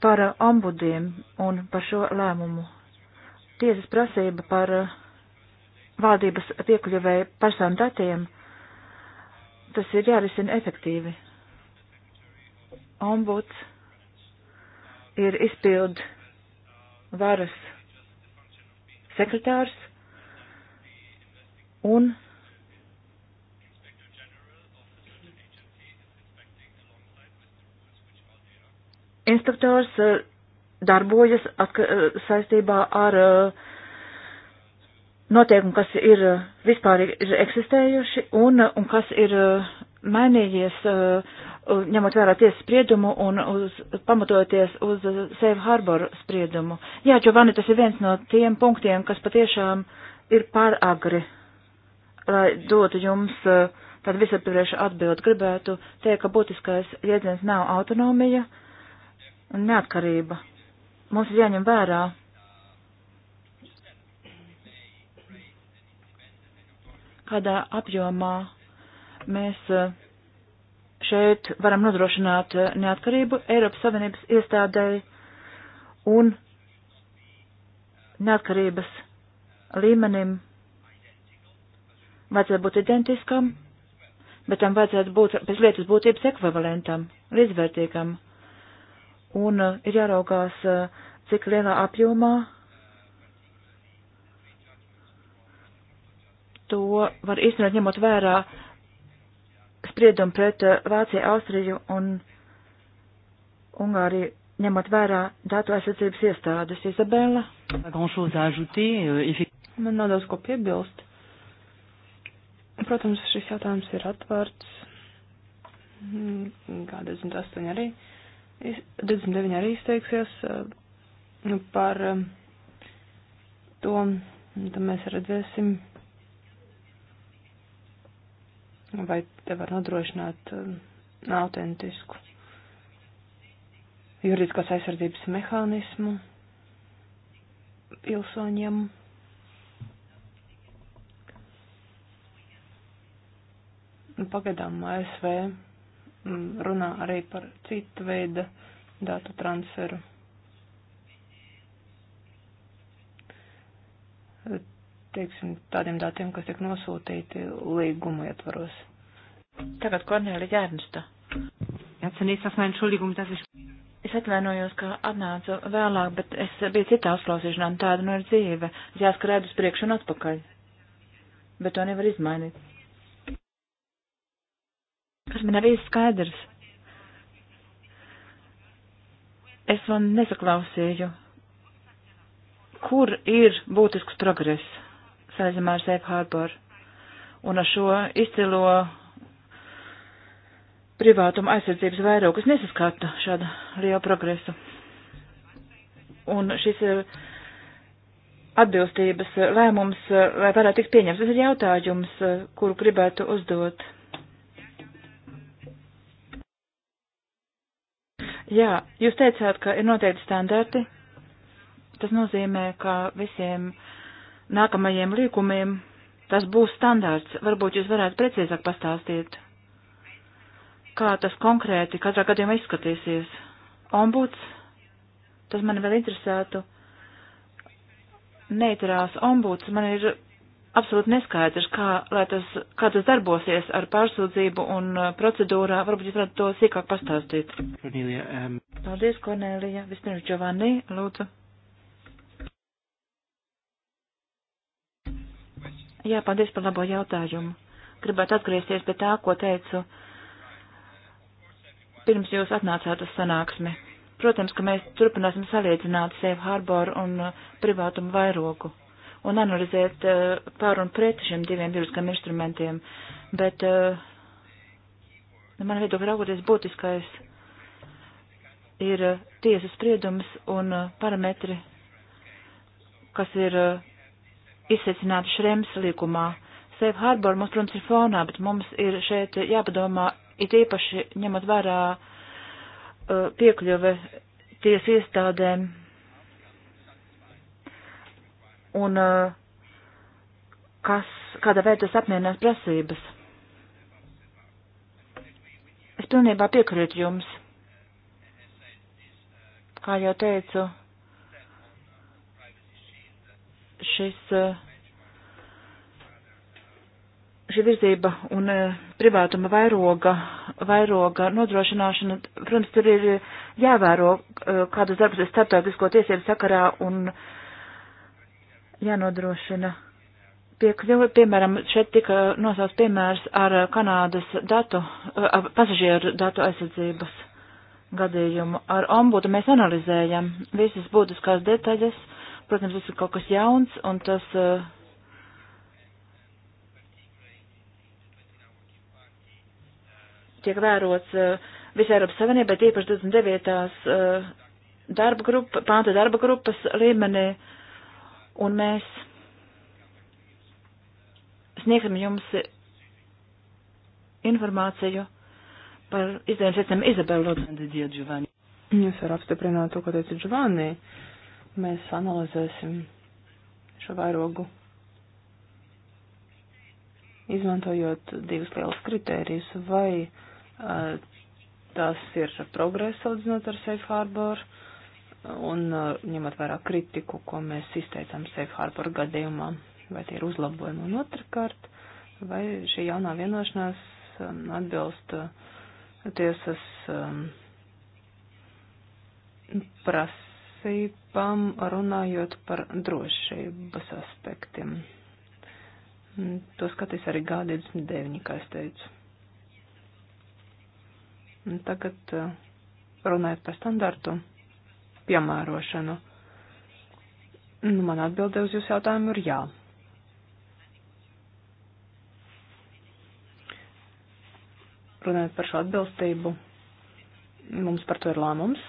par ombudiem un par šo lēmumu. Tiesas prasība par uh, valdības piekļuvēju personu datiem, tas ir jārisina efektīvi. Ombuds ir izpild varas sekretārs un inspektors eh, darbojas eh, saistībā ar eh, noteikumu, kas ir vispār ir eksistējuši un, un kas ir mainījies, ņemot vērā tiesas spriedumu un uz, pamatoties uz Safe Harbor spriedumu. Jā, Giovanni, tas ir viens no tiem punktiem, kas patiešām ir pār agri, lai dotu jums tādu visaptvarēšu atbildi. Gribētu teikt, ka būtiskais jēdziens nav autonomija, un neatkarība. Mums ir jāņem vērā. Kādā apjomā mēs eh, šeit varam nodrošināt eh, neatkarību Eiropas Savienības iestādēji un neatkarības līmenim vajadzētu būt identiskam, bet tam vajadzētu būt pēc lietas būtības ekvivalentam, līdzvērtīgam un uh, ir jāraugās, uh, cik lielā apjomā to var īstenot ņemot vērā spriedumu pret uh, Vāciju, Austriju un Ungāriju, ņemot vērā datu aizsardzības iestādes. Izabela. Euh, Man nav daudz ko piebilst. Protams, šis jautājums ir atvērts. Mm, Gada 28 arī. Uh, 29 arī izteiksies eh, nu, par eh, to, tad mēs redzēsim, vai te var nodrošināt eh, autentisku juridiskās aizsardzības mehānismu pilsoņiem. Pagaidām ASV Mm, runā arī par citu veidu datu transferu. Teiksim, tādiem datiem, kas tiek nosūtīti līguma ietvaros. Tagad Kornēla Jērnsta. Es atvainojos, ka atnācu vēlāk, bet es biju citā uzklausīšanā, un tāda nu ir dzīve. Jāskrēd uz priekšu un atpakaļ. Bet to nevar izmainīt kas man arī skaidrs. Es man nesaklausīju, kur ir būtisks progress saistībā ar Safe Harbor un ar šo izcilo privātuma aizsardzības vairogu. Es nesaskatu šādu lielu progresu. Un šis eh, atbilstības eh, lēmums, eh, lai varētu tikt pieņemts, tas ir jautājums, kuru gribētu uzdot. Jā, jūs teicāt, ka ir noteikti standarti. Tas nozīmē, ka visiem nākamajiem līkumiem tas būs standarts. Varbūt jūs varētu precīzāk pastāstīt, kā tas konkrēti katrā gadījumā izskatīsies. Ombuds, tas mani vēl interesētu. Neitrās ombuds man ir absolūti neskaidrs, kā, tas, kā tas darbosies ar pārsūdzību un uh, procedūrā. Varbūt jūs varat to sīkāk pastāstīt. Kornelija, um... Paldies, Kornelija. Vispirms Giovanni, lūdzu. Jā, paldies par labo jautājumu. Gribētu atgriezties pie tā, ko teicu pirms jūs atnācāt uz sanāksmi. Protams, ka mēs turpināsim salīdzināt Safe Harbor un uh, privātumu vairogu un analizēt eh, pār un pret šiem diviem juridiskam instrumentiem, bet eh, man viedokļa raugoties būtiskais ir eh, tiesas spriedums un parametri, kas ir izsveicināti Šrems līkumā. Safe Harbor mums, protams, ir fonā, bet mums ir šeit jāpadomā, it īpaši ņemot vērā piekļuve tiesu iestādēm un eh, kas, kāda veidā tas apmierinās prasības. Es pilnībā piekrītu jums. Kā jau teicu, šis, eh, šī virzība un eh, privātuma vairoga, vairoga nodrošināšana, protams, tur ir jāvēro kādas darbas starptautisko tiesību sakarā un uh, jānodrošina piekļuvi. Piemēram, šeit tika nosauts piemērs ar Kanādas datu, ar pasažieru datu aizsardzības gadījumu. Ar ombudu mēs analizējam visas būtiskās detaļas. Protams, tas ir kaut kas jauns un tas. Eh, tiek vērots eh, visā Eiropas Savienībā, tīpaši 29. Eh, darba grupa, pānta darba grupas līmenī. Uh, un mēs sniegsim jums informāciju par izdevumu sistēmu Izabelu. Jūs varat apstiprināt to, ko teica Giovanni. Mēs analizēsim šo vairogu, izmantojot divus lielus kritērijus, vai uh, tas ir progresa audzinot ar Safe Harbor. Uh, un uh, ņemot vērā kritiku, ko mēs izteicām Safe Harbor gadījumā, vai tie ir uzlabojumi un otrkārt, vai šī jaunā vienošanās um, atbilst uh, tiesas um, prasībām runājot par drošības aspektiem. To skatīs arī G29, kā es teicu. Tagad uh, runājot par standartu piemērošanu? Nu, man atbilde uz jūsu jautājumu ir jā. Runājot par šo atbilstību, mums par to ir lēmums.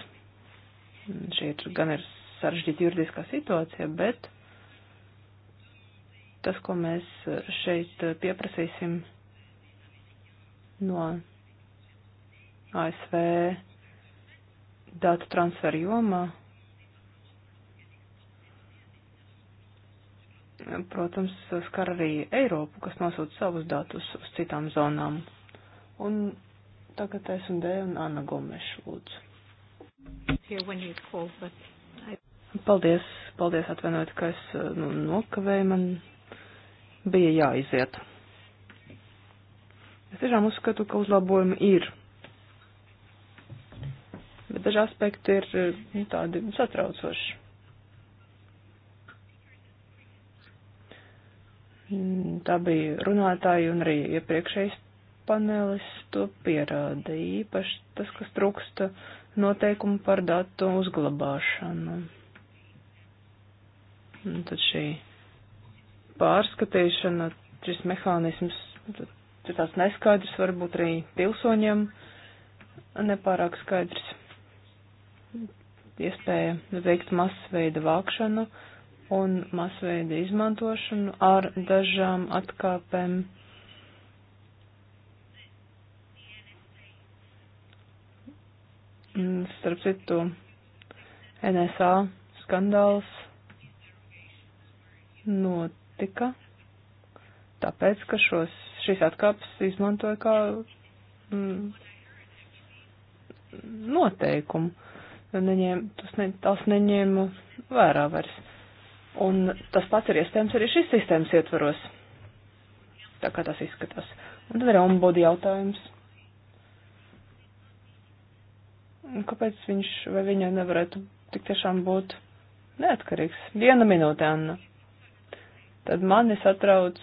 Šeit gan ir sarežģīta juridiskā situācija, bet tas, ko mēs šeit pieprasīsim no ASV datu transferu jomā. Protams, skar arī Eiropu, kas nosūta savus datus uz citām zonām. Un tagad es un Dēja un Anna Gomeša lūdzu. Paldies, paldies atvainojiet, ka es nu, nokavēju, man bija jāiziet. Es tiešām uzskatu, ka uzlabojumi ir bet daži aspekti ir nu, tādi satraucoši. Tā bija runātāji un arī iepriekšējais panelis to pierāda īpaši tas, kas trūksta noteikumu par datu uzglabāšanu. Un tad šī pārskatīšana, šis mehānisms ir tāds neskaidrs, varbūt arī pilsoņiem nepārāk skaidrs iespēja veikt masveida vākšanu un masveida izmantošanu ar dažām atkāpēm. Starp citu, NSA skandāls notika, tāpēc, ka šos, šīs atkāpes izmantoja kā mm, noteikumu neņēma, tas ne, tās neņēma vērā vairs. Un tas pats ir iespējams arī šīs sistēmas ietvaros, tā kā tas izskatās. Un tad ir ombudu jautājums. Un kāpēc viņš vai viņa nevarētu tik tiešām būt neatkarīgs? Viena minūte, Anna. Tad mani satrauc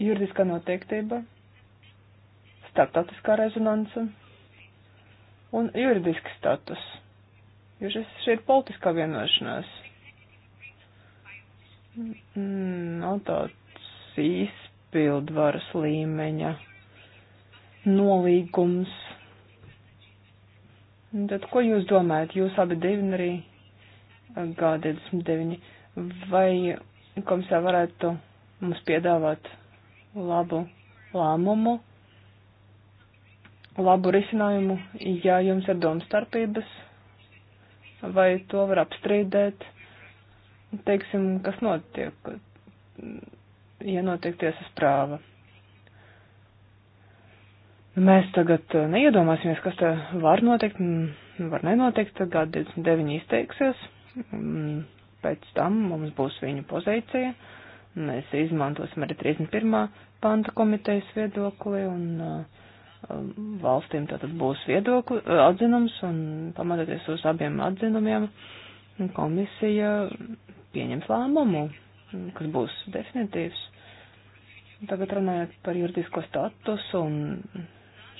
juridiskā noteiktība, starptautiskā rezonance un juridiski status. Jo šī ir politiskā vienošanās. Mm, nav tāds izpildvaras līmeņa nolīgums. Tad ko jūs domājat? Jūs abi divi arī eh, G29. Vai komisija varētu mums piedāvāt labu lēmumu? labu risinājumu, ja jums ir domstarpības, vai to var apstrīdēt, teiksim, kas notiek, ja notiek tiesas prāva. Mēs tagad uh, neiedomāsimies, kas te var notikt, mm, var nenotikt, gada 29 izteiksies, mm, pēc tam mums būs viņu pozīcija, mēs izmantosim arī 31. panta komitejas viedokli un uh, Um, valstīm tātad būs viedokli, uh, atzinums un pamatoties uz abiem atzinumiem komisija pieņems lēmumu, kas būs definitīvs. Tagad runājot par juridisko statusu un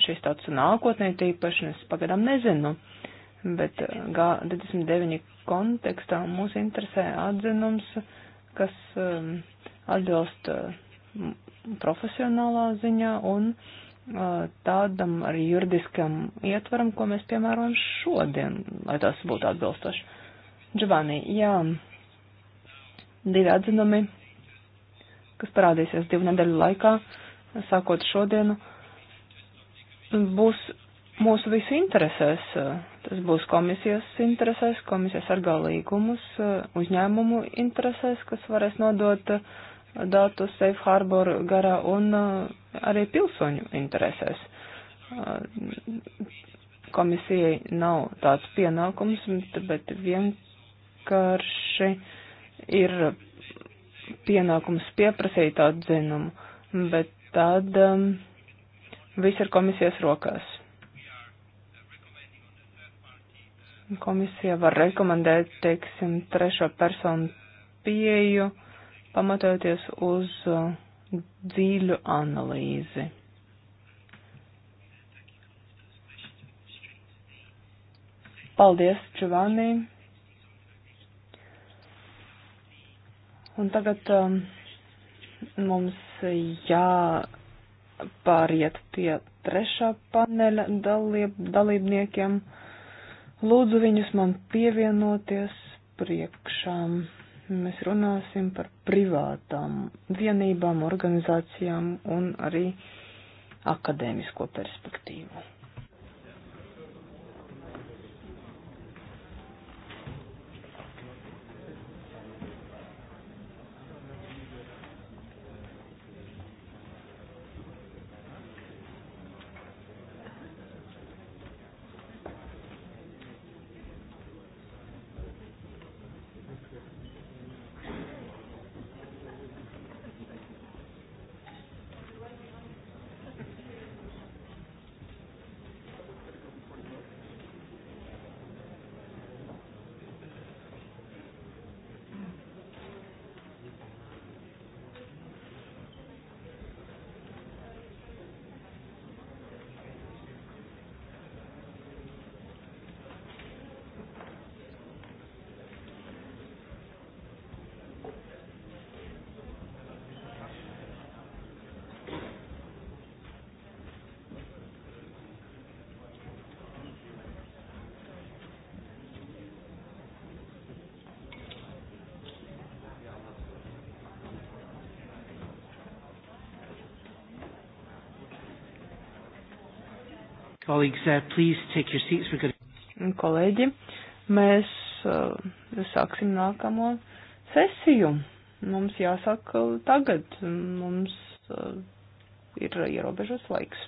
šī statusa nākotnē tīpaši, es pagadām nezinu, bet uh, G29 kontekstā mūs interesē atzinums, kas um, atbilst uh, profesionālā ziņā un uh, tādam arī juridiskam ietvaram, ko mēs piemērojam šodien, lai tas būtu atbilstoši. Džavani, jā, divi atzinumi, kas parādīsies divu nedēļu laikā, sākot šodienu, būs mūsu visu interesēs. Tas būs komisijas interesēs, komisijas argā līgumus, uzņēmumu interesēs, kas varēs nodot uh, datu safe harbor garā un uh, arī pilsoņu interesēs. Uh, komisijai nav tāds pienākums, bet vienkārši ir pienākums pieprasīt atzinumu, bet tad um, viss ir komisijas rokās. Komisija var rekomendēt, teiksim, trešo personu pieju. Uh, pamatojoties uz uh, dziļu analīzi. Paldies, Giovanni. Un tagad um, mums jāpāriet pie trešā paneļa dalīb, dalībniekiem. Lūdzu viņus man pievienoties priekšām mēs runāsim par privātām vienībām, organizācijām un arī akadēmisko perspektīvu. Colleagues, uh, please take your seats. We're going Kolēģi, mēs uh, sāksim nākamo sesiju. Mums jāsāk tagad. Mums uh, ir ierobežots laiks.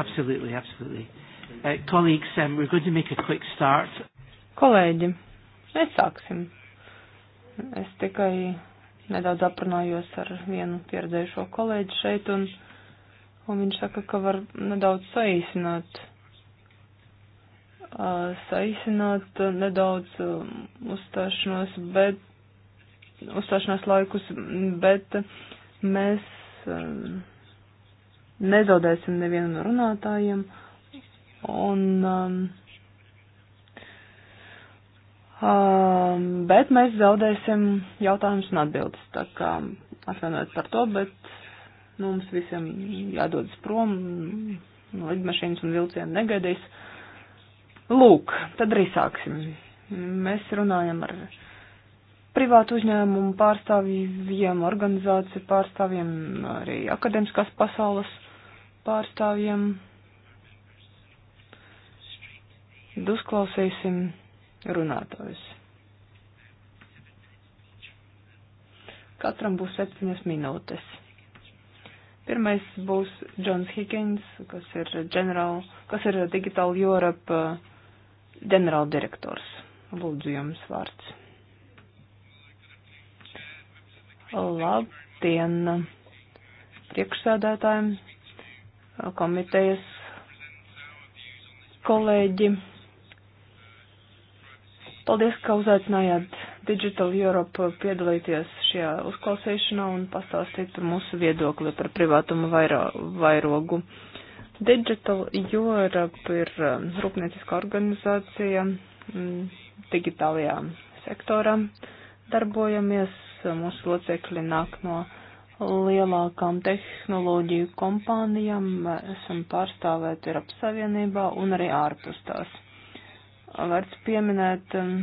Absolutely, absolutely. Uh, colleagues, um, we're going to make a quick start. Kolēģi, mēs sāksim. Es tikai nedaudz aprunājos ar vienu pieredzējušo kolēģi šeit, un, un viņš saka, ka var nedaudz saīsināt, uh, saīsināt nedaudz uh, uzstāšanos, bet, uzstāšanās laikus, bet mēs. Uh, nezaudēsim nevienu no runātājiem. Un, um, um, bet mēs zaudēsim jautājumus un atbildes. Tā kā atvainojiet par to, bet nu, mums visiem jādodas prom, no lidmašīnas un vilcienu negaidīs. Lūk, tad arī sāksim. Mēs runājam ar privātu uzņēmumu pārstāvjiem, organizāciju pārstāvjiem, arī akadēmiskās pasaules pārstāvjiem. Tad uzklausīsim runātājus. Katram būs septiņas minūtes. Pirmais būs Džons Higgins, kas ir, general, kas ir Digital Europe ģenerāldirektors. Eh, Lūdzu, jums vārds. Labdien! Priekšsēdētājiem, komitejas kolēģi. Paldies, ka uzaicinājāt Digital Europe piedalīties šajā uzklausīšanā un pastāstīt par mūsu viedokli par privātumu vairo, vairogu. Digital Europe ir um, rūpnieciska organizācija mm, digitālajā sektorā. Darbojamies, mūsu locekļi nāk no lielākām tehnoloģiju kompānijām esam pārstāvēti Eiropas Savienībā un arī ārpus tās. Vērts pieminēt, um,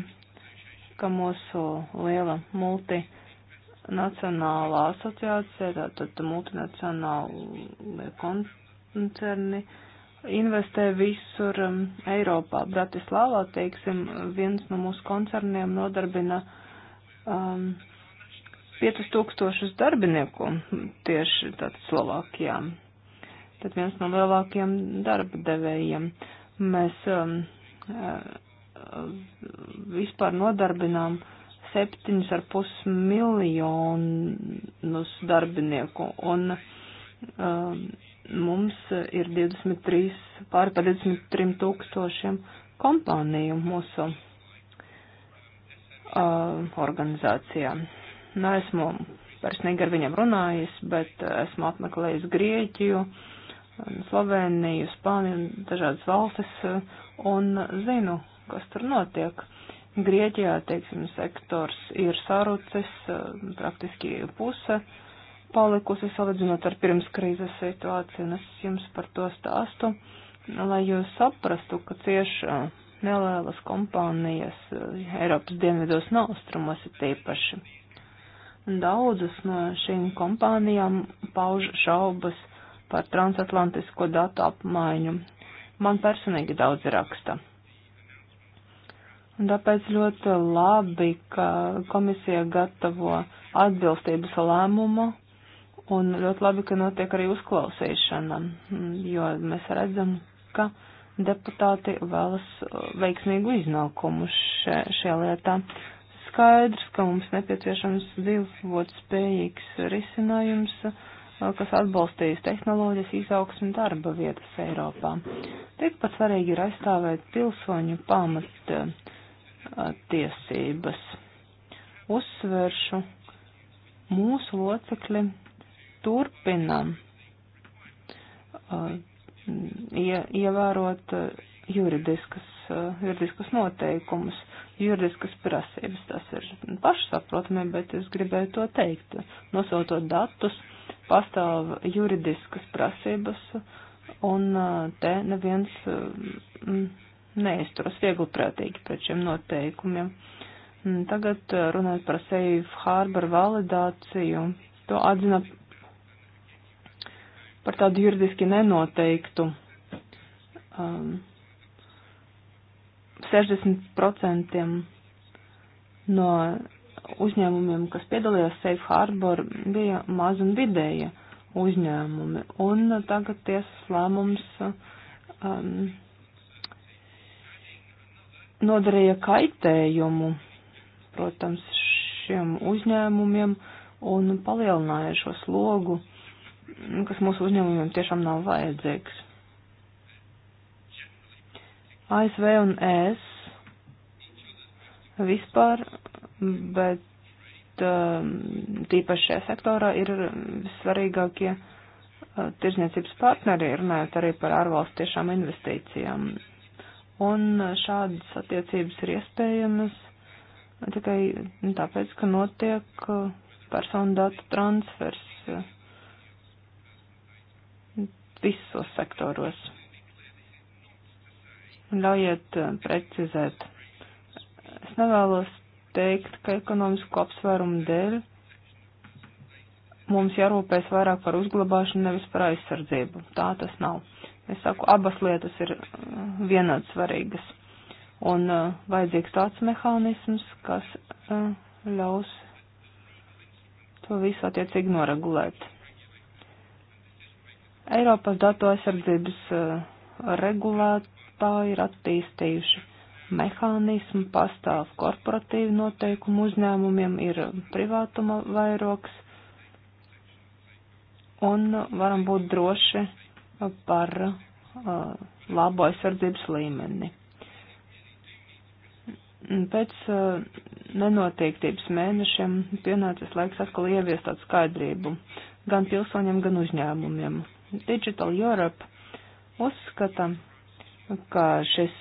ka mūsu liela multinacionālā asociācija, tātad multinacionālie koncerni, investē visur um, Eiropā. Bratislavā, teiksim, viens no mūsu koncerniem nodarbina um, 5000 darbinieku tieši tātad Slovākijā. Tad viens no lielākajiem darba devējiem. Mēs um, uh, vispār nodarbinām 7,5 miljonus darbinieku un um, mums ir 23, pāri par 23 tūkstošiem kompāniju mūsu uh, organizācijām Neesmu nu, personīgi ar viņiem runājis, bet uh, esmu apmeklējis Grieķiju, Sloveniju, Spāniju un dažādas valstis uh, un zinu, kas tur notiek. Grieķijā, teiksim, sektors ir sarucis, uh, praktiski puse palikusi salīdzinot ar pirmskrīzes situāciju, un es jums par to stāstu, lai jūs saprastu, ka cieši nelielas kompānijas Eiropas dienvidos un austrumos ir tīpaši. Daudzas no šīm kompānijām pauž šaubas par transatlantisko datu apmaiņu. Man personīgi daudz raksta. Un tāpēc ļoti labi, ka komisija gatavo atbilstības lēmumu un ļoti labi, ka notiek arī uzklausīšana, jo mēs redzam, ka deputāti vēlas veiksmīgu iznākumu še, šajā lietā skaidrs, ka mums nepieciešams dzīvot spējīgs risinājums, eh, kas atbalstīs tehnoloģijas izaugsmu darba vietas Eiropā. Tikpat svarīgi ir aizstāvēt pilsoņu pamat eh, tiesības. Uzsveršu mūsu locekļi turpina eh, ievērot juridiskas Eh, juridiskus noteikumus, juridiskas prasības. Tas ir pašsaprotami, bet es gribēju to teikt. Nosautot datus, pastāv juridiskas prasības, un eh, te neviens eh, neizturas viegliprātīgi pret šiem noteikumiem. Mm, tagad runājot par Safe Harbor validāciju, to atzina par tādu juridiski nenoteiktu um, ap 60% no uzņēmumiem, kas piedalījās Safe Harbor, bija maz un vidēja uzņēmumi. Un tagad tiesas lēmums um, nodarīja kaitējumu, protams, šiem uzņēmumiem un palielināja šo slogu, kas mūsu uzņēmumiem tiešām nav vajadzīgs. ASV un ES vispār, bet um, tīpaši šajā sektorā ir svarīgākie uh, tirzniecības partneri, runājot arī par ārvalstu tiešām investīcijām. Un šādas attiecības ir iespējamas tikai nu, tāpēc, ka notiek uh, personu datu transfers uh, visos sektoros. Un ļaujiet uh, precizēt. Es nevēlos teikt, ka ekonomisko apsvērumu dēļ mums jārūpēs vairāk par uzglabāšanu, nevis par aizsardzību. Tā tas nav. Es saku, abas lietas ir uh, vienāds svarīgas. Un uh, vajadzīgs tāds mehānisms, kas uh, ļaus to visu attiecīgi noregulēt. Eiropas datu aizsardzības uh, regulēt Eiropā ir attīstījuši mehānismu, pastāv korporatīvi noteikumu uzņēmumiem, ir privātuma vairoks, un varam būt droši par uh, labo aizsardzības līmeni. Pēc uh, nenoteiktības mēnešiem pienācis laiks atkal ieviest tādu skaidrību gan pilsoņiem, gan uzņēmumiem. Digital Europe uzskata, ka šis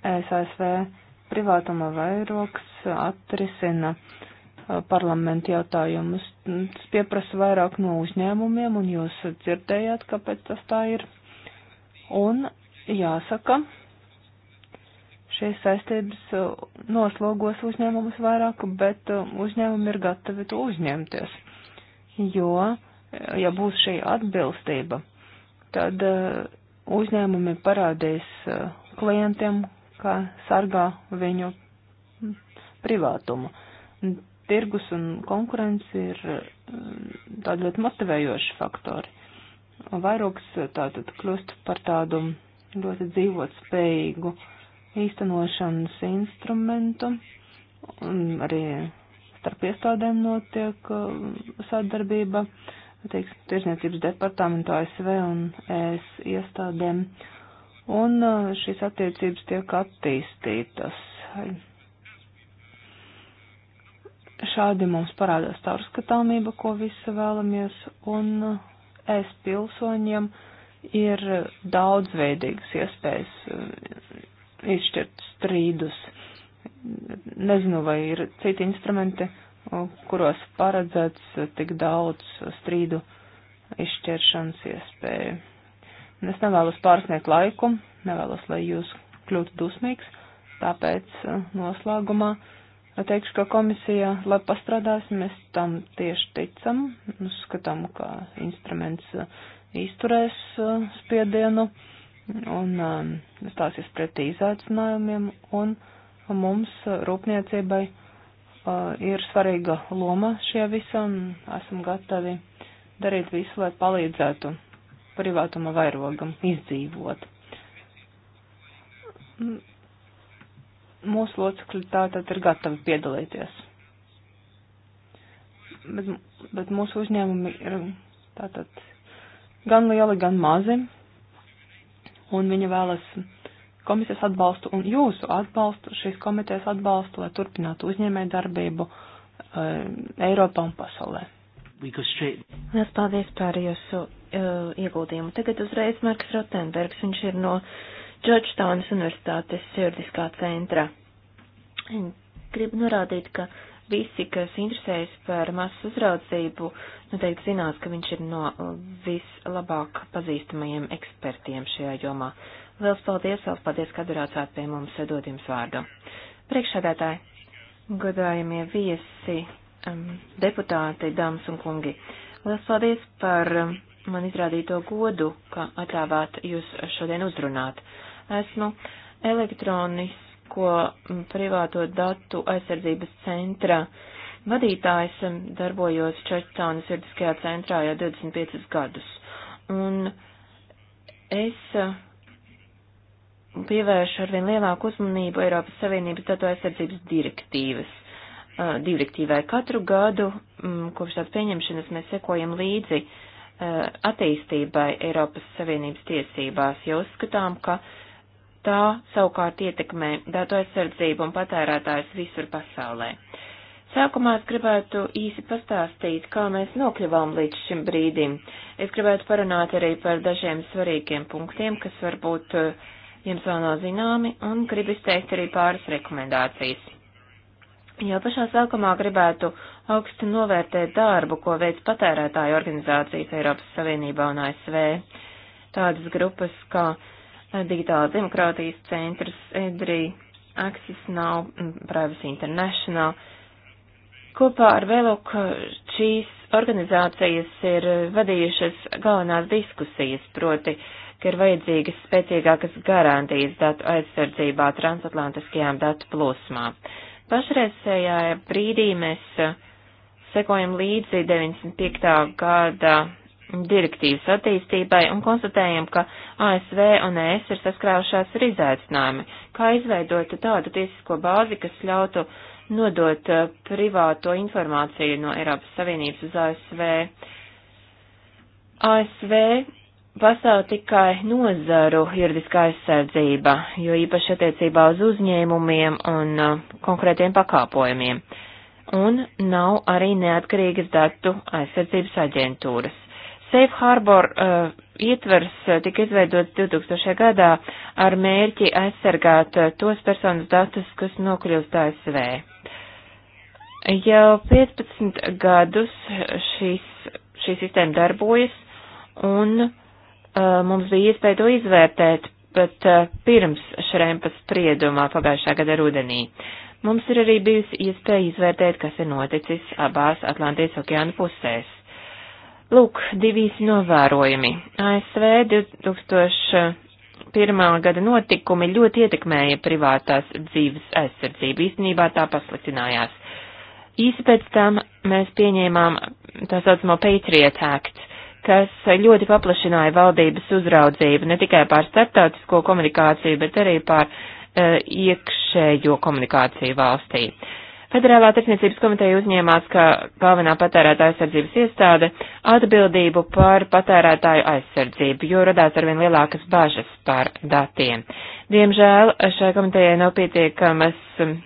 ESASV eh, privātuma vairoks atrisina eh, parlamentu jautājumus. Tas pieprasa vairāk no uzņēmumiem, un jūs dzirdējāt, kāpēc tas tā ir. Un jāsaka, šīs saistības eh, noslogos uzņēmumus vairāk, bet uzņēmumi ir gatavi to uzņemties. Jo, ja būs šī atbilstība, tad uzņēmumi parādīs eh, klientiem, kā sargā viņu privātumu. Tirgus un konkurence ir eh, tādi ļoti motivējoši faktori. Vairogs eh, tātad kļūst par tādu ļoti dzīvot spējīgu īstenošanas instrumentu, un arī starp iestādēm notiek sadarbība. Uh, teiksim, tirsniecības departamentu ASV un ES iestādēm, un uh, šīs attiecības tiek attīstītas. Šādi mums parādās caurskatāmība, ko visi vēlamies, un uh, es pilsoņiem ir daudzveidīgas iespējas uh, izšķirt strīdus. Nezinu, vai ir citi instrumenti, uh, kuros paredzēts tik daudz strīdu izšķiršanas iespēju. Un es nevēlos pārsniegt laiku, nevēlos, lai jūs kļūtu dusmīgs, tāpēc noslēgumā teikšu, ka komisija, lai pastrādās, mēs tam tieši ticam, uzskatām, ka instruments izturēs spiedienu un stāsies pretī izaicinājumiem un mums rūpniecībai ir svarīga loma šajā visā un esam gatavi darīt visu, lai palīdzētu privātuma vairogam izdzīvot. Mūsu locekļi tātad ir gatavi piedalīties. Bet, bet mūsu uzņēmumi ir tātad gan lieli, gan mazi, un viņi vēlas komisijas atbalstu un jūsu atbalstu, šīs komitejas atbalstu, lai turpinātu uzņēmēju darbību uh, Eiropā un pasaulē. Lielas paldies par jūsu uh, ieguldījumu. Tagad uzreiz Marks Rotenbergs, viņš ir no Georgetownas Universitātes juridiskā centra. Gribu norādīt, ka Visi, kas interesējas par masas uzraudzību, noteikti zinās, ka viņš ir no uh, vislabāk pazīstamajiem ekspertiem šajā jomā. Liels paldies, vēl paldies, ka atbraucāt pie mums, dod jums vārdu. Priekšsādātāji, godājumie viesi, um, deputāti, dāmas un kungi, liels paldies par um, man izrādīto godu, ka atļāvāt jūs šodien uzrunāt. Esmu elektronis ko mm, privāto datu aizsardzības centra vadītājs mm, darbojos Čerčānas sirdiskajā centrā jau 25 gadus. Un es mm, pievēršu arvien lielāku uzmanību Eiropas Savienības datu aizsardzības direktīvas. Direktīvai katru gadu, kopš tās pieņemšanas, mēs sekojam līdzi attīstībai Eiropas Savienības tiesībās, jo uzskatām, ka uh, Tā savukārt ietekmē datu aizsardzību un patērētājus visur pasaulē. Sākumā es gribētu īsi pastāstīt, kā mēs nokļuvām līdz šim brīdim. Es gribētu parunāt arī par dažiem svarīgiem punktiem, kas varbūt eh, jums vēl nav zināmi, un gribu izteikt arī pāris rekomendācijas. Jau pašā sākumā gribētu augstu novērtēt darbu, ko veids patērētāju organizācijas Eiropas Savienībā un ASV. Tādas grupas kā ka Digitāla demokrātijas centrs, EDRI, Access Now, mm, Privacy International. Kopā ar Veluk šīs organizācijas ir vadījušas galvenās diskusijas, proti, ka ir vajadzīgas spēcīgākas garantijas datu aizsardzībā transatlantiskajām datu plūsmām. Pašreizējā brīdī mēs sekojam līdzi 95. gada direktīvas attīstībai un konstatējam, ka ASV un ES ir saskrāvušās ar izaicinājumi, kā izveidot tādu tiesisko bāzi, kas ļautu nodot eh, privāto informāciju no Eiropas Savienības uz ASV. ASV pastāv tikai nozaru juridiskā aizsardzība, jo īpaši attiecībā uz uzņēmumiem un eh, konkrētiem pakāpojumiem, un nav arī neatkarīgas datu aizsardzības aģentūras. Safe Harbor uh, ietvers uh, tika izveidots 2000. gadā ar mērķi aizsargāt uh, tos personas datus, kas nokļūst ASV. Jau 15 gadus šīs, šī sistēma darbojas, un uh, mums bija iespēja to izvērtēt pat uh, pirms Šrempas spriedumā pagājušā gada rudenī. Mums ir arī bijusi iespēja izvērtēt, kas ir noticis abās Atlantijas okeāna pusēs. Lūk, divi īsi novērojumi. ASV 2001. gada notikumi ļoti ietekmēja privātās dzīves aizsardzību. Īstenībā tā pasliktinājās. Īsi pēc tam mēs pieņēmām tā saucamo Patriot Act, kas ļoti paplašināja valdības uzraudzību ne tikai pār starptautisko komunikāciju, bet arī pār uh, iekšējo komunikāciju valstī. Uh, Federālā tirsniecības komiteja uzņēmās, ka galvenā patērētāja aizsardzības iestāde atbildību par patērētāju aizsardzību, jo radās arvien lielākas bažas par datiem. Diemžēl šai komitejai nav pietiekamas mm,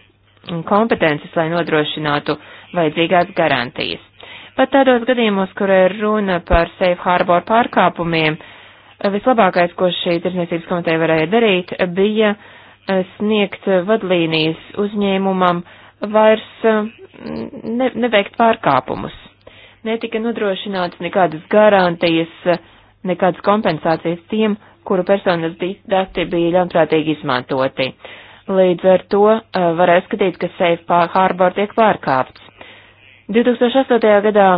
kompetences, lai nodrošinātu vajadzīgās garantijas. Pat tādos gadījumos, kur ir runa par safe harbor pārkāpumiem, vislabākais, ko šī tirsniecības komiteja varēja darīt, bija eh, sniegt vadlīnijas uzņēmumam, uh, vairs eh, ne, neveikt pārkāpumus. Netika nodrošināts nekādas garantijas, nekādas kompensācijas tiem, kuru personas dati bija ļaunprātīgi izmantoti. Līdz ar to eh, varēja skatīt, ka Safe Harbor tiek pārkāpts. 2008. gadā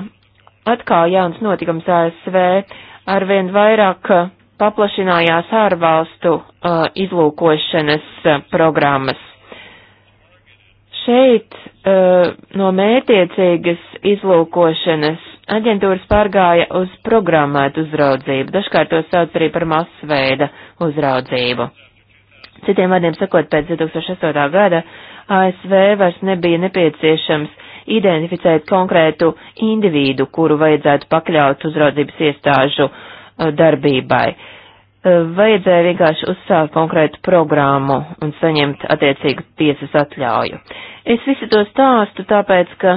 atkal jauns notikums ASV arvien vairāk paplašinājās ārvalstu uh, izlūkošanas programmas Šeit uh, no mētiecīgas izlūkošanas aģentūras pārgāja uz programmētu uzraudzību, dažkārt to sauc arī par masveida uzraudzību. Citiem vārdiem sakot, pēc 2008. gada ASV vairs nebija nepieciešams identificēt konkrētu individu, kuru vajadzētu pakļaut uzraudzības iestāžu eh, darbībai. Eh, vajadzēja vienkārši uzsākt konkrētu programmu un saņemt attiecīgu tiesas atļauju. Es visu to stāstu tāpēc, ka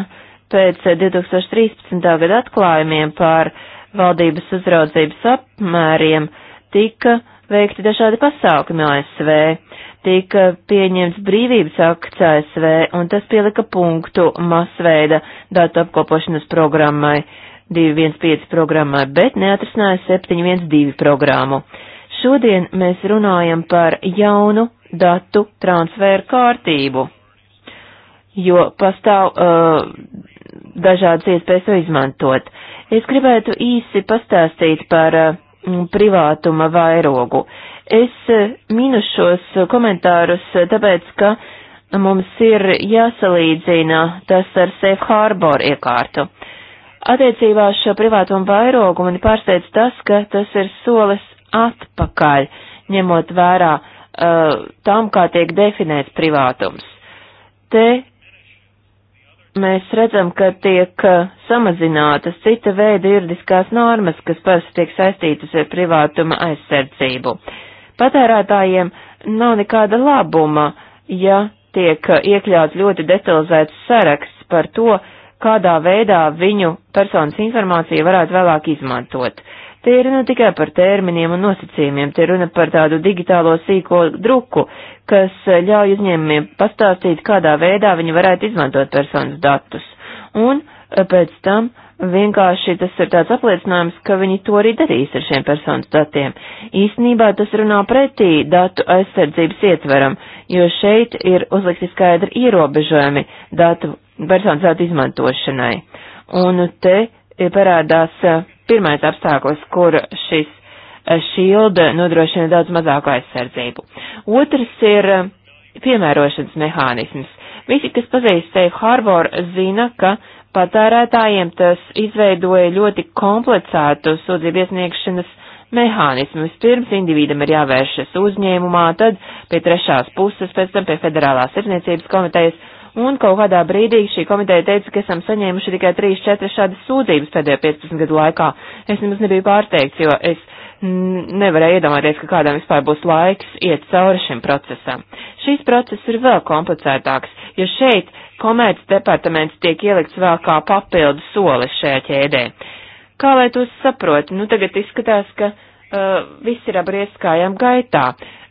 pēc 2013. gada atklājumiem par valdības uzraudzības apmēriem tika veikti dažādi pasākumi ASV, tika pieņemts brīvības akts ASV, un tas pielika punktu masveida datu apkopošanas programmai 215 programmai, bet neatrisināja 712 programmu. Šodien mēs runājam par jaunu datu transferu kārtību jo pastāv uh, dažādas iespējas to izmantot. Es gribētu īsi pastāstīt par uh, privātuma vairogu. Es uh, minu šos komentārus, uh, tāpēc, ka mums ir jāsalīdzina tas ar Safe Harbor iekārtu. Attiecībā uz šo privātumu vairogu mani pārsteidz tas, ka tas ir solis atpakaļ, ņemot vērā uh, tam, kā tiek definēts privātums. Te mēs redzam, ka tiek uh, samazinātas cita veida juridiskās normas, kas parasti tiek saistītas ar privātuma aizsardzību. Patērētājiem nav nekāda labuma, ja tiek uh, iekļauts ļoti detalizēts saraksts par to, kādā veidā viņu personas informācija varētu vēlāk izmantot. Te ir runa tikai par terminiem un nosacījumiem, te ir runa par tādu digitālo sīko druku, kas ļauj uzņēmumiem pastāstīt, kādā veidā viņi varētu izmantot personas datus. Un e, pēc tam vienkārši tas ir tāds apliecinājums, ka viņi to arī darīs ar šiem personas datiem. Īsnībā tas runā pretī datu aizsardzības ietveram, jo šeit ir uzlikti skaidri ierobežojumi datu personas datu izmantošanai. Un te e, parādās e, pirmais apstākļus, kur šis Shield eh, nodrošina daudz mazāku aizsardzību. Otrs ir eh, piemērošanas mehānisms. Visi, kas pazīst Safe Harbor, zina, ka patērētājiem tas izveidoja ļoti komplicētu sūdzību iesniegšanas mehānismu. Vispirms individam ir jāvēršas uzņēmumā, tad pie trešās puses, pēc tam pie federālās sirdniecības komitejas, un kaut kādā brīdī šī komiteja teica, ka esam saņēmuši tikai 3-4 šādas sūdzības pēdējo 15 gadu laikā. Es nemaz nebiju pārsteigts, jo es nevarēja iedomāties, ka kādam vispār būs laiks iet cauri šim procesam. Šīs process ir vēl komplicētāks, jo šeit komēdus departaments tiek ielikts vēl kā papildu solis šajā ķēdē. Kā lai to saproti? Nu, tagad izskatās, ka uh, viss ir abriest kājām gaitā,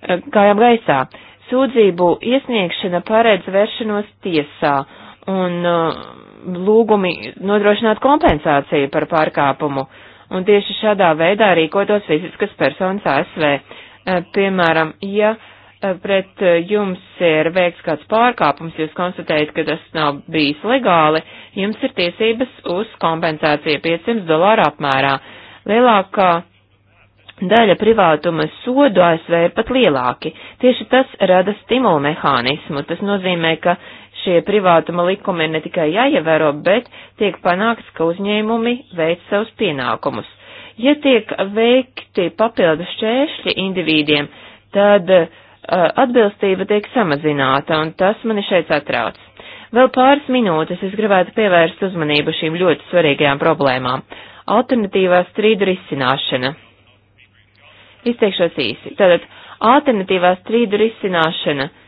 uh, kājām gaisā. Sūdzību iesniegšana paredz vēršanos tiesā un uh, lūgumi nodrošināt kompensāciju par pārkāpumu. Uh, Un tieši šādā veidā rīkotos fiziskas personas ASV. Eh, piemēram, ja eh, pret eh, jums ir veikts kāds pārkāpums, jūs konstatējat, ka tas nav bijis legāli, jums ir tiesības uz kompensāciju 500 dolāru apmērā. Lielākā daļa privātuma sodu ASV ir pat lielāki. Tieši tas rada stimulu mehānismu. Tas nozīmē, ka šie privātuma likumi ir ne tikai jāievēro, bet tiek panākts, ka uzņēmumi veic savus pienākumus. Ja tiek veikti papildus šķēršļi indivīdiem, tad uh, atbilstība tiek samazināta, un tas mani šeit atrauc. Vēl pāris minūtes es gribētu pievērst uzmanību šīm ļoti svarīgajām problēmām. Alternatīvā strīdu risināšana. Izteikšos īsi. Tātad, alternatīvā strīdu risināšana uh,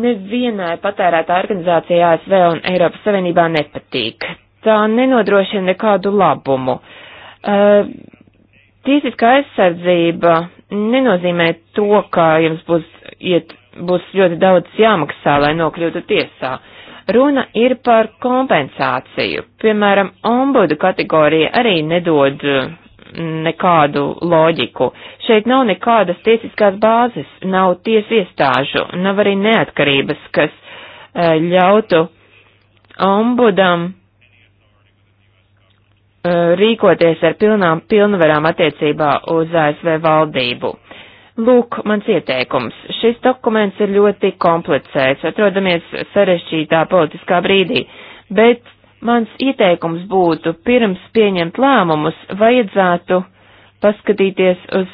nevienai patērētā organizācijā ASV un Eiropas Savienībā nepatīk. Tā nenodrošina nekādu labumu. Uh, tiesiskā aizsardzība nenozīmē to, ka jums būs, iet, būs ļoti daudz jāmaksā, lai nokļūtu tiesā. Runa ir par kompensāciju. Piemēram, ombudu kategorija arī nedod uh, nekādu loģiku. Šeit nav nekādas tiesiskās bāzes, nav tiesu iestāžu, nav arī neatkarības, kas e, ļautu ombudam e, rīkoties ar pilnām pilnvarām attiecībā uz ASV valdību. Lūk, mans ieteikums. Šis dokuments ir ļoti komplicēts, atrodamies sarešķītā politiskā brīdī, bet Mans ieteikums būtu, pirms pieņemt lēmumus, vajadzētu paskatīties uz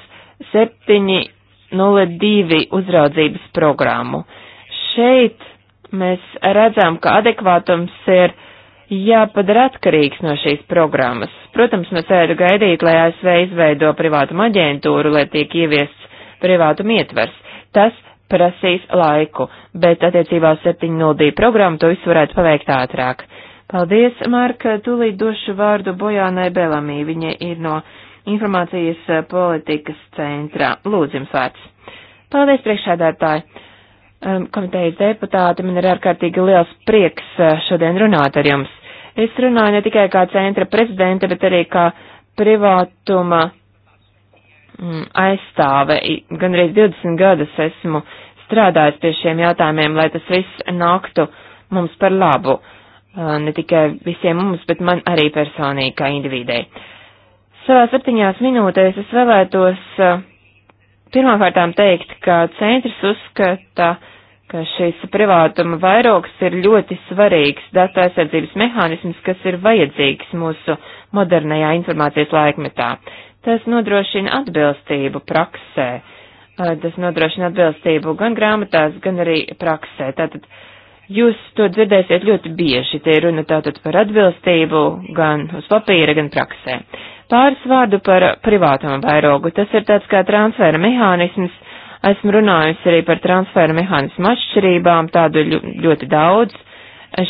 702 uzraudzības programmu. Šeit mēs redzam, ka adekvātums ir jāpadara atkarīgs no šīs programmas. Protams, mēs varētu gaidīt, lai ASV izveido privātumu aģentūru, lai tiek ieviests privātumu ietvers. Tas prasīs laiku, bet attiecībā uz 702 programmu to visu varētu paveikt ātrāk. Paldies, Marka. Tūlīt došu vārdu Bojānai Belamī. Viņa ir no informācijas politikas centrā. Lūdzu, jums vārds. Paldies, priekšādātāji. Ehm, komitejas deputāti, man ir ārkārtīgi liels prieks eh, šodien runāt ar jums. Es runāju ne tikai kā centra prezidenta, bet arī kā privātuma mm, aizstāve. Gan arī 20 gadus esmu strādājis pie šiem jautājumiem, lai tas viss nāktu mums par labu. Uh, Uh, ne tikai visiem mums, bet man arī personīgi kā individei. Savā septiņās minūtēs es vēlētos uh, pirmkārtām teikt, ka centrs uzskata, ka šis privātuma vairogs ir ļoti svarīgs datu aizsardzības mehānisms, kas ir vajadzīgs mūsu modernajā informācijas laikmetā. Tas nodrošina atbilstību praksē, uh, tas nodrošina atbilstību gan grāmatās, gan arī praksē. Tātad, uh, Jūs to dzirdēsiet ļoti bieži, te ir runa tātad par atbilstību gan uz papīra, gan praksē. Pāris vārdu par privātuma vairogu. Tas ir tāds kā transfēra mehānisms. Esmu runājusi arī par transfēra mehānismu atšķirībām, tādu ļoti daudz.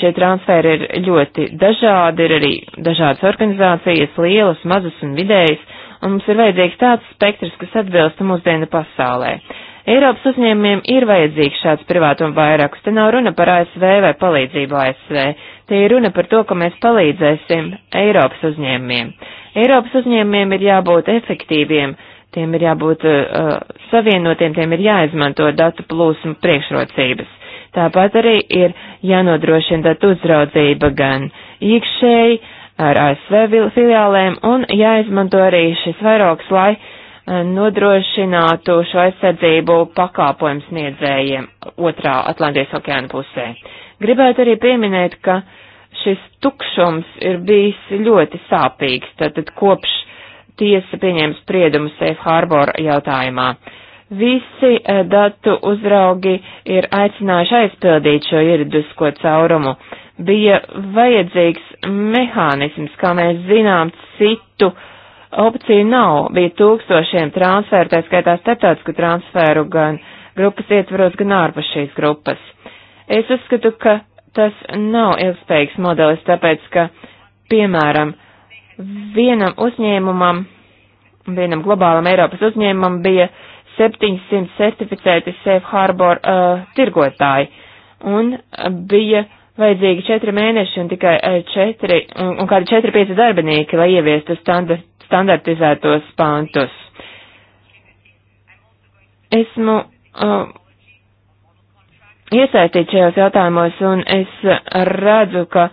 Šie transferi ir ļoti dažādi, ir arī dažādas organizācijas, lielas, mazas un vidējas, un mums ir vajadzīgs tāds spektrs, kas atbilst mūsdienu pasaulē. Uh, Eiropas uzņēmumiem ir vajadzīgs šāds privātuma vairākus. Te nav runa par ASV vai palīdzību ASV. Te ir runa par to, ka mēs palīdzēsim Eiropas uzņēmumiem. Eiropas uzņēmumiem ir jābūt efektīviem, tiem ir jābūt uh, savienotiem, tiem ir jāizmanto datu plūsmu priekšrocības. Tāpat arī ir jānodrošina datu uzraudzība gan iekšēji ar ASV filiālēm un jāizmanto arī šis vairogs, lai uh, nodrošinātu šo aizsardzību pakāpojumu sniedzējiem otrā Atlantijas okeāna pusē. Gribētu arī pieminēt, ka šis tukšums ir bijis ļoti sāpīgs, tātad kopš tiesa pieņēma spriedumu Safe Harbor jautājumā. Visi e, datu uzraugi ir aicinājuši aizpildīt šo ieradusko caurumu. Bija vajadzīgs mehānisms, kā mēs zinām, citu uh, opciju nav. Bija tūkstošiem transferu, tā skaitā starptautisku transferu gan grupas ietvaros, gan ārpus šīs grupas. Es uzskatu, ka tas nav ilgspējīgs modelis, tāpēc, ka, piemēram, vienam uzņēmumam, vienam globālam Eiropas uzņēmumam bija 700 certificēti Safe Harbor uh, tirgotāji, un bija vajadzīgi 4 mēneši un tikai 4, uh, un, un kādi 4-5 darbinieki, lai ieviestu standart, standartizētos pāntus. Esmu uh, iesaistīts šajos jautājumos un es redzu, ka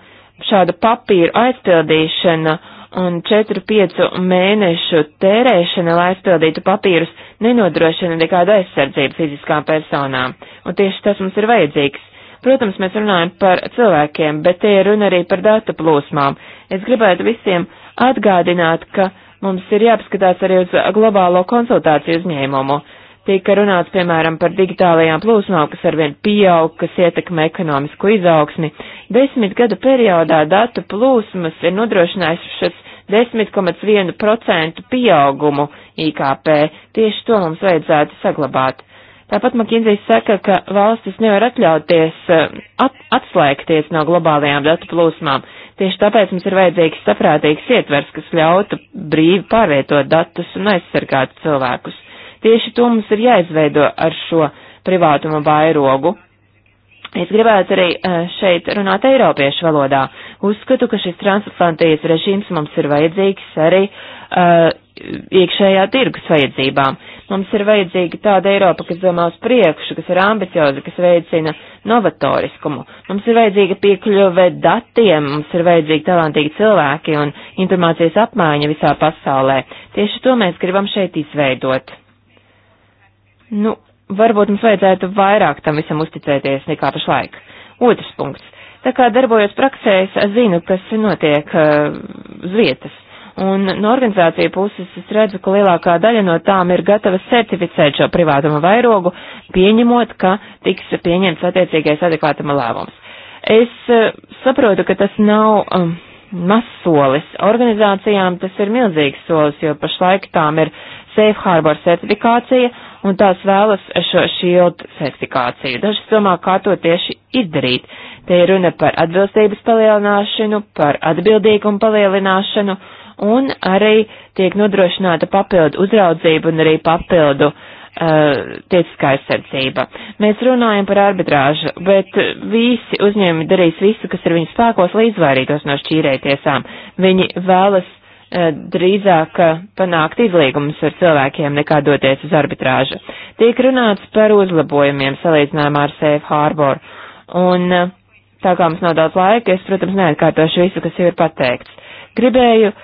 šāda papīra aizpildīšana un 4-5 mēnešu tērēšana, lai aizpildītu papīrus, nenodrošina nekādu aizsardzību fiziskām personām. Un tieši tas mums ir vajadzīgs. Protams, mēs runājam par cilvēkiem, bet te ir runa arī par datu plūsmām. Es gribētu visiem atgādināt, ka Mums ir jāapskatās arī uz globālo konsultāciju uzņēmumu. Tika runāts, piemēram, par digitālajām plūsmām, kas arvien pieaug, kas ietekmē ekonomisko izaugsmi. Desmit gadu periodā datu plūsmas ir nodrošinājušas 10,1% pieaugumu IKP. Tieši to mums vajadzētu saglabāt. Tāpat Makinzijs saka, ka valstis nevar atļauties eh, at, atslēgties no globālajām datu plūsmām. Tieši tāpēc mums ir vajadzīgs saprātīgs ietvers, kas ļautu brīvi pārvietot datus un aizsargāt cilvēkus. Tieši to mums ir jāizveido ar šo privātuma vairogu. Es gribētu arī eh, šeit runāt eiropiešu valodā. Uzskatu, ka šis transatlantijas režīms mums ir vajadzīgs arī uh, iekšējā tirgus vajadzībām. Mums ir vajadzīga tāda Eiropa, kas domā uz priekšu, kas ir ambicioza, kas veicina novatoriskumu. Mums ir vajadzīga piekļuve datiem, mums ir vajadzīgi talantīgi cilvēki un informācijas apmaiņa visā pasaulē. Tieši to mēs gribam šeit izveidot. Nu, varbūt mums vajadzētu vairāk tam visam uzticēties nekā pašlaik. Otrs punkts. Tā kā darbojos praksēs, zinu, kas notiek uh, uz vietas. Un no organizāciju puses es redzu, ka lielākā daļa no tām ir gatava certificēt šo privātuma vairogu, pieņemot, ka tiks pieņemts attiecīgais adekvātuma lēmums. Es eh, saprotu, ka tas nav um, mazs solis. Organizācijām tas ir milzīgs solis, jo pašlaik tām ir Safe Harbor certifikācija un tās vēlas šo shield certifikāciju. Dažas domā, kā to tieši izdarīt. Te ir runa par atbilstības palielināšanu, par atbildīgumu palielināšanu un arī tiek nodrošināta papildu uzraudzība un arī papildu uh, tiesiskā aizsardzība. Mēs runājam par arbitrāžu, bet visi uzņēmumi darīs visu, kas ir viņu spēkos, lai izvairītos no šķīrētiesām. Viņi vēlas uh, drīzāk uh, panākt izlīgumus ar cilvēkiem, nekā doties uz arbitrāžu. Tiek runāts par uzlabojumiem salīdzinājumā ar Safe Harbor. Un uh, tā kā mums nav daudz laika, es, protams, neatkārtošu visu, kas jau ir pateikts. Gribēju uh,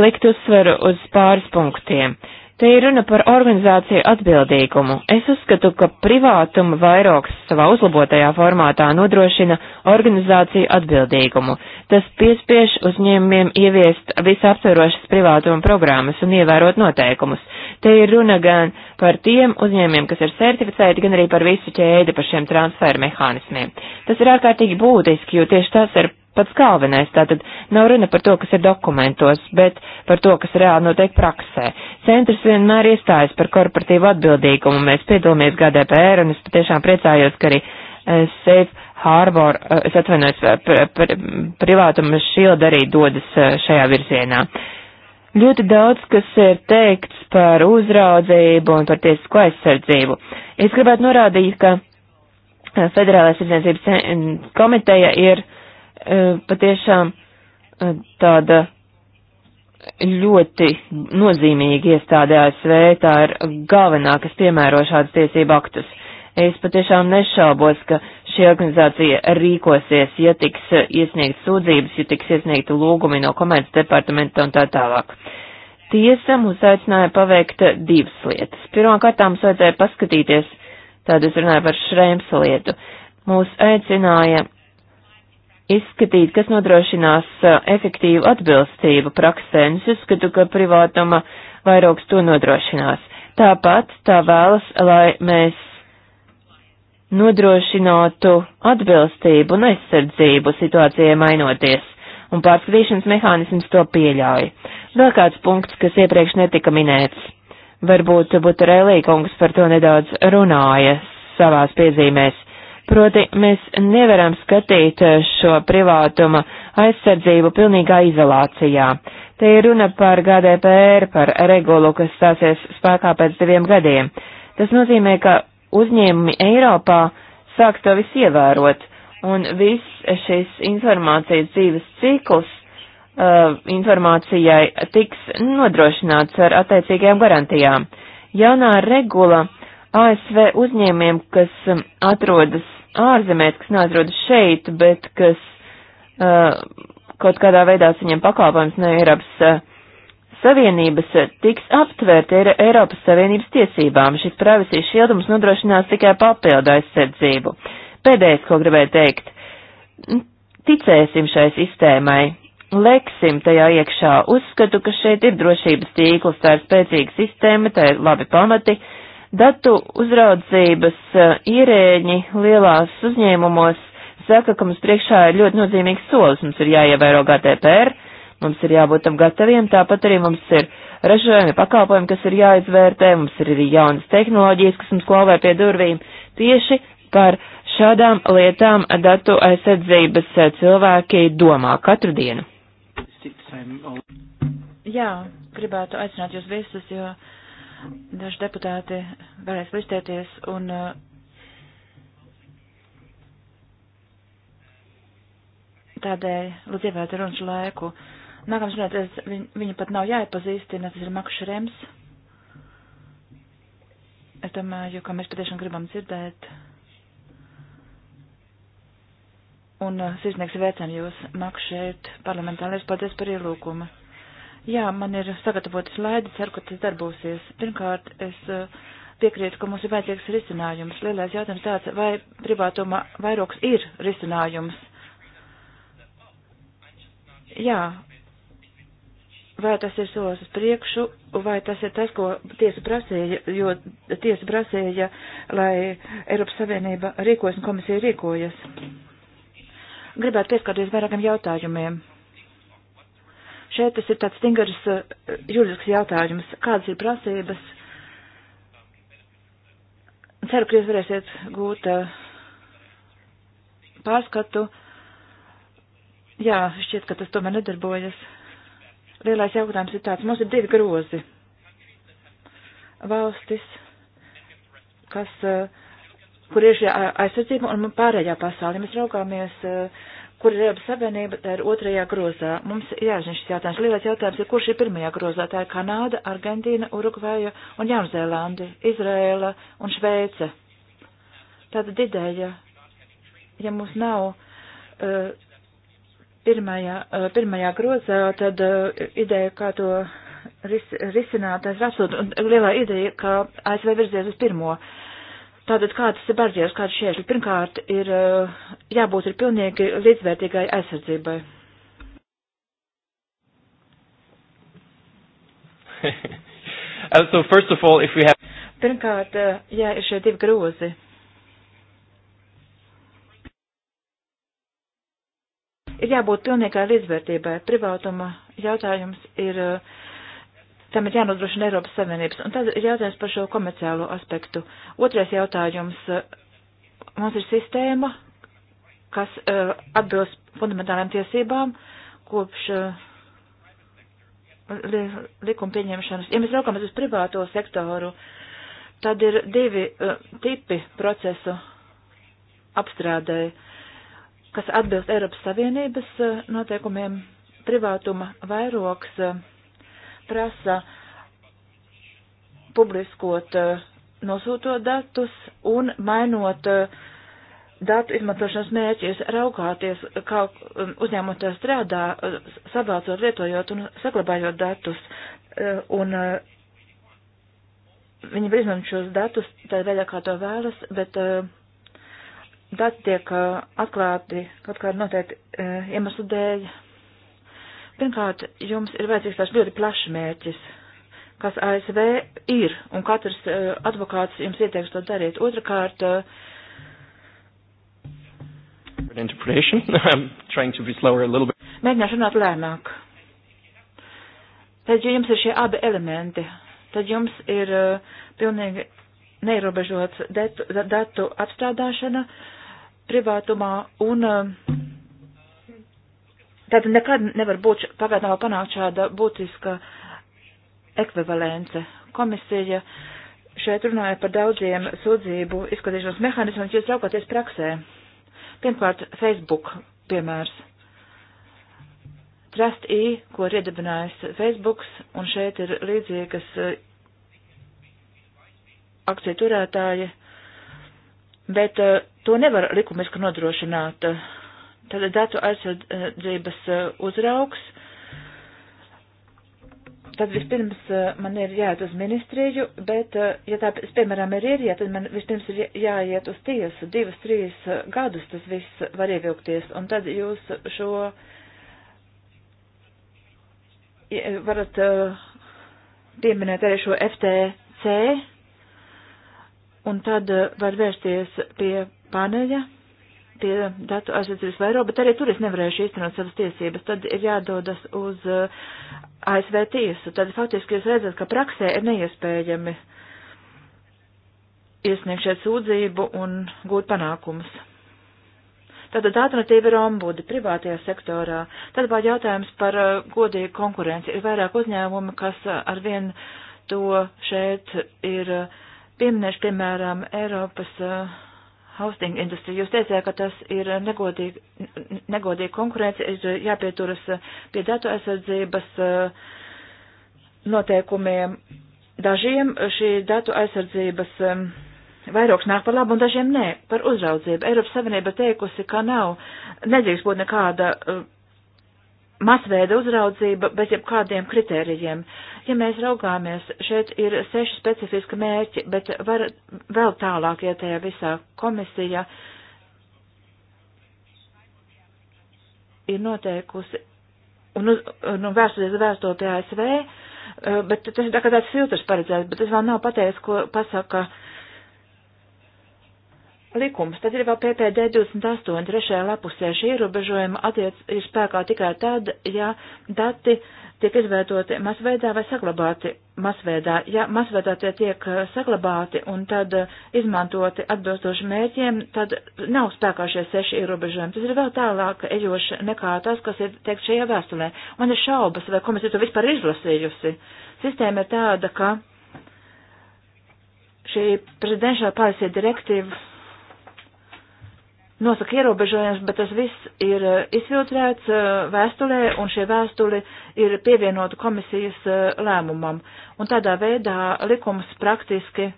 likt uzsveru uz pāris punktiem. Te ir runa par organizāciju atbildīgumu. Es uzskatu, ka privātuma vairoks savā uzlabotajā formātā nodrošina organizāciju atbildīgumu. Tas piespiež uzņēmumiem ieviest visaptverošas privātuma programmas un ievērot noteikumus. Te ir runa gan par tiem uzņēmumiem, kas ir certificēti, gan arī par visu ķēdi par šiem transferu mehānismiem. Tas ir ārkārtīgi būtiski, jo tieši tas ir pats galvenais. Tātad nav runa par to, kas ir dokumentos, bet par to, kas reāli notiek praksē. Centrs vienmēr iestājas par korporatīvu atbildīgumu. Mēs piedalāmies GDPR un es patiešām priecājos, ka arī uh, Safe Harbor, uh, es atvainojos, pr eh, pr privātuma šilda arī dodas uh, šajā virzienā. Ļoti daudz, kas ir teikts par uzraudzību un par tiesisko aizsardzību. Es gribētu norādīt, ka Federālais izniecības komiteja ir E, patiešām e, tāda ļoti nozīmīga iestāde ASV, tā ir galvenā, kas piemēro šādas tiesību aktus. Es patiešām nešaubos, ka šī organizācija rīkosies, ja tiks iesniegt sūdzības, ja tiks iesniegta lūgumi no komerces departamenta un tā tālāk. Tiesa mūs aicināja paveikt divas lietas. Pirmkārt, mums vajadzēja paskatīties, tad es runāju par Šrēmsa lietu. Mūs aicināja izskatīt, kas nodrošinās uh, efektīvu atbilstību praksē, un es uzskatu, ka privātuma vairāks to nodrošinās. Tāpat tā vēlas, lai mēs nodrošinātu atbilstību un aizsardzību situācijai mainoties, un pārskatīšanas mehānisms to pieļauj. Vēl kāds punkts, kas iepriekš netika minēts. Varbūt Butarēlī kungs par to nedaudz runāja savās piezīmēs Proti, mēs nevaram skatīt eh, šo privātuma aizsardzību pilnīgā izolācijā. Te ir runa par GDPR, par regulu, kas stāsies spēkā pēc diviem gadiem. Tas nozīmē, ka uzņēmumi Eiropā sāks to visu ievērot, un viss šis informācijas dzīves cikls uh, informācijai tiks nodrošināts ar attiecīgajām garantijām. Jaunā regula uh, ASV uzņēmiem, kas um, atrodas ārzemēs, kas neatrodas šeit, bet kas uh, kaut kādā veidā saņem pakalpojums no Eiropas uh, Savienības, uh, tiks aptvērti Eir Eiropas Savienības tiesībām. Šis privacy šildums nodrošinās tikai papildu aizsardzību. Pēdējais, ko gribēju teikt, ticēsim šai sistēmai, leksim tajā iekšā, uzskatu, ka šeit ir drošības tīkls, tā ir spēcīga sistēma, tā ir labi pamati, uh, Datu uzraudzības eh, ierēģi lielās uzņēmumos saka, ka mums priekšā ir ļoti nozīmīgs solis. Mums ir jāievēro GDPR, mums ir jābūt tam gataviem, tāpat arī mums ir ražojumi, pakalpojumi, kas ir jāizvērtē, mums ir arī jaunas tehnoloģijas, kas mums klauvē pie durvīm. Tieši par šādām lietām datu aizsardzības eh, cilvēki domā katru dienu. Oh. Jā, gribētu aicināt jūs visus, jo. Uh, Daži deputāti varēs listēties un uh, tādēļ, lūdzu, ievērtu runas laiku. Nākamais runātājs, viņ, viņu pat nav jāiepazīstina, tas ir Maks Šrems. Es domāju, ka mēs patiešām gribam dzirdēt. Un uh, sirsnieks veicam jūs, Maks, šeit parlamentā. Liels paldies par ielūkumu. Jā, man ir sagatavoti slaidi, ceru, ka tas darbosies. Pirmkārt, es eh, piekrītu, ka mums ir vajadzīgs risinājums. Lielais jautājums tāds, vai privātuma vairoks ir risinājums? Jā, vai tas ir solis uz priekšu, vai tas ir tas, ko tiesa prasīja, jo tiesa prasīja, lai Eiropas Savienība rīkojas un komisija rīkojas. Gribētu pieskarties vairākiem jautājumiem. Šeit tas ir tāds stingrs eh, juridisks jautājums. Kādas ir prasības? Ceru, ka jūs varēsiet gūt eh, pārskatu. Jā, šķiet, ka tas tomēr nedarbojas. Lielais jautājums ir tāds. Mums ir divi grozi. Valstis, kas, eh, kur ir šī aizsardzība un pārējā pasaule. Mēs raugāmies uh, kur ir Eiropas Savienība, tā ir otrajā grozā. Mums jāzina šis jautājums. Lielais jautājums ir, kurš ir pirmajā grozā? Tā ir Kanāda, Argentīna, Urugvēja un Jaunzēlandi, Izrēla un Šveice. Tāda ideja, ja mums nav uh, pirmajā, uh, pirmajā grozā, tad uh, ideja, kā to ris, risināt, tas ir absolūti lielā ideja, ka ASV virzies uz pirmo. Uh, Tātad kādas ir barjeras, kādas šķēršļi? Pirmkārt, ir eh, jābūt ir pilnīgi līdzvērtīgai aizsardzībai. [laughs] so first of all, if we have... Pirmkārt, eh, jā, ir šie divi grozi. Ir jābūt pilnīgai līdzvērtībai. Privātuma jautājums ir uh, tam ir jānodrošina Eiropas Savienības. Un tad ir jautājums par šo komerciālo aspektu. Otrais jautājums. Mums ir sistēma, kas uh, atbilst fundamentālām tiesībām kopš uh, li, likuma pieņemšanas. Ja mēs raugamies uz privāto sektoru, tad ir divi uh, tipi procesu apstrādēji, kas atbilst Eiropas Savienības uh, noteikumiem privātuma vairoks. Uh, prasa publiskot eh, nosūtot datus un mainot eh, datu izmantošanas mērķis, raugāties, kā um, uzņēmumā strādā, eh, savācot, lietojot un saglabājot datus. Un viņi var izmantot šos datus tādā veidā, kā to vēlas, bet dati tiek atklāti kaut kādu noteikti iemeslu dēļ. Pirmkārt, jums ir vajadzīgs tāds ļoti plašs mērķis, kas ASV ir, un katrs uh, advokāts jums ieteiks to darīt. Otrakārt, uh, interpretation. [laughs] I'm trying to be slower a little bit. Mēģināšu runāt lēnāk. Tad, ja jums ir šie abi elementi, tad jums ir uh, pilnīgi neierobežots datu, datu apstrādāšana privātumā un uh, Tātad nekad nevar būt, pagaidām nav panākt šāda būtiska ekvivalence. Komisija šeit runāja par daudziem sūdzību izskatīšanas mehānismiem, jūs raugoties praksē. Pirmkārt, Facebook piemērs. Trust E, ko ir iedibinājis Facebooks, un šeit ir līdzīgas eh, akciju turētāji, bet eh, to nevar likumiski nodrošināt. Uh, Tad datu aizsardzības eh, uzraugs. Tad vispirms eh, man ir jāiet uz ministriju, bet, eh, ja tā, es, piemēram, ir īrija, tad man vispirms ir jāiet uz tiesu. Divas, trīs gadus tas viss var ievilkties, un tad jūs šo varat pieminēt arī šo FTC, un tad var vērsties pie paneļa pie datu aizsardzības vairo, bet arī tur es nevarēšu īstenot savas tiesības. Tad ir jādodas uz uh, ASV tiesu. Tad faktiski jūs redzat, ka praksē ir neiespējami iesniegt šeit sūdzību un gūt panākumus. Tātad alternatīva ir ombudi privātajā sektorā. Tad vēl jautājums par uh, godīgu konkurenci. Ir vairāk uzņēmumi, kas uh, ar vien to šeit ir pieminējuši, piemēram, Eiropas uh, housing industriju. Jūs teicāt, ka tas ir negodīgi, negodīgi konkurence, ir jāpieturas pie datu aizsardzības eh, noteikumiem. Dažiem šī datu aizsardzības eh, vairāks nāk par labu un dažiem nē, par uzraudzību. Eiropas Savienība teikusi, ka nav, nedrīkst būt nekāda eh, masveida uzraudzība bez jebkādiem kritērijiem. Ja mēs raugāmies, šeit ir seši specifiski mērķi, bet var vēl tālāk ietējā visā komisija ir noteikusi, un, uz, un, nu, un vērsties vērstot ASV, eh, bet tas ir tā kā tāds filtrs paredzēts, bet tas vēl nav pateicis, ko pasaka uh, likums, tad ir vēl PPD 28, trešajā lapusē šī ierobežojuma attiec ir spēkā tikai tad, ja dati tiek izvietoti masveidā vai saglabāti masveidā. Ja masveidā tie tiek eh, saglabāti un tad eh, izmantoti atbilstoši mērķiem, tad nav spēkā šie seši ierobežojumi. Tas ir vēl tālāk ejoši nekā tas, kas ir teikt šajā vēstulē. Man ir šaubas, vai komisija to vispār izlasījusi. Sistēma ir tāda, ka šī prezidentšā pārēsie direktīvas nosaka ierobežojums, bet tas viss ir eh, izfiltrēts eh, vēstulē, un šie vēstuli ir pievienoti komisijas eh, lēmumam. Un tādā veidā likums praktiski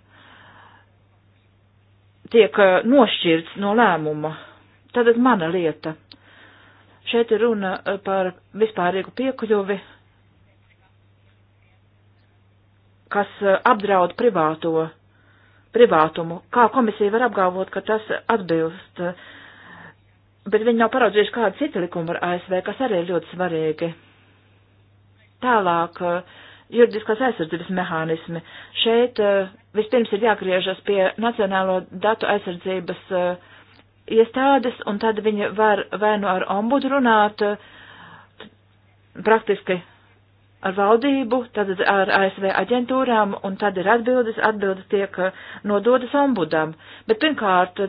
tiek nošķirts no lēmuma. Tātad mana lieta. Šeit ir runa par vispārīgu piekļuvi, kas apdraud privāto privātumu. Kā komisija var apgalvot, ka tas atbilst, bet viņi nav paraudzījuši kādu citu likumu ar ASV, kas arī ir ļoti svarīgi. Tālāk, eh, juridiskās aizsardzības mehānismi. Šeit eh, vispirms ir jāgriežas pie Nacionālo datu aizsardzības eh, iestādes, un tad viņi var vai nu ar ombudu runāt, praktiski ar valdību, tad ar ASV aģentūrām, un tad ir atbildes, atbildes tiek eh, nododas ombudam. Bet pirmkārt,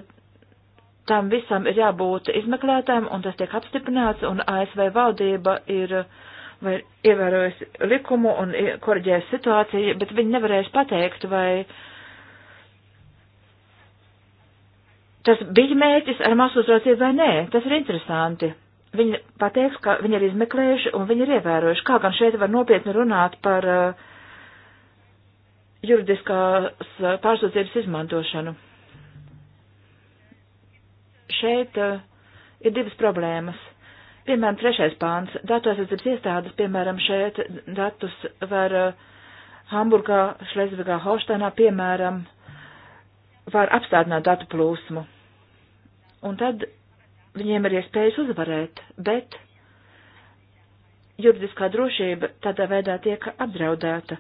tam visam ir jābūt izmeklētājiem, un tas tiek apstiprināts, un ASV valdība ir vai ievērojusi likumu un korģējusi situāciju, bet viņi nevarēs pateikt, vai tas bija mēķis ar masu uzraucību vai nē. Tas ir interesanti. Viņi pateiks, ka viņi ir izmeklējuši un viņi ir ievērojuši. Kā gan šeit var nopietni runāt par uh, juridiskās uh, pārsūdzības izmantošanu? Šeit uh, ir divas problēmas. Piemēram, trešais pāns. Datu aizsardzības iestādes, piemēram, šeit datus var uh, Hamburgā, Šlezvigā, Holšteinā, piemēram, var apstādināt datu plūsmu. Un tad viņiem ir iespējas uzvarēt, bet juridiskā drošība tādā veidā tiek apdraudēta.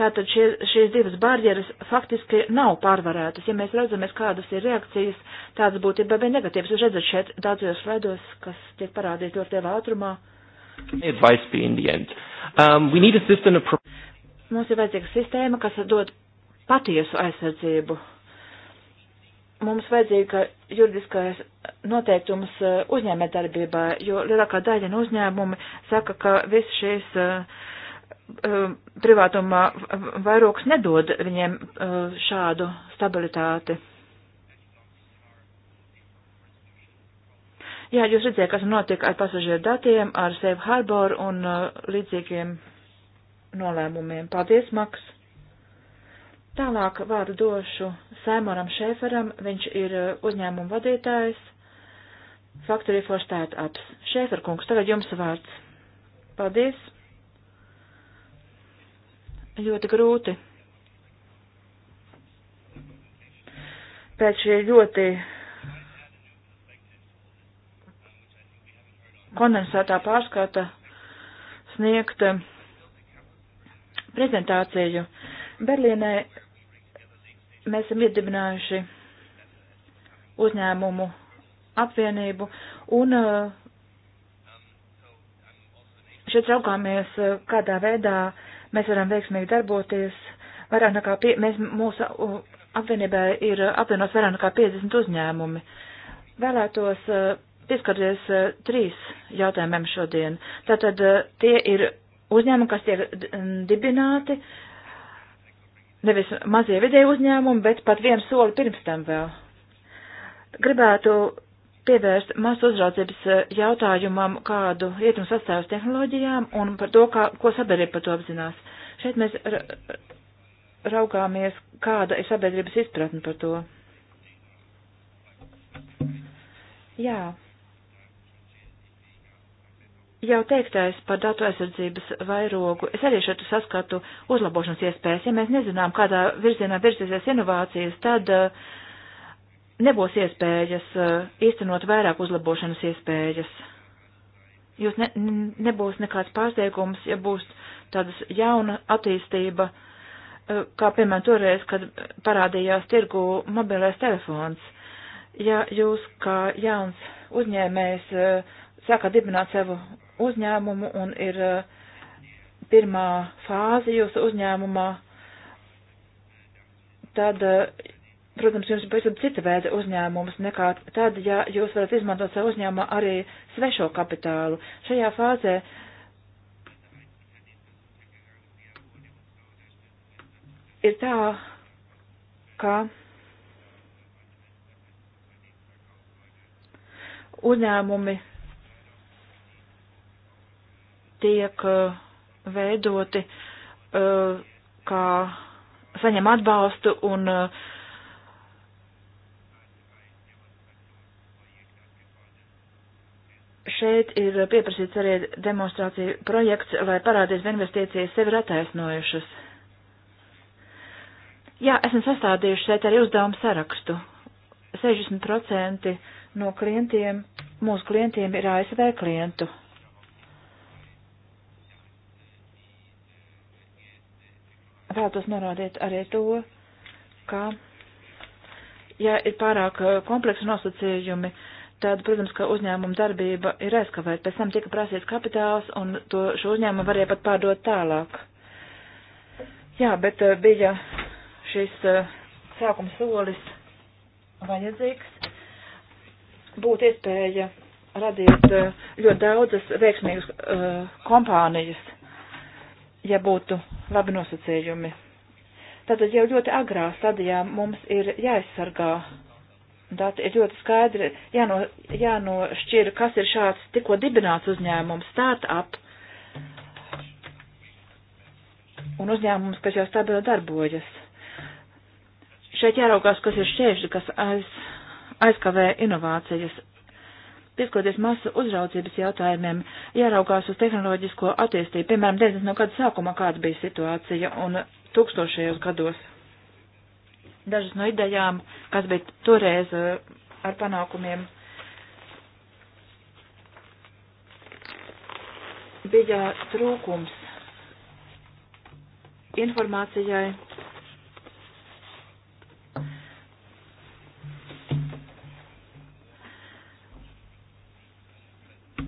Tātad šie, šīs divas barjeras faktiski nav pārvarētas. Ja mēs redzamies, kādas ir reakcijas, tādas būtībā bija negatīvas. Jūs redzat šeit daudzos slaidos, kas tiek parādīti ļoti lielā ātrumā. Um, Mums ir vajadzīga sistēma, kas dod patiesu aizsardzību. Mums vajadzīga juridiskais noteikums eh, uzņēmē darbībā, jo lielākā daļa no uzņēmumi saka, ka viss šīs eh, eh, privātumā vairoks nedod viņiem šādu stabilitāti. Jā, jūs redzējāt, kas notiek ar pasažieru datiem, ar Safe Harbor un uh, līdzīgiem nolēmumiem. Paldies, Maks! Tālāk vārdu došu Sēmoram Šēferam, viņš ir uh, uzņēmuma vadītājs Factory for Startups. Šēfer kungs, tagad jums vārds. Paldies. Ļoti grūti. Pēc šī ļoti kondensētā pārskata sniegt uh, prezentāciju. Uh, Berlīnē mēs esam iedibinājuši uzņēmumu apvienību un eh, šeit raugāmies, eh, kādā veidā mēs varam veiksmīgi darboties. Vairāk nekā pie, mēs, mūsu eh, apvienībā ir apvienos vairāk nekā 50 uzņēmumi. Vēlētos pieskarties trīs jautājumiem šodien. Tātad tie ir uzņēmumi, kas tiek dibināti, uh, nevis mazie vidēji uzņēmumi, bet pat vienu soli pirms tam vēl. Gribētu pievērst masu uzraudzības eh, jautājumam, kādu rietumu sastāvs tehnoloģijām un par to, kā, ko sabiedrība par to apzinās. Šeit mēs raugāmies, kāda ir sabiedrības izpratne par to. Jā. Yeah jau teiktais par datu aizsardzības vairogu, es arī šeit saskatu uzlabošanas iespējas. Ja mēs nezinām, kādā virzienā virzīsies inovācijas, tad eh, nebūs iespējas eh, īstenot vairāk uzlabošanas iespējas. Jūs ne, nebūs nekāds pārsteigums, ja būs tādas jauna attīstība, eh, kā piemēram toreiz, kad parādījās tirgu mobilais telefons. Ja jūs kā jauns uzņēmējs sākāt dibināt savu uzņēmumu un ir eh, pirmā fāze jūsu uzņēmumā, tad, eh, protams, jums ir pavisam cita veida uzņēmums nekā tad, ja jūs varat izmantot savu uzņēmumu arī svešo kapitālu. Šajā fāzē ir tā, ka uzņēmumi tiek eh, veidoti, eh, kā saņem atbalstu un eh, šeit ir pieprasīts arī demonstrācija projekts, lai parādīs, vai investīcijas sevi ir attaisnojušas. Jā, esmu sastādījuši šeit arī uzdevumu sarakstu. 60% no klientiem, mūsu klientiem ir ASV klientu. vēlos norādīt arī to, ka, ja ir pārāk uh, kompleksi nosacījumi, tad, protams, ka uzņēmuma darbība ir aizkavēta. Pēc tam tika prasīts kapitāls, un to šo uzņēmumu varēja pat pārdot tālāk. Jā, bet uh, bija šis uh, sākums solis vajadzīgs. Būtu iespēja radīt ļoti daudzas veiksmīgas kompānijas ja būtu labi nosacījumi. Tātad jau ļoti agrā stadijā mums ir jāaizsargā. Tātad ir ļoti skaidri jāno, jānošķir, kas ir šāds tikko dibināts uzņēmums, start-up un uzņēmums, kas jau stabili darbojas. Šeit jāraugās, kas ir šķēršļi, kas aiz, aizkavē inovācijas pieskoties masu uzraudzības jautājumiem, jāraugās uz tehnoloģisko attīstību. Piemēram, 90. No gada sākumā kāda bija situācija un tūkstošajos gados. Dažas no idejām, kas bija toreiz eh, ar panākumiem, bija trūkums informācijai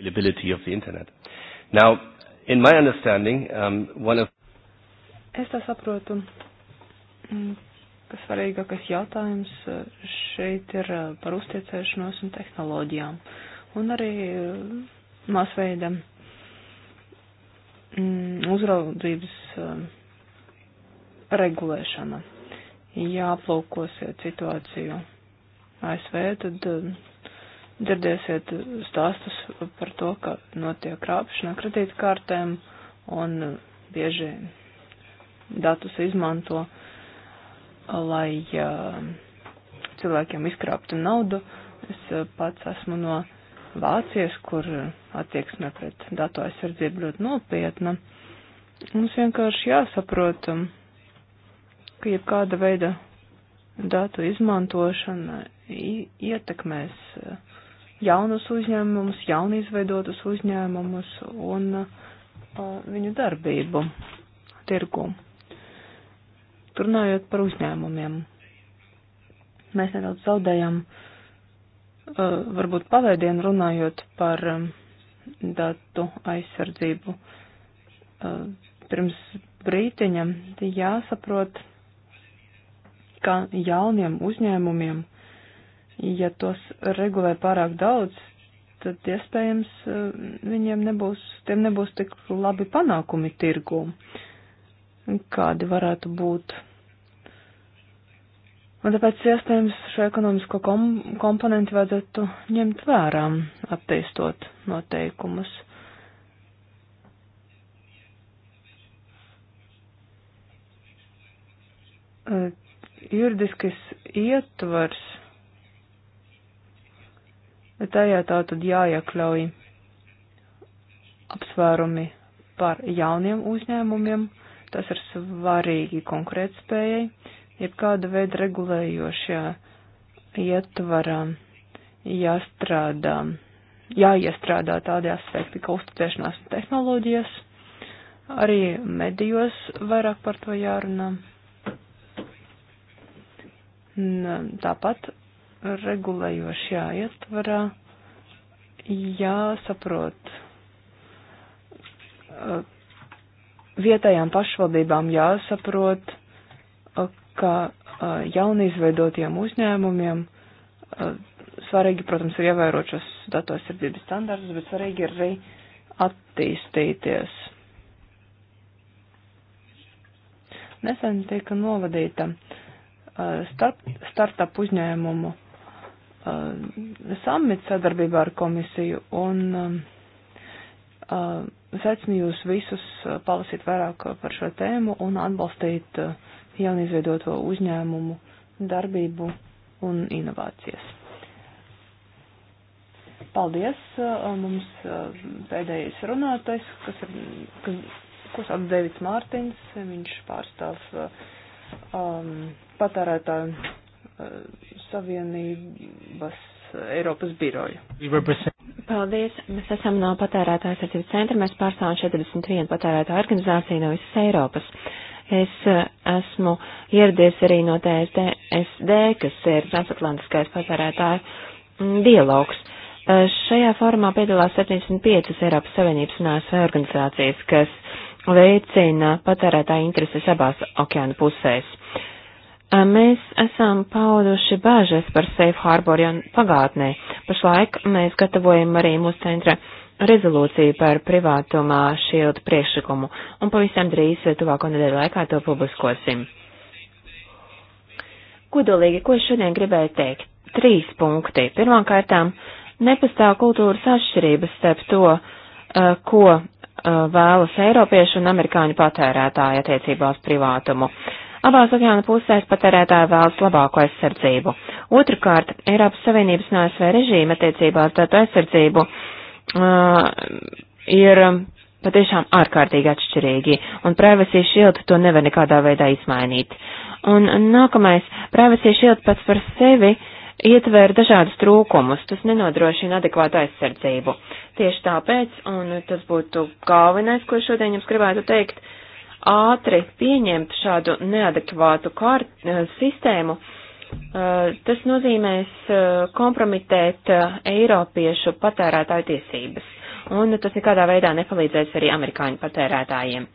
availability of the internet. Now, in my understanding, um, one of Es tā saprotu, ka mm, svarīgākais jautājums uh, šeit ir uh, par uzticēšanos un tehnoloģijām, un arī uh, masveida mm, uzraudzības regulēšana. Ja aplūkosiet situāciju ASV, tad dzirdēsiet stāstus par to, ka notiek krāpšana kredītkartēm un bieži datus izmanto, lai cilvēkiem izkrāptu naudu. Es pats esmu no Vācijas, kur attieksme pret datu aizsardzību ļoti nopietna. Mums vienkārši jāsaprot, ka jebkāda veida datu izmantošana ietekmēs uh, jaunus uzņēmumus, jaunizveidotus uzņēmumus un uh, viņu darbību tirgu. Runājot par uzņēmumiem, mēs nedaudz zaudējam, uh, varbūt pavēdienu runājot par um, datu aizsardzību. Uh, pirms brītiņa jāsaprot, ka jauniem uzņēmumiem Ja tos regulē pārāk daudz, tad iespējams eh, viņiem nebūs, tiem nebūs tik labi panākumi tirgū, kādi varētu būt. Un tāpēc iespējams šo ekonomisko kom komponentu vajadzētu ņemt vērā, attīstot noteikumus. Eh, Juridiskais ietvars Tajā tā tad jāiekļauj apsvērumi par jauniem uzņēmumiem, tas ir svarīgi konkrētspējai, jebkāda veida regulējošajā ietvarā jāstrādā, jāiestrādā tādi aspekti kā uzticēšanās un tehnoloģijas, arī medijos vairāk par to jārunā. Tāpat regulējošajā ietvarā jāsaprot uh, vietējām pašvaldībām jāsaprot, uh, ka uh, jaunizveidotiem uzņēmumiem svarīgi, protams, ir ievērot šos datorsardzības standartus, bet svarīgi ir arī attīstīties. Nesen tika novadīta starp, startup uzņēmumu Uh, samits sadarbībā ar komisiju un um, uh, secinu jūs visus uh, palasīt vairāk par šo tēmu un atbalstīt uh, jaunizveidoto uzņēmumu darbību un inovācijas. Paldies, uh, mums uh, pēdējais runātais, kas ir, kas, ko sauc Devits Mārtiņš, viņš pārstāv uh, um, patērētāju Uh, Savienības uh, Eiropas biroju. Paldies! Mēs esam no patērētāja sardzības centra. Mēs pārstāvam 41 patērētāju organizāciju no visas Eiropas. Es uh, esmu ieradies arī no TSD, kas ir transatlantiskais patērētāju mm, dialogs. Šajā formā piedalās 75 Eiropas Savienības un ASV organizācijas, kas veicina patērētāju intereses abās okeāna pusēs. Uh, Mēs esam pauduši bāžas par Safe Harbor jau pagātnē. Pašlaik mēs gatavojam arī mūsu centra rezolūciju par privātumā šildu priekšlikumu, un pavisam drīz tuvāko nedēļu laikā to publiskosim. Kodolīgi, ko es šodien gribēju teikt? Trīs punkti. Pirmkārtām, nepastāv kultūras atšķirības starp to, ko vēlas Eiropiešu un Amerikāņu patērētāji attiecībā uz privātumu. Uh, Abās okeāna pusēs patērētāji vēlas labāku aizsardzību. Otrakārt, Eiropas Savienības un ASV režīma attiecībā uz datu aizsardzību uh, ir patiešām ārkārtīgi atšķirīgi, un Privacy Shield to nevar nekādā veidā izmainīt. Un nākamais, Privacy Shield pats par sevi uh, ietver dažādus trūkumus, tas nenodrošina adekvātu aizsardzību. Tieši tāpēc, un tas būtu galvenais, ko šodien jums gribētu teikt, ātri pieņemt šādu neadekvātu kārt, eh, sistēmu, eh, tas nozīmēs eh, kompromitēt Eiropiešu patērētāju tiesības. Un tas nekādā veidā nepalīdzēs arī amerikāņu patērētājiem.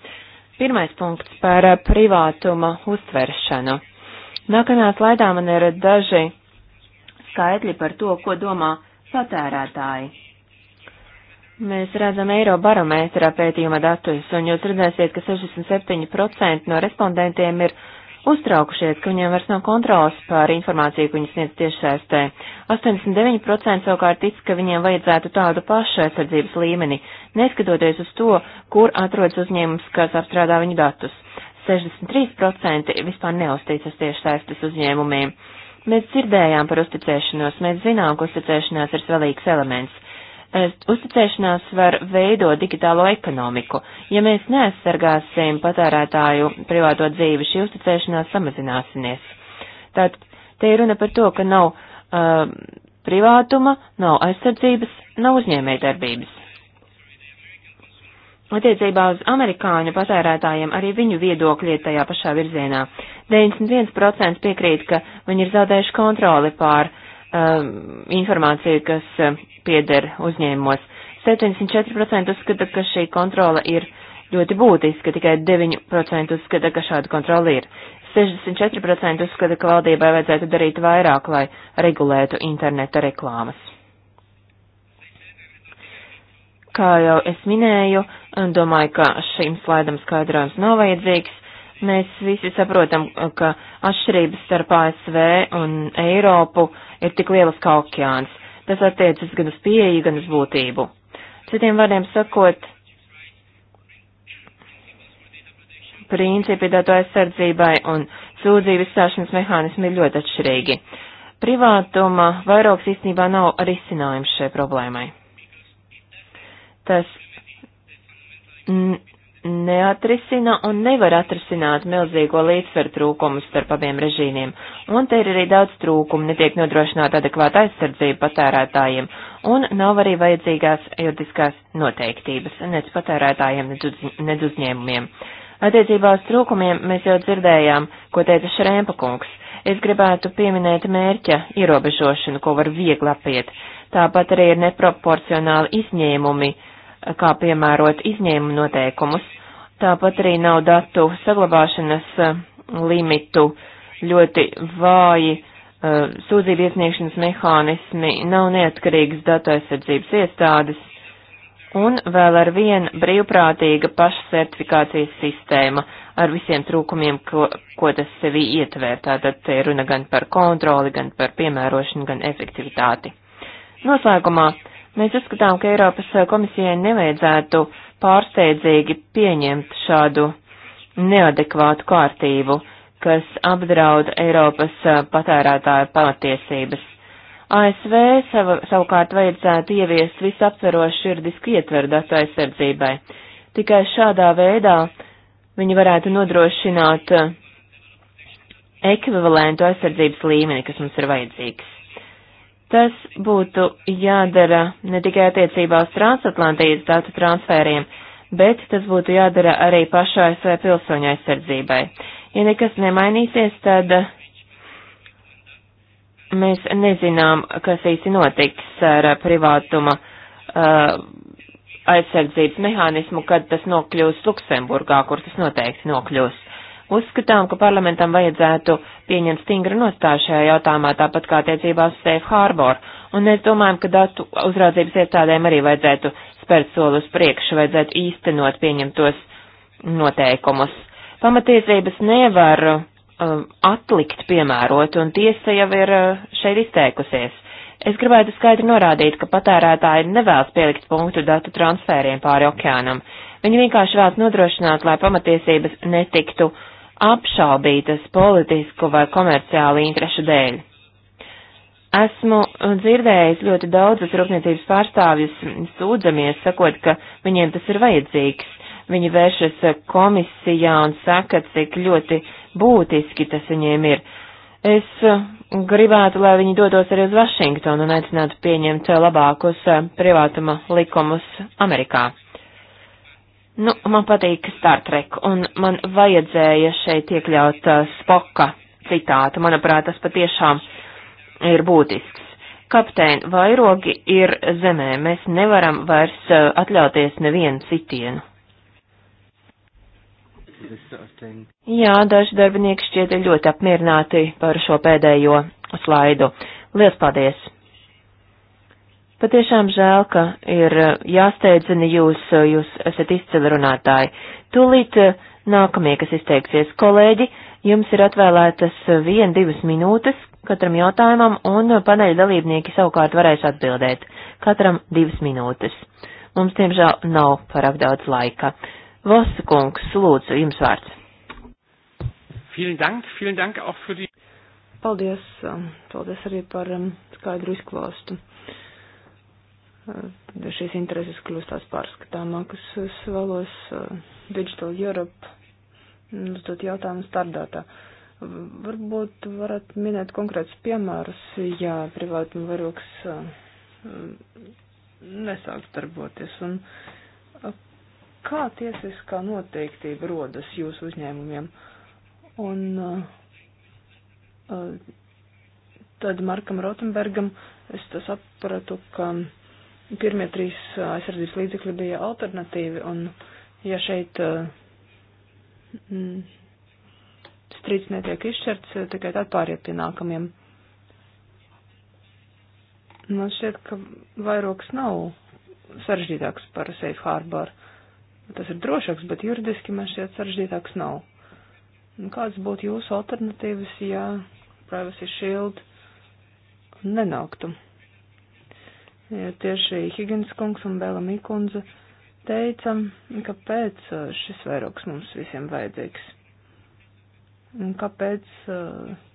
Pirmais punkts par privātuma uztveršanu. Nākamajā slaidā man ir daži skaitļi par to, ko domā patērētāji. Mēs redzam eiro barometrā pētījuma datus, un jūs redzēsiet, ka 67% no respondentiem ir uztraukušies, ka viņiem vairs nav kontrols pār informāciju, ko viņi sniedz tiešsaistē. 89% savukārt tic, ka viņiem vajadzētu tādu pašu aizsardzības līmeni, neskatoties uz to, kur atrodas uzņēmums, kas apstrādā viņu datus. 63% vispār neuzticas tiešsaistes uzņēmumiem. Mēs dzirdējām par uzticēšanos, mēs zinām, ka uzticēšanās ir svarīgs elements. E, uzticēšanās var veidot digitālo ekonomiku. Ja mēs neaizsargāsim patērētāju privāto dzīvi, šī uzticēšanās samazināsies. Tātad te ir runa par to, ka nav uh, privātuma, nav aizsardzības, nav uzņēmējdarbības. Attiecībā uz amerikāņu patērētājiem arī viņu viedokļi ir tajā pašā virzienā. 91% piekrīt, ka viņi ir zaudējuši kontroli pār uh, Um, informāciju, kas um, pieder uzņēmumos. 74% uzskata, ka šī kontrola ir ļoti būtiska, tikai 9% uzskata, ka šāda kontrola ir. 64% uzskata, ka valdībai vajadzētu darīt vairāk, lai regulētu interneta reklāmas. Kā jau es minēju, domāju, ka šīm slaidam skaidrojums nav vajadzīgs. Mēs visi saprotam, ka atšķirības starp ASV un Eiropu uh, ir tik lielas kā okeāns. Tas attiecas gan uz pieeju, gan uz būtību. Citiem vārdiem sakot, principi datu aizsardzībai un sūdzību izstāšanas mehānismi ir ļoti atšķirīgi. Privātuma vairāks īstenībā nav risinājums šai problēmai. Tas neatrisina un nevar atrisināt milzīgo līdzsveru trūkumu starp abiem režīmiem, un te ir arī daudz trūkumu, netiek nodrošināta adekvāta aizsardzība patērētājiem, un nav arī vajadzīgās juridiskās noteiktības nec patērētājiem, nec uzņēmumiem. Attiecībā uz trūkumiem mēs jau dzirdējām, ko teica Šrēmpa kungs. Es gribētu pieminēt mērķa ierobežošanu, ko var viegli apiet. Tāpat arī ir neproporcionāli izņēmumi, uh, kā piemērot izņēmumu noteikumus. Tāpat arī nav datu saglabāšanas eh, limitu, ļoti vāji eh, sūdzību iesniegšanas mehānismi, nav neatkarīgas datu aizsardzības iestādes un vēl ar vien brīvprātīga pašsertifikācijas sistēma ar visiem trūkumiem, ko, ko tas sevī ietver. Tātad te runa gan par kontroli, gan par piemērošanu, gan efektivitāti. Noslēgumā Mēs uzskatām, ka Eiropas eh, komisijai nevajadzētu pārsteidzīgi pieņemt šādu neadekvātu kārtību, kas apdraud Eiropas eh, patērētāju pamatiesības. ASV sava, savukārt vajadzētu ieviest visaptverošu sirdisku ietveru datu aizsardzībai. Tikai šādā veidā viņi varētu nodrošināt eh, ekvivalentu aizsardzības līmeni, kas mums ir vajadzīgs. Tas būtu jādara ne tikai attiecībā uz transatlantijas datu transfēriem, bet tas būtu jādara arī pašu ASV pilsoņu aizsardzībai. Ja nekas nemainīsies, tad mēs nezinām, kas īsti notiks ar privātuma uh, aizsardzības mehānismu, kad tas nokļūs Luksemburgā, kur tas noteikti nokļūs. Uzskatām, ka parlamentam vajadzētu pieņemt stingru nostāju šajā jautājumā, tāpat kā attiecībā uz Safe Harbor, un mēs domājam, ka datu uzraudzības iestādēm arī vajadzētu spērt soli uz priekšu, vajadzētu īstenot pieņemtos noteikumus. Pamatiesības nevar uh, atlikt piemērot, un tiesa jau ir uh, šeit izteikusies. Es gribētu skaidri norādīt, ka patērētāji nevēlas pielikt punktu datu transfēriem pāri okeānam. Viņi vienkārši vēlas nodrošināt, lai pamatiesības netiktu apšaubītas politisku vai komerciālu interešu dēļ. Esmu dzirdējis ļoti daudzus rūpniecības pārstāvjus sūdzamies, sakot, ka viņiem tas ir vajadzīgs. Viņi vēršas komisijā un saka, cik ļoti būtiski tas viņiem ir. Es gribētu, lai viņi dotos arī uz Vašingtonu un aicinātu pieņemt labākus privātuma likumus Amerikā. Nu, man patīk Star Trek, un man vajadzēja šeit iekļaut uh, Spoka citātu. Manuprāt, tas patiešām ir būtisks. Kapteini, vairogi ir zemē, mēs nevaram vairs uh, atļauties nevienu sitienu. Jā, daži darbinieki šķiet ļoti apmierināti par šo pēdējo slaidu. Lielas paldies! Patiešām žēl, ka ir eh, jāsteidzina jūs, eh, jūs esat izcili runātāji. Tūlīt eh, nākamie, kas izteiksies, kolēģi, jums ir atvēlētas viena, divas minūtes katram jautājumam, un paneļa dalībnieki savukārt varēs atbildēt. Katram divas minūtes. Mums, diemžēl, nav parāk daudz laika. Vosu kungs, lūdzu, jums vārds. Vielen Dank, vielen Dank auch für die. Paldies, um, paldies arī par um, skaidru izklāstu šīs intereses kļūst tās pārskatāmākas. Es vēlos eh, Digital Europe mm, uzdot jautājumu startdatā. Varbūt varat minēt konkrētus piemērus, ja privātuma varoks eh, nesāks darboties. Un kā tiesiskā noteiktība rodas jūsu uzņēmumiem? Un tad Markam Rotenbergam es sapratu, ka Pirmie trīs aizsardzības līdzekļi bija alternatīvi, un ja šeit strīds netiek izšķirts, tikai tad pāriet pie nākamiem. Man šķiet, ka vairoks nav sarežģītāks par safe harbor. Tas ir drošāks, bet juridiski man šķiet sarežģītāks nav. Un kāds būtu jūsu alternatīvas, ja privacy shield nenāktu? Ja tieši Higgins kungs un Bela Mikundze teica, kāpēc uh, šis vairoks mums visiem vajadzīgs. Un kāpēc uh,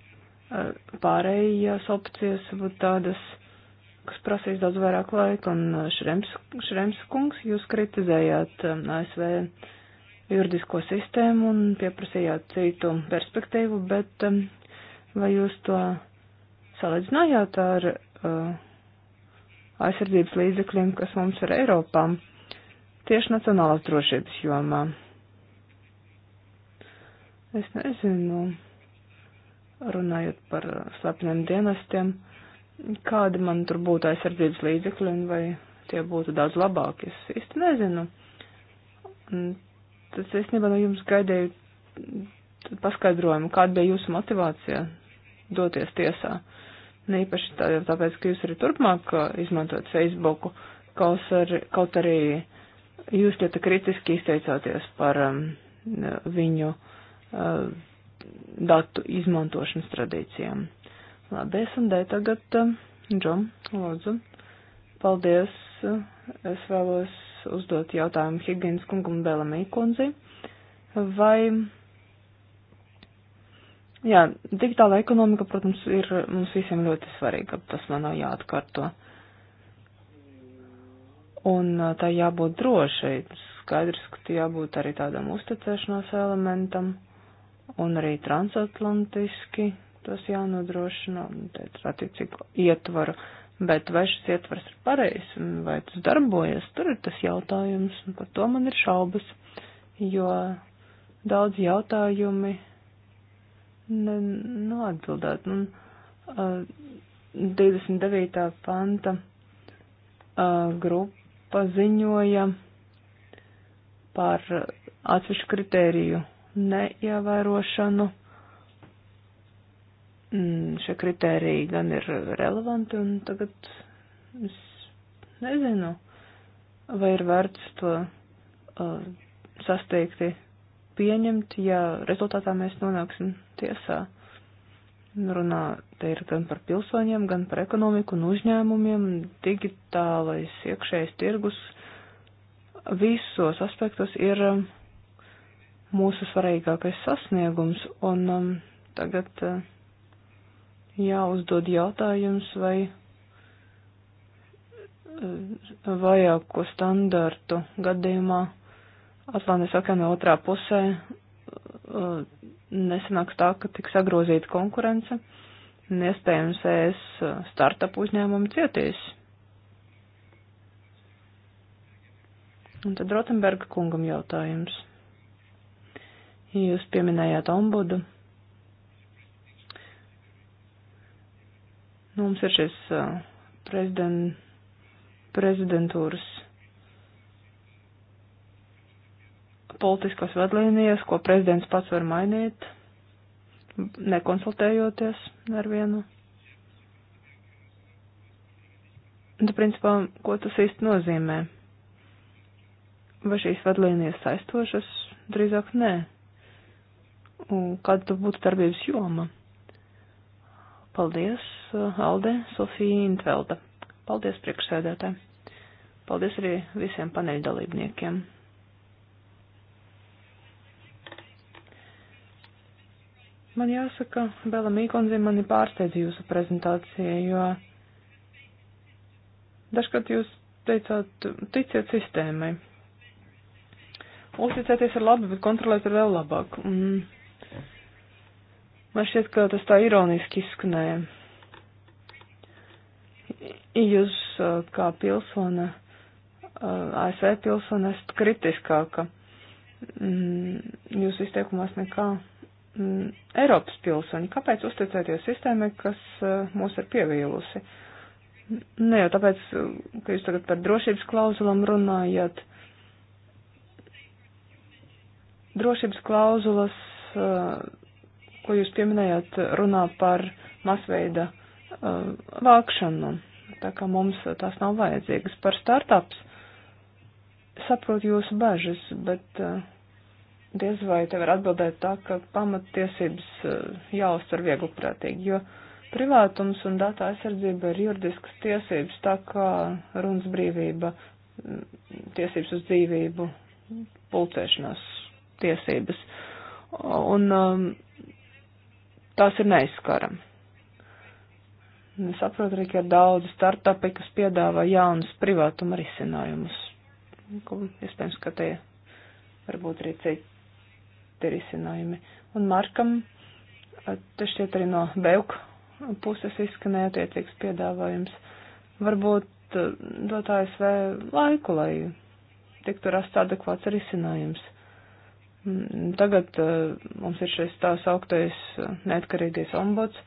uh, pārējās opcijas būtu tādas, kas prasīs daudz vairāk laika, un Šrems, Šrems kungs, jūs kritizējāt um, ASV juridisko sistēmu un pieprasījāt citu perspektīvu, bet um, vai jūs to salīdzinājāt ar uh, aizsardzības līdzekļiem, kas mums ir Eiropā, tieši nacionālās drošības jomā. Es nezinu, runājot par slepniem dienestiem, kādi man tur būtu aizsardzības līdzekļi un vai tie būtu daudz labāki. Es īsti nezinu. Tas īstenībā no jums gaidēju paskaidrojumu, kāda bija jūsu motivācija doties tiesā. Uh, Nīpaši tā, tāpēc, ka jūs arī turpmāk uh, izmantot Facebooku, kaut arī, kaut arī jūs ļoti kritiski izteicāties par um, viņu uh, datu izmantošanas tradīcijām. Labi, es un dēļ tagad, uh, Džom, lūdzu, paldies. Uh, es vēlos uzdot jautājumu Higgins kungam Bēlamī kundzei. Vai Jā, digitāla ekonomika, protams, ir mums visiem ļoti svarīga, tas man nav jāatkārto. Un tā jābūt drošai, skaidrs, ka jābūt arī tādam uzticēšanās elementam, un arī transatlantiski tas jānodrošina, un te ir attiecīgi ietvaru, bet vai šis ietvars ir pareizs, un vai tas darbojas, tur ir tas jautājums, un par to man ir šaubas, jo daudz jautājumi ne, nav atbildēt. Un, uh, 29. panta uh, grupa ziņoja par atsevišķu kritēriju neievērošanu. Mm, šie kritēriji gan ir relevanti, un tagad es nezinu, vai ir vērts to uh, sasteigti pieņemt, ja rezultātā mēs nonāksim tiesā. Runā te ir gan par pilsoņiem, gan par ekonomiku un uzņēmumiem, digitālais iekšējais tirgus visos aspektos ir um, mūsu svarīgākais sasniegums, un um, tagad uh, jāuzdod jautājums, vai uh, vajāko standartu gadījumā Atlantijas okeāna otrā pusē nesanāks tā, ka tiks sagrozīta konkurence, un iespējams es startup uzņēmumu cietīs. Un tad Rotenberga kungam jautājums. Jūs pieminējāt ombudu. Nu, mums ir šis prezident, prezidentūras politiskās vadlīnijas, ko prezidents pats var mainīt, nekonsultējoties ar vienu. Un, principā, ko tas īsti nozīmē? Vai šīs vadlīnijas saistošas? Drīzāk nē. Un kāda būtu darbības joma? Paldies, Alde, Sofija Intvelda. Paldies priekšsēdētāji. Paldies arī visiem paneļdalībniekiem. Man jāsaka, Bela Mīkundze, mani pārsteidz jūsu prezentācija, jo dažkārt jūs teicāt, ticiet sistēmai. Uzticēties ir labi, bet kontrolēt ir vēl labāk. Un man šķiet, ka tas tā ironiski izskanēja. Jūs kā pilsona, ASV pilsona, esat kritiskāka mm, jūsu izteikumās nekā mm, Eiropas pilsoņi, kāpēc uzticēties sistēmai, kas uh, mūs ir pievīlusi? Ne jau tāpēc, ka jūs tagad par drošības klauzulam runājat. Drošības klauzulas, uh, ko jūs pieminējat, runā par masveida uh, vākšanu, tā kā mums tās nav vajadzīgas. Par startups saprotu jūsu bažas, bet. Uh, diez vai te var atbildēt tā, ka pamattiesības eh, jāuztver viegliprātīgi, jo privātums un datu aizsardzība ir juridiskas tiesības, tā kā runas brīvība, mm, tiesības uz dzīvību, pulcēšanās tiesības. Un um, tās ir neizskaram. Es saprotu arī, ka ir daudz startupi, kas piedāvā jaunus privātuma risinājumus. Iespējams, ka tie varbūt arī citi tie risinājumi. Un Markam, tas šķiet arī no Beuk puses izskanēja attiecīgs piedāvājums. Varbūt dot ASV laiku, lai tiktu rasts adekvāts risinājums. Tagad mums ir šis tā sauktais neatkarīgais ombuds.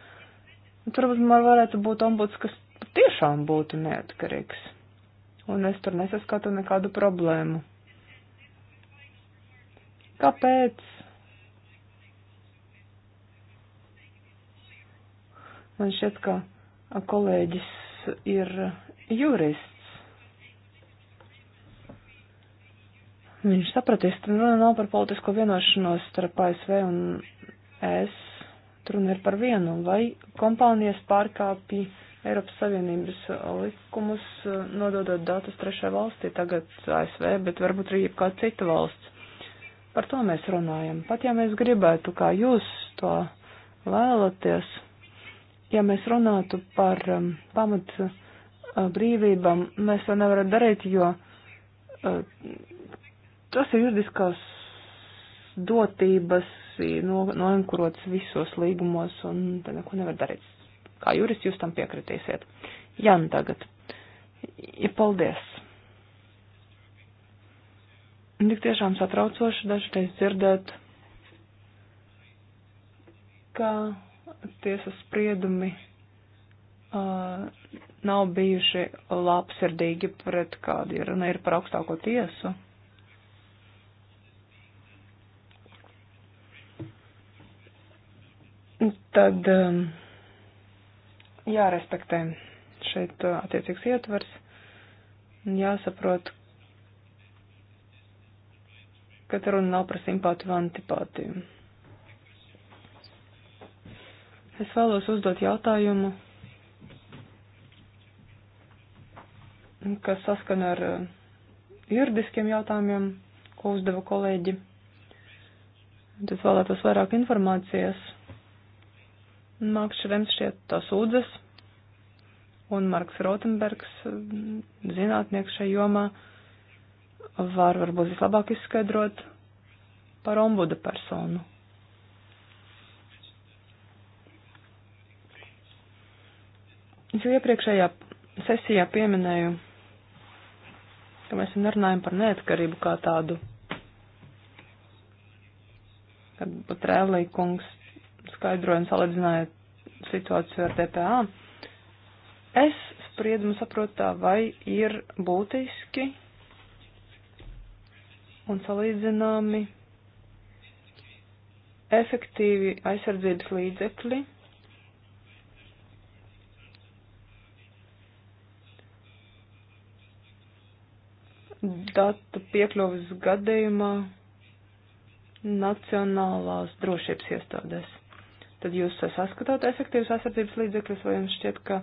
Tur man varētu būt ombuds, kas tiešām būtu neatkarīgs. Un es tur nesaskatu nekādu problēmu. Kāpēc Man šķiet, ka kolēģis ir jurists. Viņš sapratīs, tur runa nav par politisko vienošanos starp ASV un ES. Tur runa ir par vienu, vai kompānijas pārkāpja Eiropas Savienības likumus, nododot datus trešai valstī, tagad ASV, bet varbūt arī kāda cita valsts. Par to mēs runājam. Pat ja mēs gribētu, kā jūs to vēlaties ja mēs runātu par um, pamat uh, brīvībām, mēs to nevaram darīt, jo uh, tas ir juridiskās dotības, no, noenkurots visos līgumos, un tad neko nevar darīt. Kā jurists jūs tam piekritīsiet. Jan tagad. Ja, paldies. Tik tiešām satraucoši dažreiz dzirdēt, ka tiesas spriedumi uh, nav bijuši labsirdīgi pret kādu, ja runa ir par augstāko tiesu. Tad um, jārespektē šeit attiecīgs ietvers un jāsaprot, ka te runa nav par simpātiju vai antipātiju. Es vēlos uzdot jautājumu, kas saskana ar eh, juridiskiem jautājumiem, ko uzdeva kolēģi. Tad vēlētos vairāk informācijas. Marks Šrems šeit tā sūdzas, un Marks Rotenbergs, mm, zinātnieks šajā jomā, var varbūt vislabāk izskaidrot par ombuda personu. jau iepriekšējā sesijā pieminēju, ka mēs nerunājam par neatkarību kā tādu. Kad pat Rēlī kungs skaidroja un salīdzināja situāciju ar DPA, es spriedumu saprotu tā, vai ir būtiski un salīdzināmi efektīvi aizsardzības līdzekļi datu piekļuvis gadījumā nacionālās drošības iestādēs. Tad jūs saskatāt efektīvas aizsardzības līdzekļus, vai jums šķiet, ka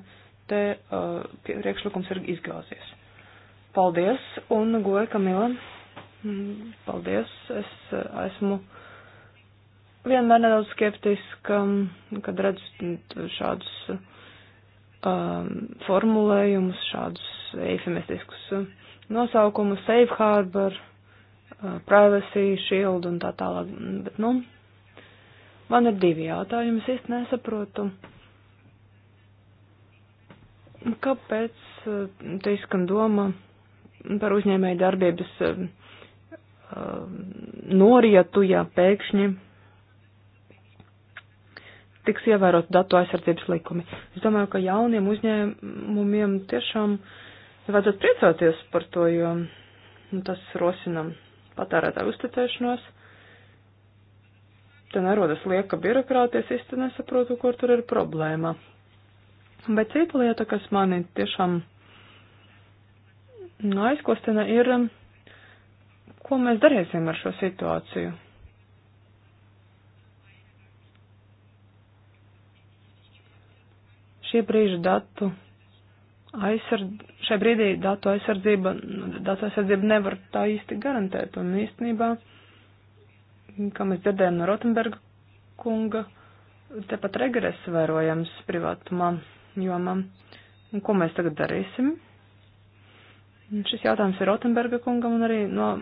te uh, priekšlikums ir izgāzies? Paldies, un goja Kamila, mm, paldies, es uh, esmu vienmēr nedaudz skeptiska, kad redzu šādus um, formulējumus, šādus eifemistiskus. Uh, nosaukumu Safe Harbor, uh, Privacy Shield un tā tālāk. Bet, nu, man ir divi jautājumi, es īsti nesaprotu. Kāpēc uh, te izskan doma par uzņēmēju darbības uh, norietu, ja pēkšņi tiks ievērot datu aizsardzības likumi? Es domāju, ka jauniem uzņēmumiem tiešām uh, Vajadzētu priecāties par to, jo nu, tas rosina patērētāju uzticēšanos. Te nerodas lieka birokrātijas, īsti nesaprotu, kur tur ir problēma. Bet cita lieta, kas mani tiešām nu, aizkostina, ir, ko mēs darīsim ar šo situāciju. Šie brīža datu aizsardz, šai brīdī datu aizsardzība, datu aizsardzība nevar tā īsti garantēt. Un īstenībā, kā mēs dzirdējām no Rotenberga kunga, tepat regress vērojams privātumā jomā. Un ko mēs tagad darīsim? Un šis jautājums ir Rotenberga kungam un arī no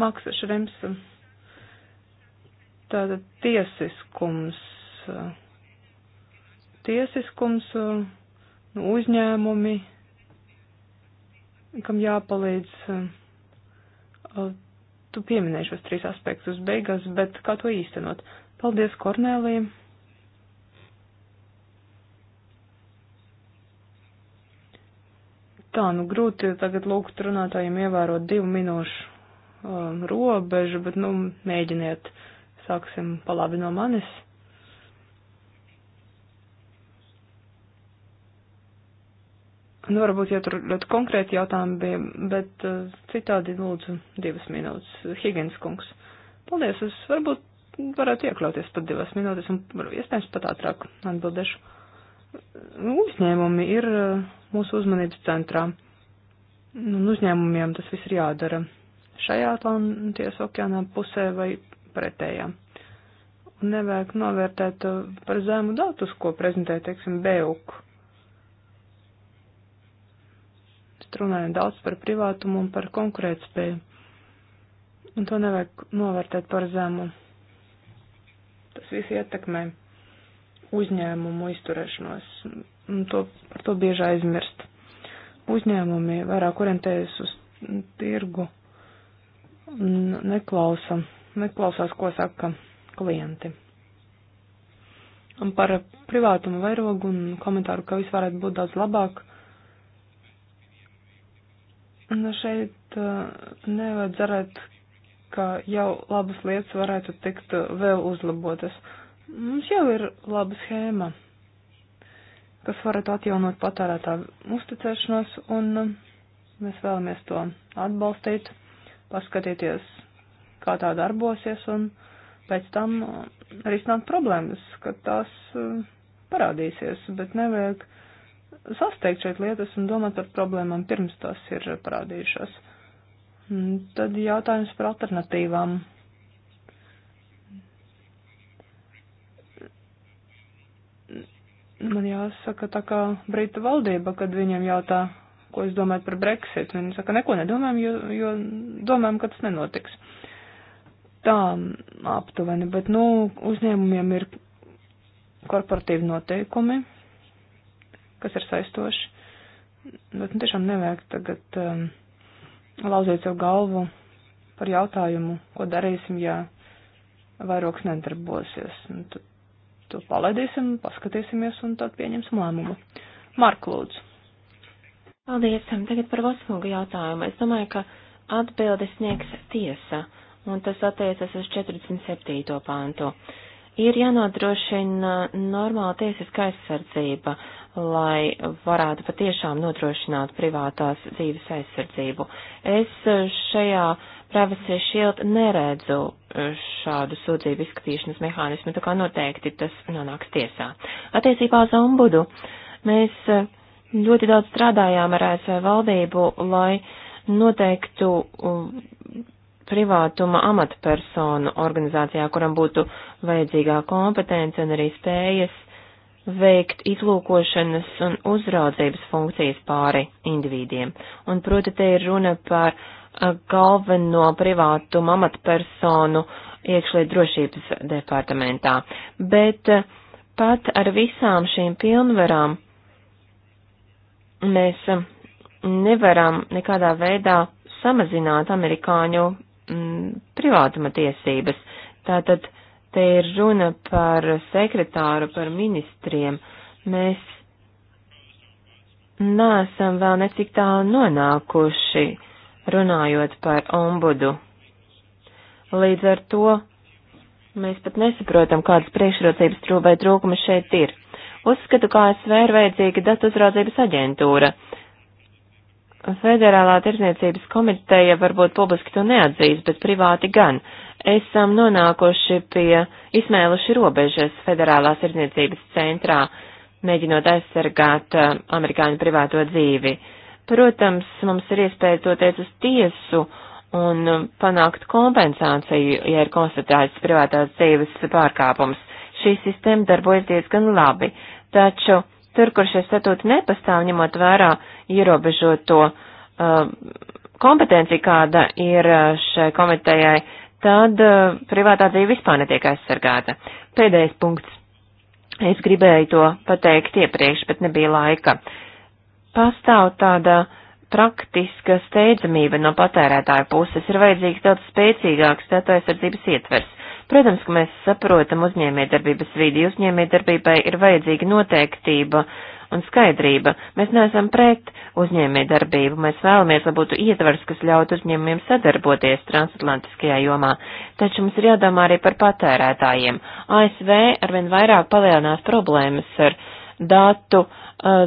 Maksa Šrems. Tātad tiesiskums. Tiesiskums. Uh, Nu, uzņēmumi, kam jāpalīdz. Uh, tu pieminēji šos trīs aspektus beigās, bet kā to īstenot? Paldies, Kornēlija! Tā, nu grūti tagad lūgt runātājiem ievērot divu minūšu um, robežu, bet, nu, mēģiniet, sāksim pa labi no manis. Nu, varbūt jau tur ļoti konkrēti jautājumi bija, bet uh, citādi lūdzu divas minūtes. Higgins kungs. Paldies, es varbūt varētu iekļauties pat divas minūtes un iespējams pat ātrāk atbildēšu. Uzņēmumi ir uh, mūsu uzmanības centrā. Nu, un uzņēmumiem tas viss ir jādara šajā Atlantijas okeānā pusē vai pretējā. Un nevajag novērtēt uh, par zēmu datus, ko prezentē, teiksim, Beuk. Uh, runājam daudz par privātumu un par konkurētspēju. Un to nevajag novērtēt par zemu. Tas viss ietekmē uzņēmumu izturēšanos. Un to, par to bieži aizmirst. Uzņēmumi vairāk orientējas uz tirgu un neklausa, neklausās, ko saka klienti. Un par privātumu vairogu un komentāru, ka viss varētu būt daudz labāk, Nu, šeit uh, nevajag cerēt, ka jau labas lietas varētu tikt uh, vēl uzlabotas. Mums jau ir laba schēma, kas varētu atjaunot patērētā uzticēšanos, un uh, mēs vēlamies to atbalstīt, paskatīties, kā tā darbosies, un pēc tam risināt problēmas, kad tās parādīsies, bet nevajag sasteigt šeit lietas un domāt par problēmām pirms tās ir parādījušās. Tad jautājums par alternatīvām. Man jāsaka tā kā Brita valdība, kad viņiem jautā, ko es domāju par Brexit. Viņi saka, neko nedomājam, jo, jo domājam, ka tas nenotiks. Tā aptuveni, bet, nu, uzņēmumiem ir korporatīvi noteikumi, kas ir saistoši. Bet nu, tiešām nevajag tagad um, lauzīt sev galvu par jautājumu, ko darīsim, ja vairoks nedarbosies. Un nu, tad to palaidīsim, paskatīsimies un tad pieņemsim lēmumu. Mark, lūdzu. Paldies. Tagad par Voskunga jautājumu. Es domāju, ka atbildes sniegs tiesa, un tas attiecas uz 47. pāntu. Ir jānodrošina normāla tiesiska aizsardzība, lai varētu patiešām nodrošināt privātās dzīves aizsardzību. Es šajā Privacy Shield neredzu šādu sūdzību izskatīšanas mehānismu, tā kā noteikti tas nonāks tiesā. Attiecībā uz ombudu mēs ļoti daudz strādājām ar ASV valdību, lai noteiktu privātuma amatpersonu organizācijā, kuram būtu vajadzīgā kompetence un arī spējas veikt izlūkošanas un uzraudzības funkcijas pāri individiem. Un proti te ir runa par galveno privātuma amatpersonu iekšliet drošības departamentā. Bet pat ar visām šīm pilnvarām mēs nevaram nekādā veidā samazināt amerikāņu privātuma tiesības. Tātad te ir runa par sekretāru, par ministriem. Mēs neesam vēl necik tālu nonākuši runājot par ombudu. Līdz ar to mēs pat nesaprotam, kādas priekšrocības trū vai trūkumi šeit ir. Uzskatu, ka ASV ir vajadzīga datu uzraudzības aģentūra. Federālā tirzniecības komiteja varbūt publiski to neatzīs, bet privāti gan. Esam nonākuši pie izmēluši robežas Federālās tirzniecības centrā, mēģinot aizsargāt uh, amerikāņu privāto dzīvi. Protams, mums ir iespēja doties uz tiesu un eh, panākt kompensāciju, ja ir konstatēts privātās dzīves pārkāpums. Šī sistēma darbojas diezgan labi, taču tur, kur šie statūti nepastāv, ņemot vērā ierobežoto uh, kompetenci, kāda ir uh, šai komitejai, tad uh, privātā dzīve vispār netiek aizsargāta. Pēdējais punkts. Es gribēju to pateikt iepriekš, bet nebija laika. Pastāv tāda praktiska steidzamība no patērētāja puses. Ir vajadzīgs daudz spēcīgāks datu aizsardzības ietvers. Protams, ka mēs saprotam uzņēmējdarbības vidi. Uzņēmējdarbībai ir vajadzīga noteiktība un skaidrība. Mēs neesam pret uzņēmējdarbību. Mēs vēlamies, lai būtu ietvars, kas ļaut uzņēmumiem sadarboties transatlantiskajā jomā. Taču mums ir jādomā arī par patērētājiem. ASV arvien vairāk palielinās problēmas ar datu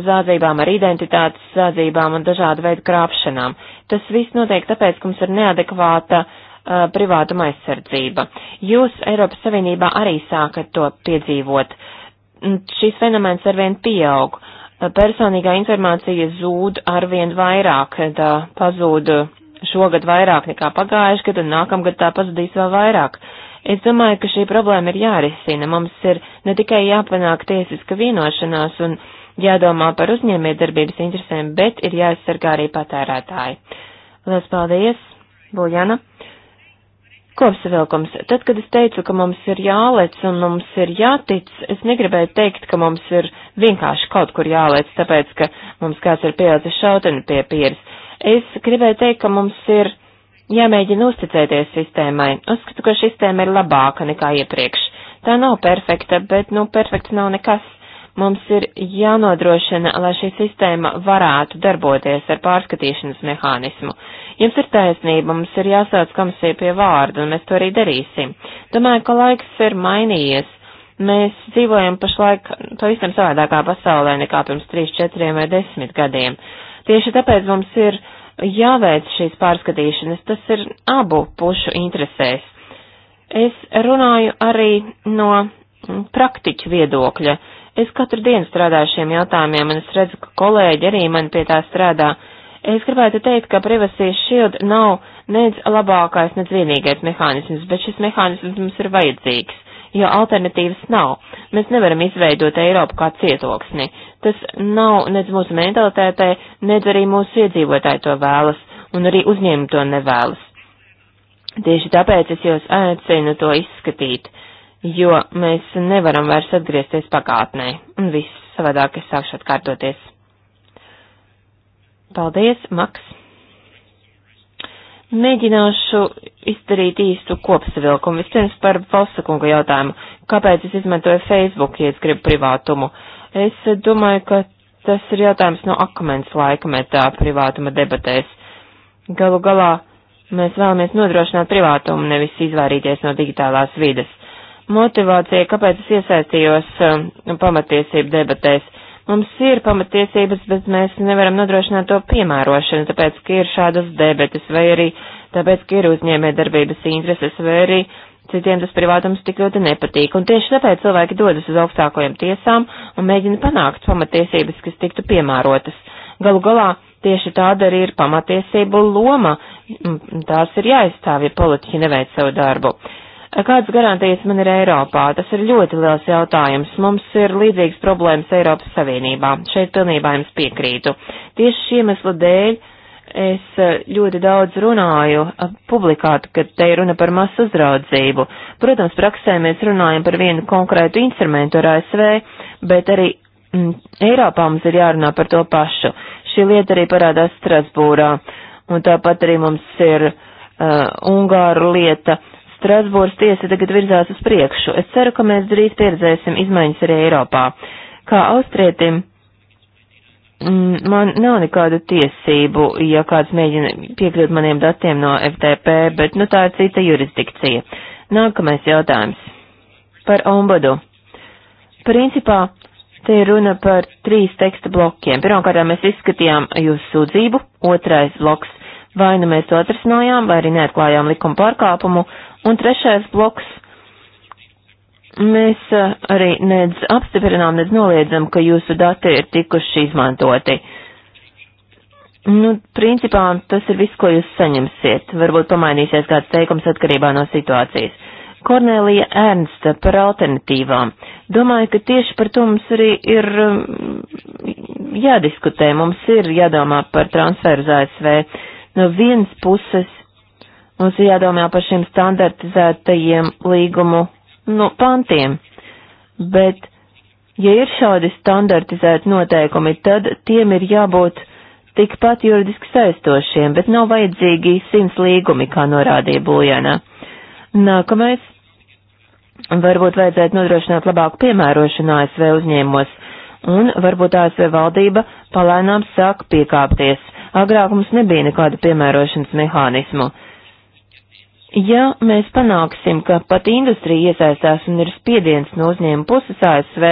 zādzībām, uh, ar identitātes zādzībām un dažādu veidu krāpšanām. Tas viss notiek tāpēc, ka mums ir neadekvāta uh, uh, privātuma aizsardzība. Jūs Eiropas Savienībā arī sākat to piedzīvot. Šis fenomens arvien pieaug. Personīgā informācija zūd arvien vairāk, tā pazūd šogad vairāk nekā pagājuši gadu, un nākamgad tā pazudīs vēl vairāk. Es domāju, ka šī problēma ir jārisina. Mums ir ne tikai jāpanāk tiesiska vienošanās un jādomā par uzņēmējdarbības interesēm, bet ir jāaizsargā arī patērētāji. Lielas paldies, Buljana! Kopsavilkums. Tad, kad es teicu, ka mums ir jālec un mums ir jātic, es negribēju teikt, ka mums ir vienkārši kaut kur jālec, tāpēc, ka mums kāds ir pielicis šauteni pie pieres. Es gribēju teikt, ka mums ir jāmēģina uzticēties sistēmai. Uzskatu, ka šī sistēma ir labāka nekā iepriekš. Tā nav perfekta, bet, nu, perfekta nav nekas. Mums ir jānodrošina, lai šī sistēma varētu darboties ar pārskatīšanas mehānismu. Jums ir taisnība, mums ir jāsauc komisija pie vārdu, un mēs to arī darīsim. Domāju, ka laiks ir mainījies. Mēs dzīvojam pašlaik pavisam savādākā pasaulē nekā pirms 3, 4 vai 10 gadiem. Tieši tāpēc mums ir jāveic šīs pārskatīšanas, tas ir abu pušu interesēs. Es runāju arī no praktiķu viedokļa. Es katru dienu strādāju šiem jautājumiem, un es redzu, ka kolēģi arī man pie tā strādā. Es gribētu teikt, ka privacijas šild nav nec labākais, nec vienīgais mehānisms, bet šis mehānisms mums ir vajadzīgs, jo alternatīvas nav. Mēs nevaram izveidot Eiropu kā cietoksni. Tas nav nec mūsu mentalitātē, nec arī mūsu iedzīvotāji to vēlas, un arī uzņēmumi to nevēlas. Tieši tāpēc es jūs aicinu to izskatīt jo mēs nevaram vairs atgriezties pagātnē, un viss savādāk es sākšu atkārtoties. Paldies, Maks! Mēģināšu izdarīt īstu kopsavilkumu. Vispirms par Valsakunga jautājumu. Kāpēc es izmantoju Facebook, ja es gribu privātumu? Es domāju, ka tas ir jautājums no akmens laikmetā privātuma debatēs. Galu galā mēs vēlamies nodrošināt privātumu, nevis izvairīties no digitālās vides motivācija, kāpēc es iesaistījos um, pamatiesību debatēs. Mums ir pamatiesības, bet mēs nevaram nodrošināt to piemērošanu, tāpēc, ka ir šādas debetes, vai arī tāpēc, ka ir uzņēmē darbības intereses, vai arī citiem tas privātums tik ļoti nepatīk. Un tieši tāpēc cilvēki dodas uz augstākajām tiesām un mēģina panākt pamatiesības, kas tiktu piemērotas. Galu galā tieši tāda arī ir pamatiesību loma. Mm, tās ir jāizstāvja, politiķi neveic savu darbu. Kādas garantijas man ir Eiropā? Tas ir ļoti liels jautājums. Mums ir līdzīgas problēmas Eiropas Savienībā. Šeit pilnībā jums piekrītu. Tieši šī iemesla dēļ es eh, ļoti daudz runāju eh, publikātu, kad te ir runa par masu uzraudzību. Protams, praksē mēs runājam par vienu konkrētu instrumentu ar ASV, bet arī m, mm, Eiropā mums ir jārunā par to pašu. Šī lieta arī parādās Strasbūrā, un tāpat arī mums ir uh, Ungāru lieta. Uh, Strasbūras tiesa tagad virzās uz priekšu. Es ceru, ka mēs drīz pieredzēsim izmaiņas arī Eiropā. Kā austrietim, mm, man nav nekādu tiesību, ja kāds mēģina piekļūt maniem datiem no FTP, bet nu tā ir cita jurisdikcija. Nākamais jautājums par ombudu. Principā te ir runa par trīs teksta blokiem. Pirmkārt, mēs izskatījām jūsu sūdzību, otrais bloks vai nu mēs to atrisinājām, vai arī neatklājām likuma pārkāpumu, Un trešais bloks. Mēs uh, arī nedz apstiprinām, nedz noliedzam, ka jūsu dati ir tikuši izmantoti. Nu, principā tas ir viss, ko jūs saņemsiet. Varbūt pamainīsies kāds teikums atkarībā no situācijas. Kornelija Ernsta par alternatīvām. Domāju, ka tieši par to mums arī ir um, jādiskutē. Mums ir jādomā par transferu uz ASV. No vienas puses Mums ir jādomā par šiem standartizētajiem līgumu nu, pantiem, bet, ja ir šādi standartizēti noteikumi, tad tiem ir jābūt tikpat juridiski saistošiem, bet nav vajadzīgi simts līgumi, kā norādīja Buljana. Nākamais. Varbūt vajadzētu nodrošināt labāku piemērošanu ASV uzņēmumos, un varbūt ASV valdība palēnām sāk piekāpties. Agrāk mums nebija nekādu piemērošanas mehānismu. Ja mēs panāksim, ka pat industrija iesaistās un ir spiediens no uzņēmuma puses ASV,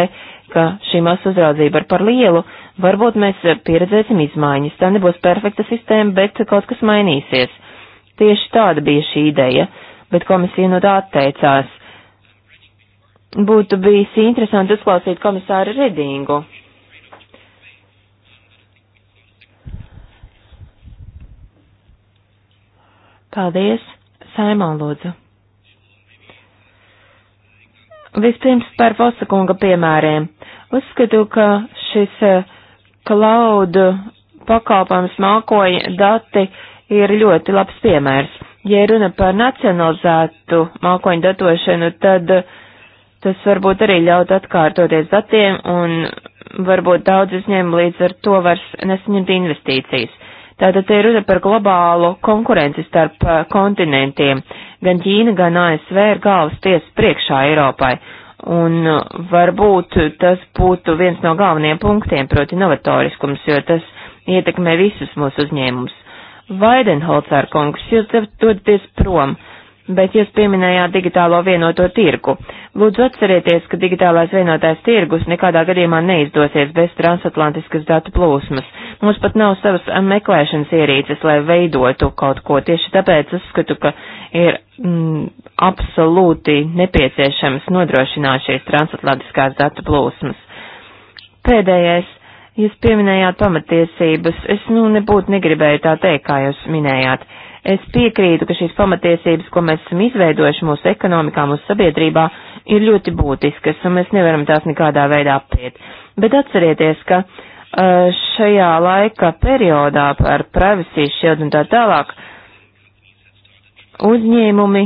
ka šī masu uzraudzība ir par lielu, varbūt mēs pieredzēsim izmaiņas. Tā nebūs perfekta sistēma, bet kaut kas mainīsies. Tieši tāda bija šī ideja, bet komisija no tā atteicās. Būtu bijis interesanti uzklausīt komisāru Redingu. Paldies! Saimon lūdzu. Vispirms par Vosakunga piemēriem. Uzskatu, ka šis eh, cloud pakalpojums mākoja dati ir ļoti labs piemērs. Ja runa par nacionalizētu mākoņu datošanu, tad tas varbūt arī ļaut atkārtoties datiem un varbūt daudz uzņēmumu līdz ar to vairs nesaņemt investīcijas. Tātad te ir runa par globālu konkurenci starp eh, kontinentiem. Gan Ķīna, gan ASV ir galvas tiesas priekšā Eiropai. Un eh, varbūt tas būtu viens no galvenajiem punktiem, proti novatoriskums, jo tas ietekmē visus mūsu uzņēmumus. Vaidenholcār kungs, jūs dodaties prom. Uh, bet jūs pieminējāt digitālo vienoto tirgu. Lūdzu atcerieties, ka digitālais vienotais tirgus nekādā gadījumā neizdosies bez transatlantiskas datu plūsmas. Mums pat nav savas um, meklēšanas ierīces, lai veidotu kaut ko. Tieši tāpēc uzskatu, ka ir mm, absolūti nepieciešams nodrošināt šīs transatlantiskās datu plūsmas. Pēdējais. Jūs pieminējāt pamatiesības. Es nu nebūtu negribēju tā teikt, kā jūs minējāt. Uh, Es piekrītu, ka šīs pamatiesības, ko mēs esam izveidojuši mūsu ekonomikā, mūsu sabiedrībā, ir ļoti būtiskas, un mēs nevaram tās nekādā veidā apiet. Bet atcerieties, ka eh, šajā laika periodā par privacy shield un tā tālāk uzņēmumi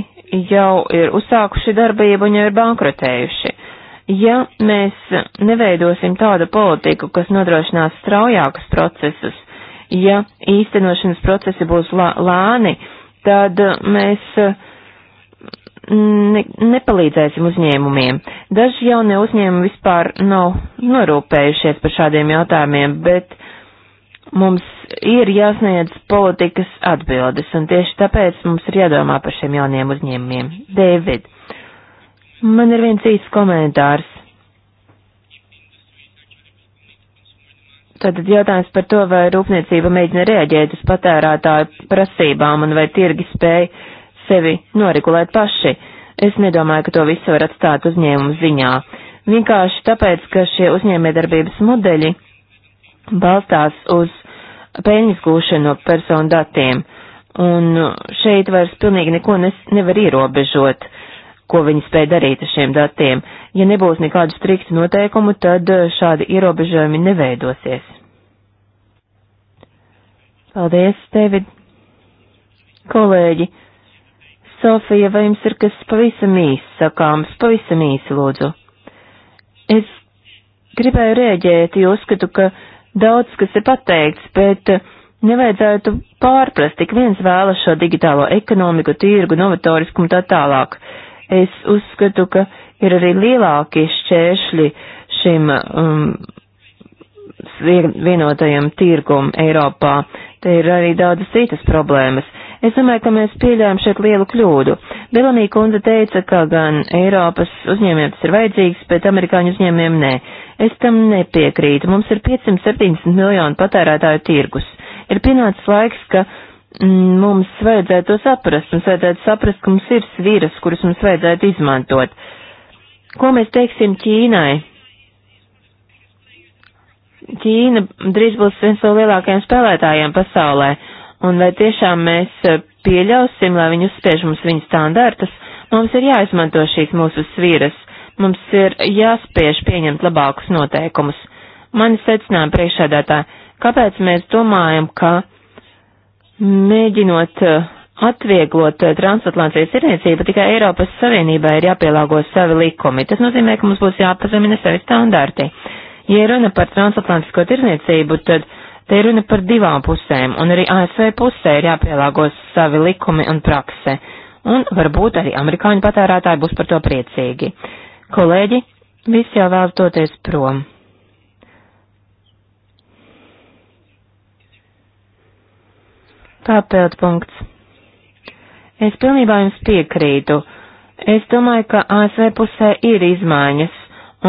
jau ir uzsākuši darbību un jau ir bankrotējuši. Ja mēs neveidosim tādu politiku, kas nodrošinās straujākus procesus, ja īstenošanas procesi būs lāni, tad uh, mēs uh, ne, nepalīdzēsim uzņēmumiem. Daži jaunie uzņēmumi vispār nav norūpējušies par šādiem jautājumiem, bet mums ir jāsniedz politikas atbildes, un tieši tāpēc mums ir jādomā par šiem jauniem uzņēmumiem. David, man ir viens īsts komentārs. Tad jautājums par to, vai rūpniecība mēģina reaģēt uz patērētāju prasībām un vai tirgi spēj sevi noregulēt paši. Es nedomāju, ka to visu var atstāt uzņēmumu ziņā. Vienkārši tāpēc, ka šie uzņēmējdarbības modeļi balstās uz peļņas gūšanu no personu datiem, un šeit vairs pilnīgi neko nes, nevar ierobežot ko viņi spēja darīt ar šiem datiem. Ja nebūs nekādu striktu noteikumu, tad eh, šādi ierobežojumi neveidosies. Paldies, David. Kolēģi, Sofija, vai jums ir kas pavisam īsi sakāms, pavisam īsi lūdzu? Es gribēju rēģēt, jo uzskatu, ka daudz kas ir pateikts, bet eh, nevajadzētu pārprast, tik viens vēlas šo digitālo ekonomiku, tirgu, novatoriskumu tā tālāk. Uh, Es uzskatu, ka ir arī lielākie šķēršļi šim um, vienotajam tirgum Eiropā. Te ir arī daudzas citas problēmas. Es domāju, ka mēs pieļājam šeit lielu kļūdu. Bilanī kundze teica, ka gan Eiropas uzņēmējiem tas ir vajadzīgs, bet amerikāņu uzņēmējiem nē. Es tam nepiekrītu. Mums ir 570 miljonu patērētāju tirgus. Ir pienācis laiks, ka uh, Mm, mums vajadzētu to saprast, mums vajadzētu saprast, ka mums ir sviras, kuras mums vajadzētu izmantot. Ko mēs teiksim Ķīnai? Ķīna drīz būs viens no lielākajiem spēlētājiem pasaulē, un vai tiešām mēs eh, pieļausim, lai viņi uzspiež mums viņu standartus, mums ir jāizmanto šīs mūsu sviras, mums ir jāspiež pieņemt labākus noteikumus. Mani secināja priekšādātā, kāpēc mēs domājam, ka Mēģinot eh, atvieglot eh, transatlantijas tirniecību, tikai Eiropas Savienībai ir jāpielāgo savi likumi. Tas nozīmē, ka mums būs jāpazemina savi standarti. Ja runa par transatlantisko tirniecību, tad te ir runa par divām pusēm, un arī ASV pusē ir jāpielāgo savi likumi un prakse. Un varbūt arī amerikāņu patērētāji būs par to priecīgi. Kolēģi, visi jau vēlas doties prom. Papildu punkts. Es pilnībā jums piekrītu. Es domāju, ka ASV pusē ir izmaiņas,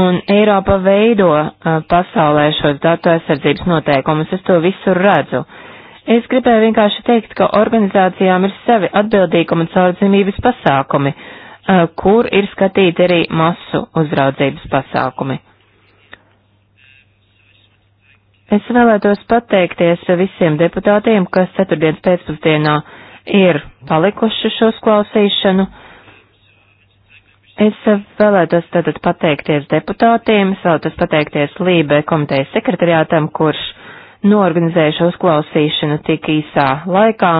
un Eiropa veido uh, pasaulē šos datu aizsardzības noteikumus. Es to visur redzu. Es gribēju vienkārši teikt, ka organizācijām ir savi atbildīguma caurdzimības pasākumi, uh, kur ir skatīti arī masu uzraudzības pasākumi. Es vēlētos pateikties visiem deputātiem, kas ceturtdienas pēcpusdienā ir palikuši šo klausīšanu. Es vēlētos tātad pateikties deputātiem, es vēlētos pateikties Lībe komitejas sekretariātam, kurš norganizēja šo klausīšanu tik īsā laikā.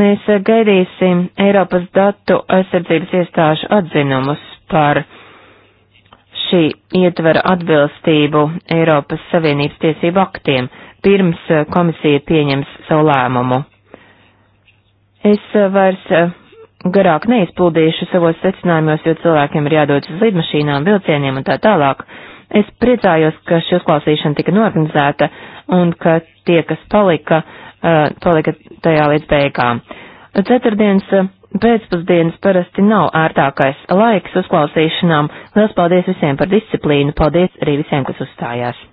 Mēs gaidīsim Eiropas datu aizsardzības iestāžu atzinumus par šī ietvara atbilstību Eiropas Savienības tiesību aktiem, pirms eh, komisija pieņems savu lēmumu. Es eh, vairs eh, garāk neizpildīšu savos secinājumos, jo cilvēkiem ir jādodas uz lidmašīnām, vilcieniem un tā tālāk. Es priecājos, ka šī uzklausīšana tika norganizēta un ka tie, kas palika, palika tajā līdz beigām. Ceturtdienas Pēcpusdienas parasti nav ērtākais laiks uzklausīšanām. Lielas paldies visiem par disciplīnu, paldies arī visiem, kas uzstājās.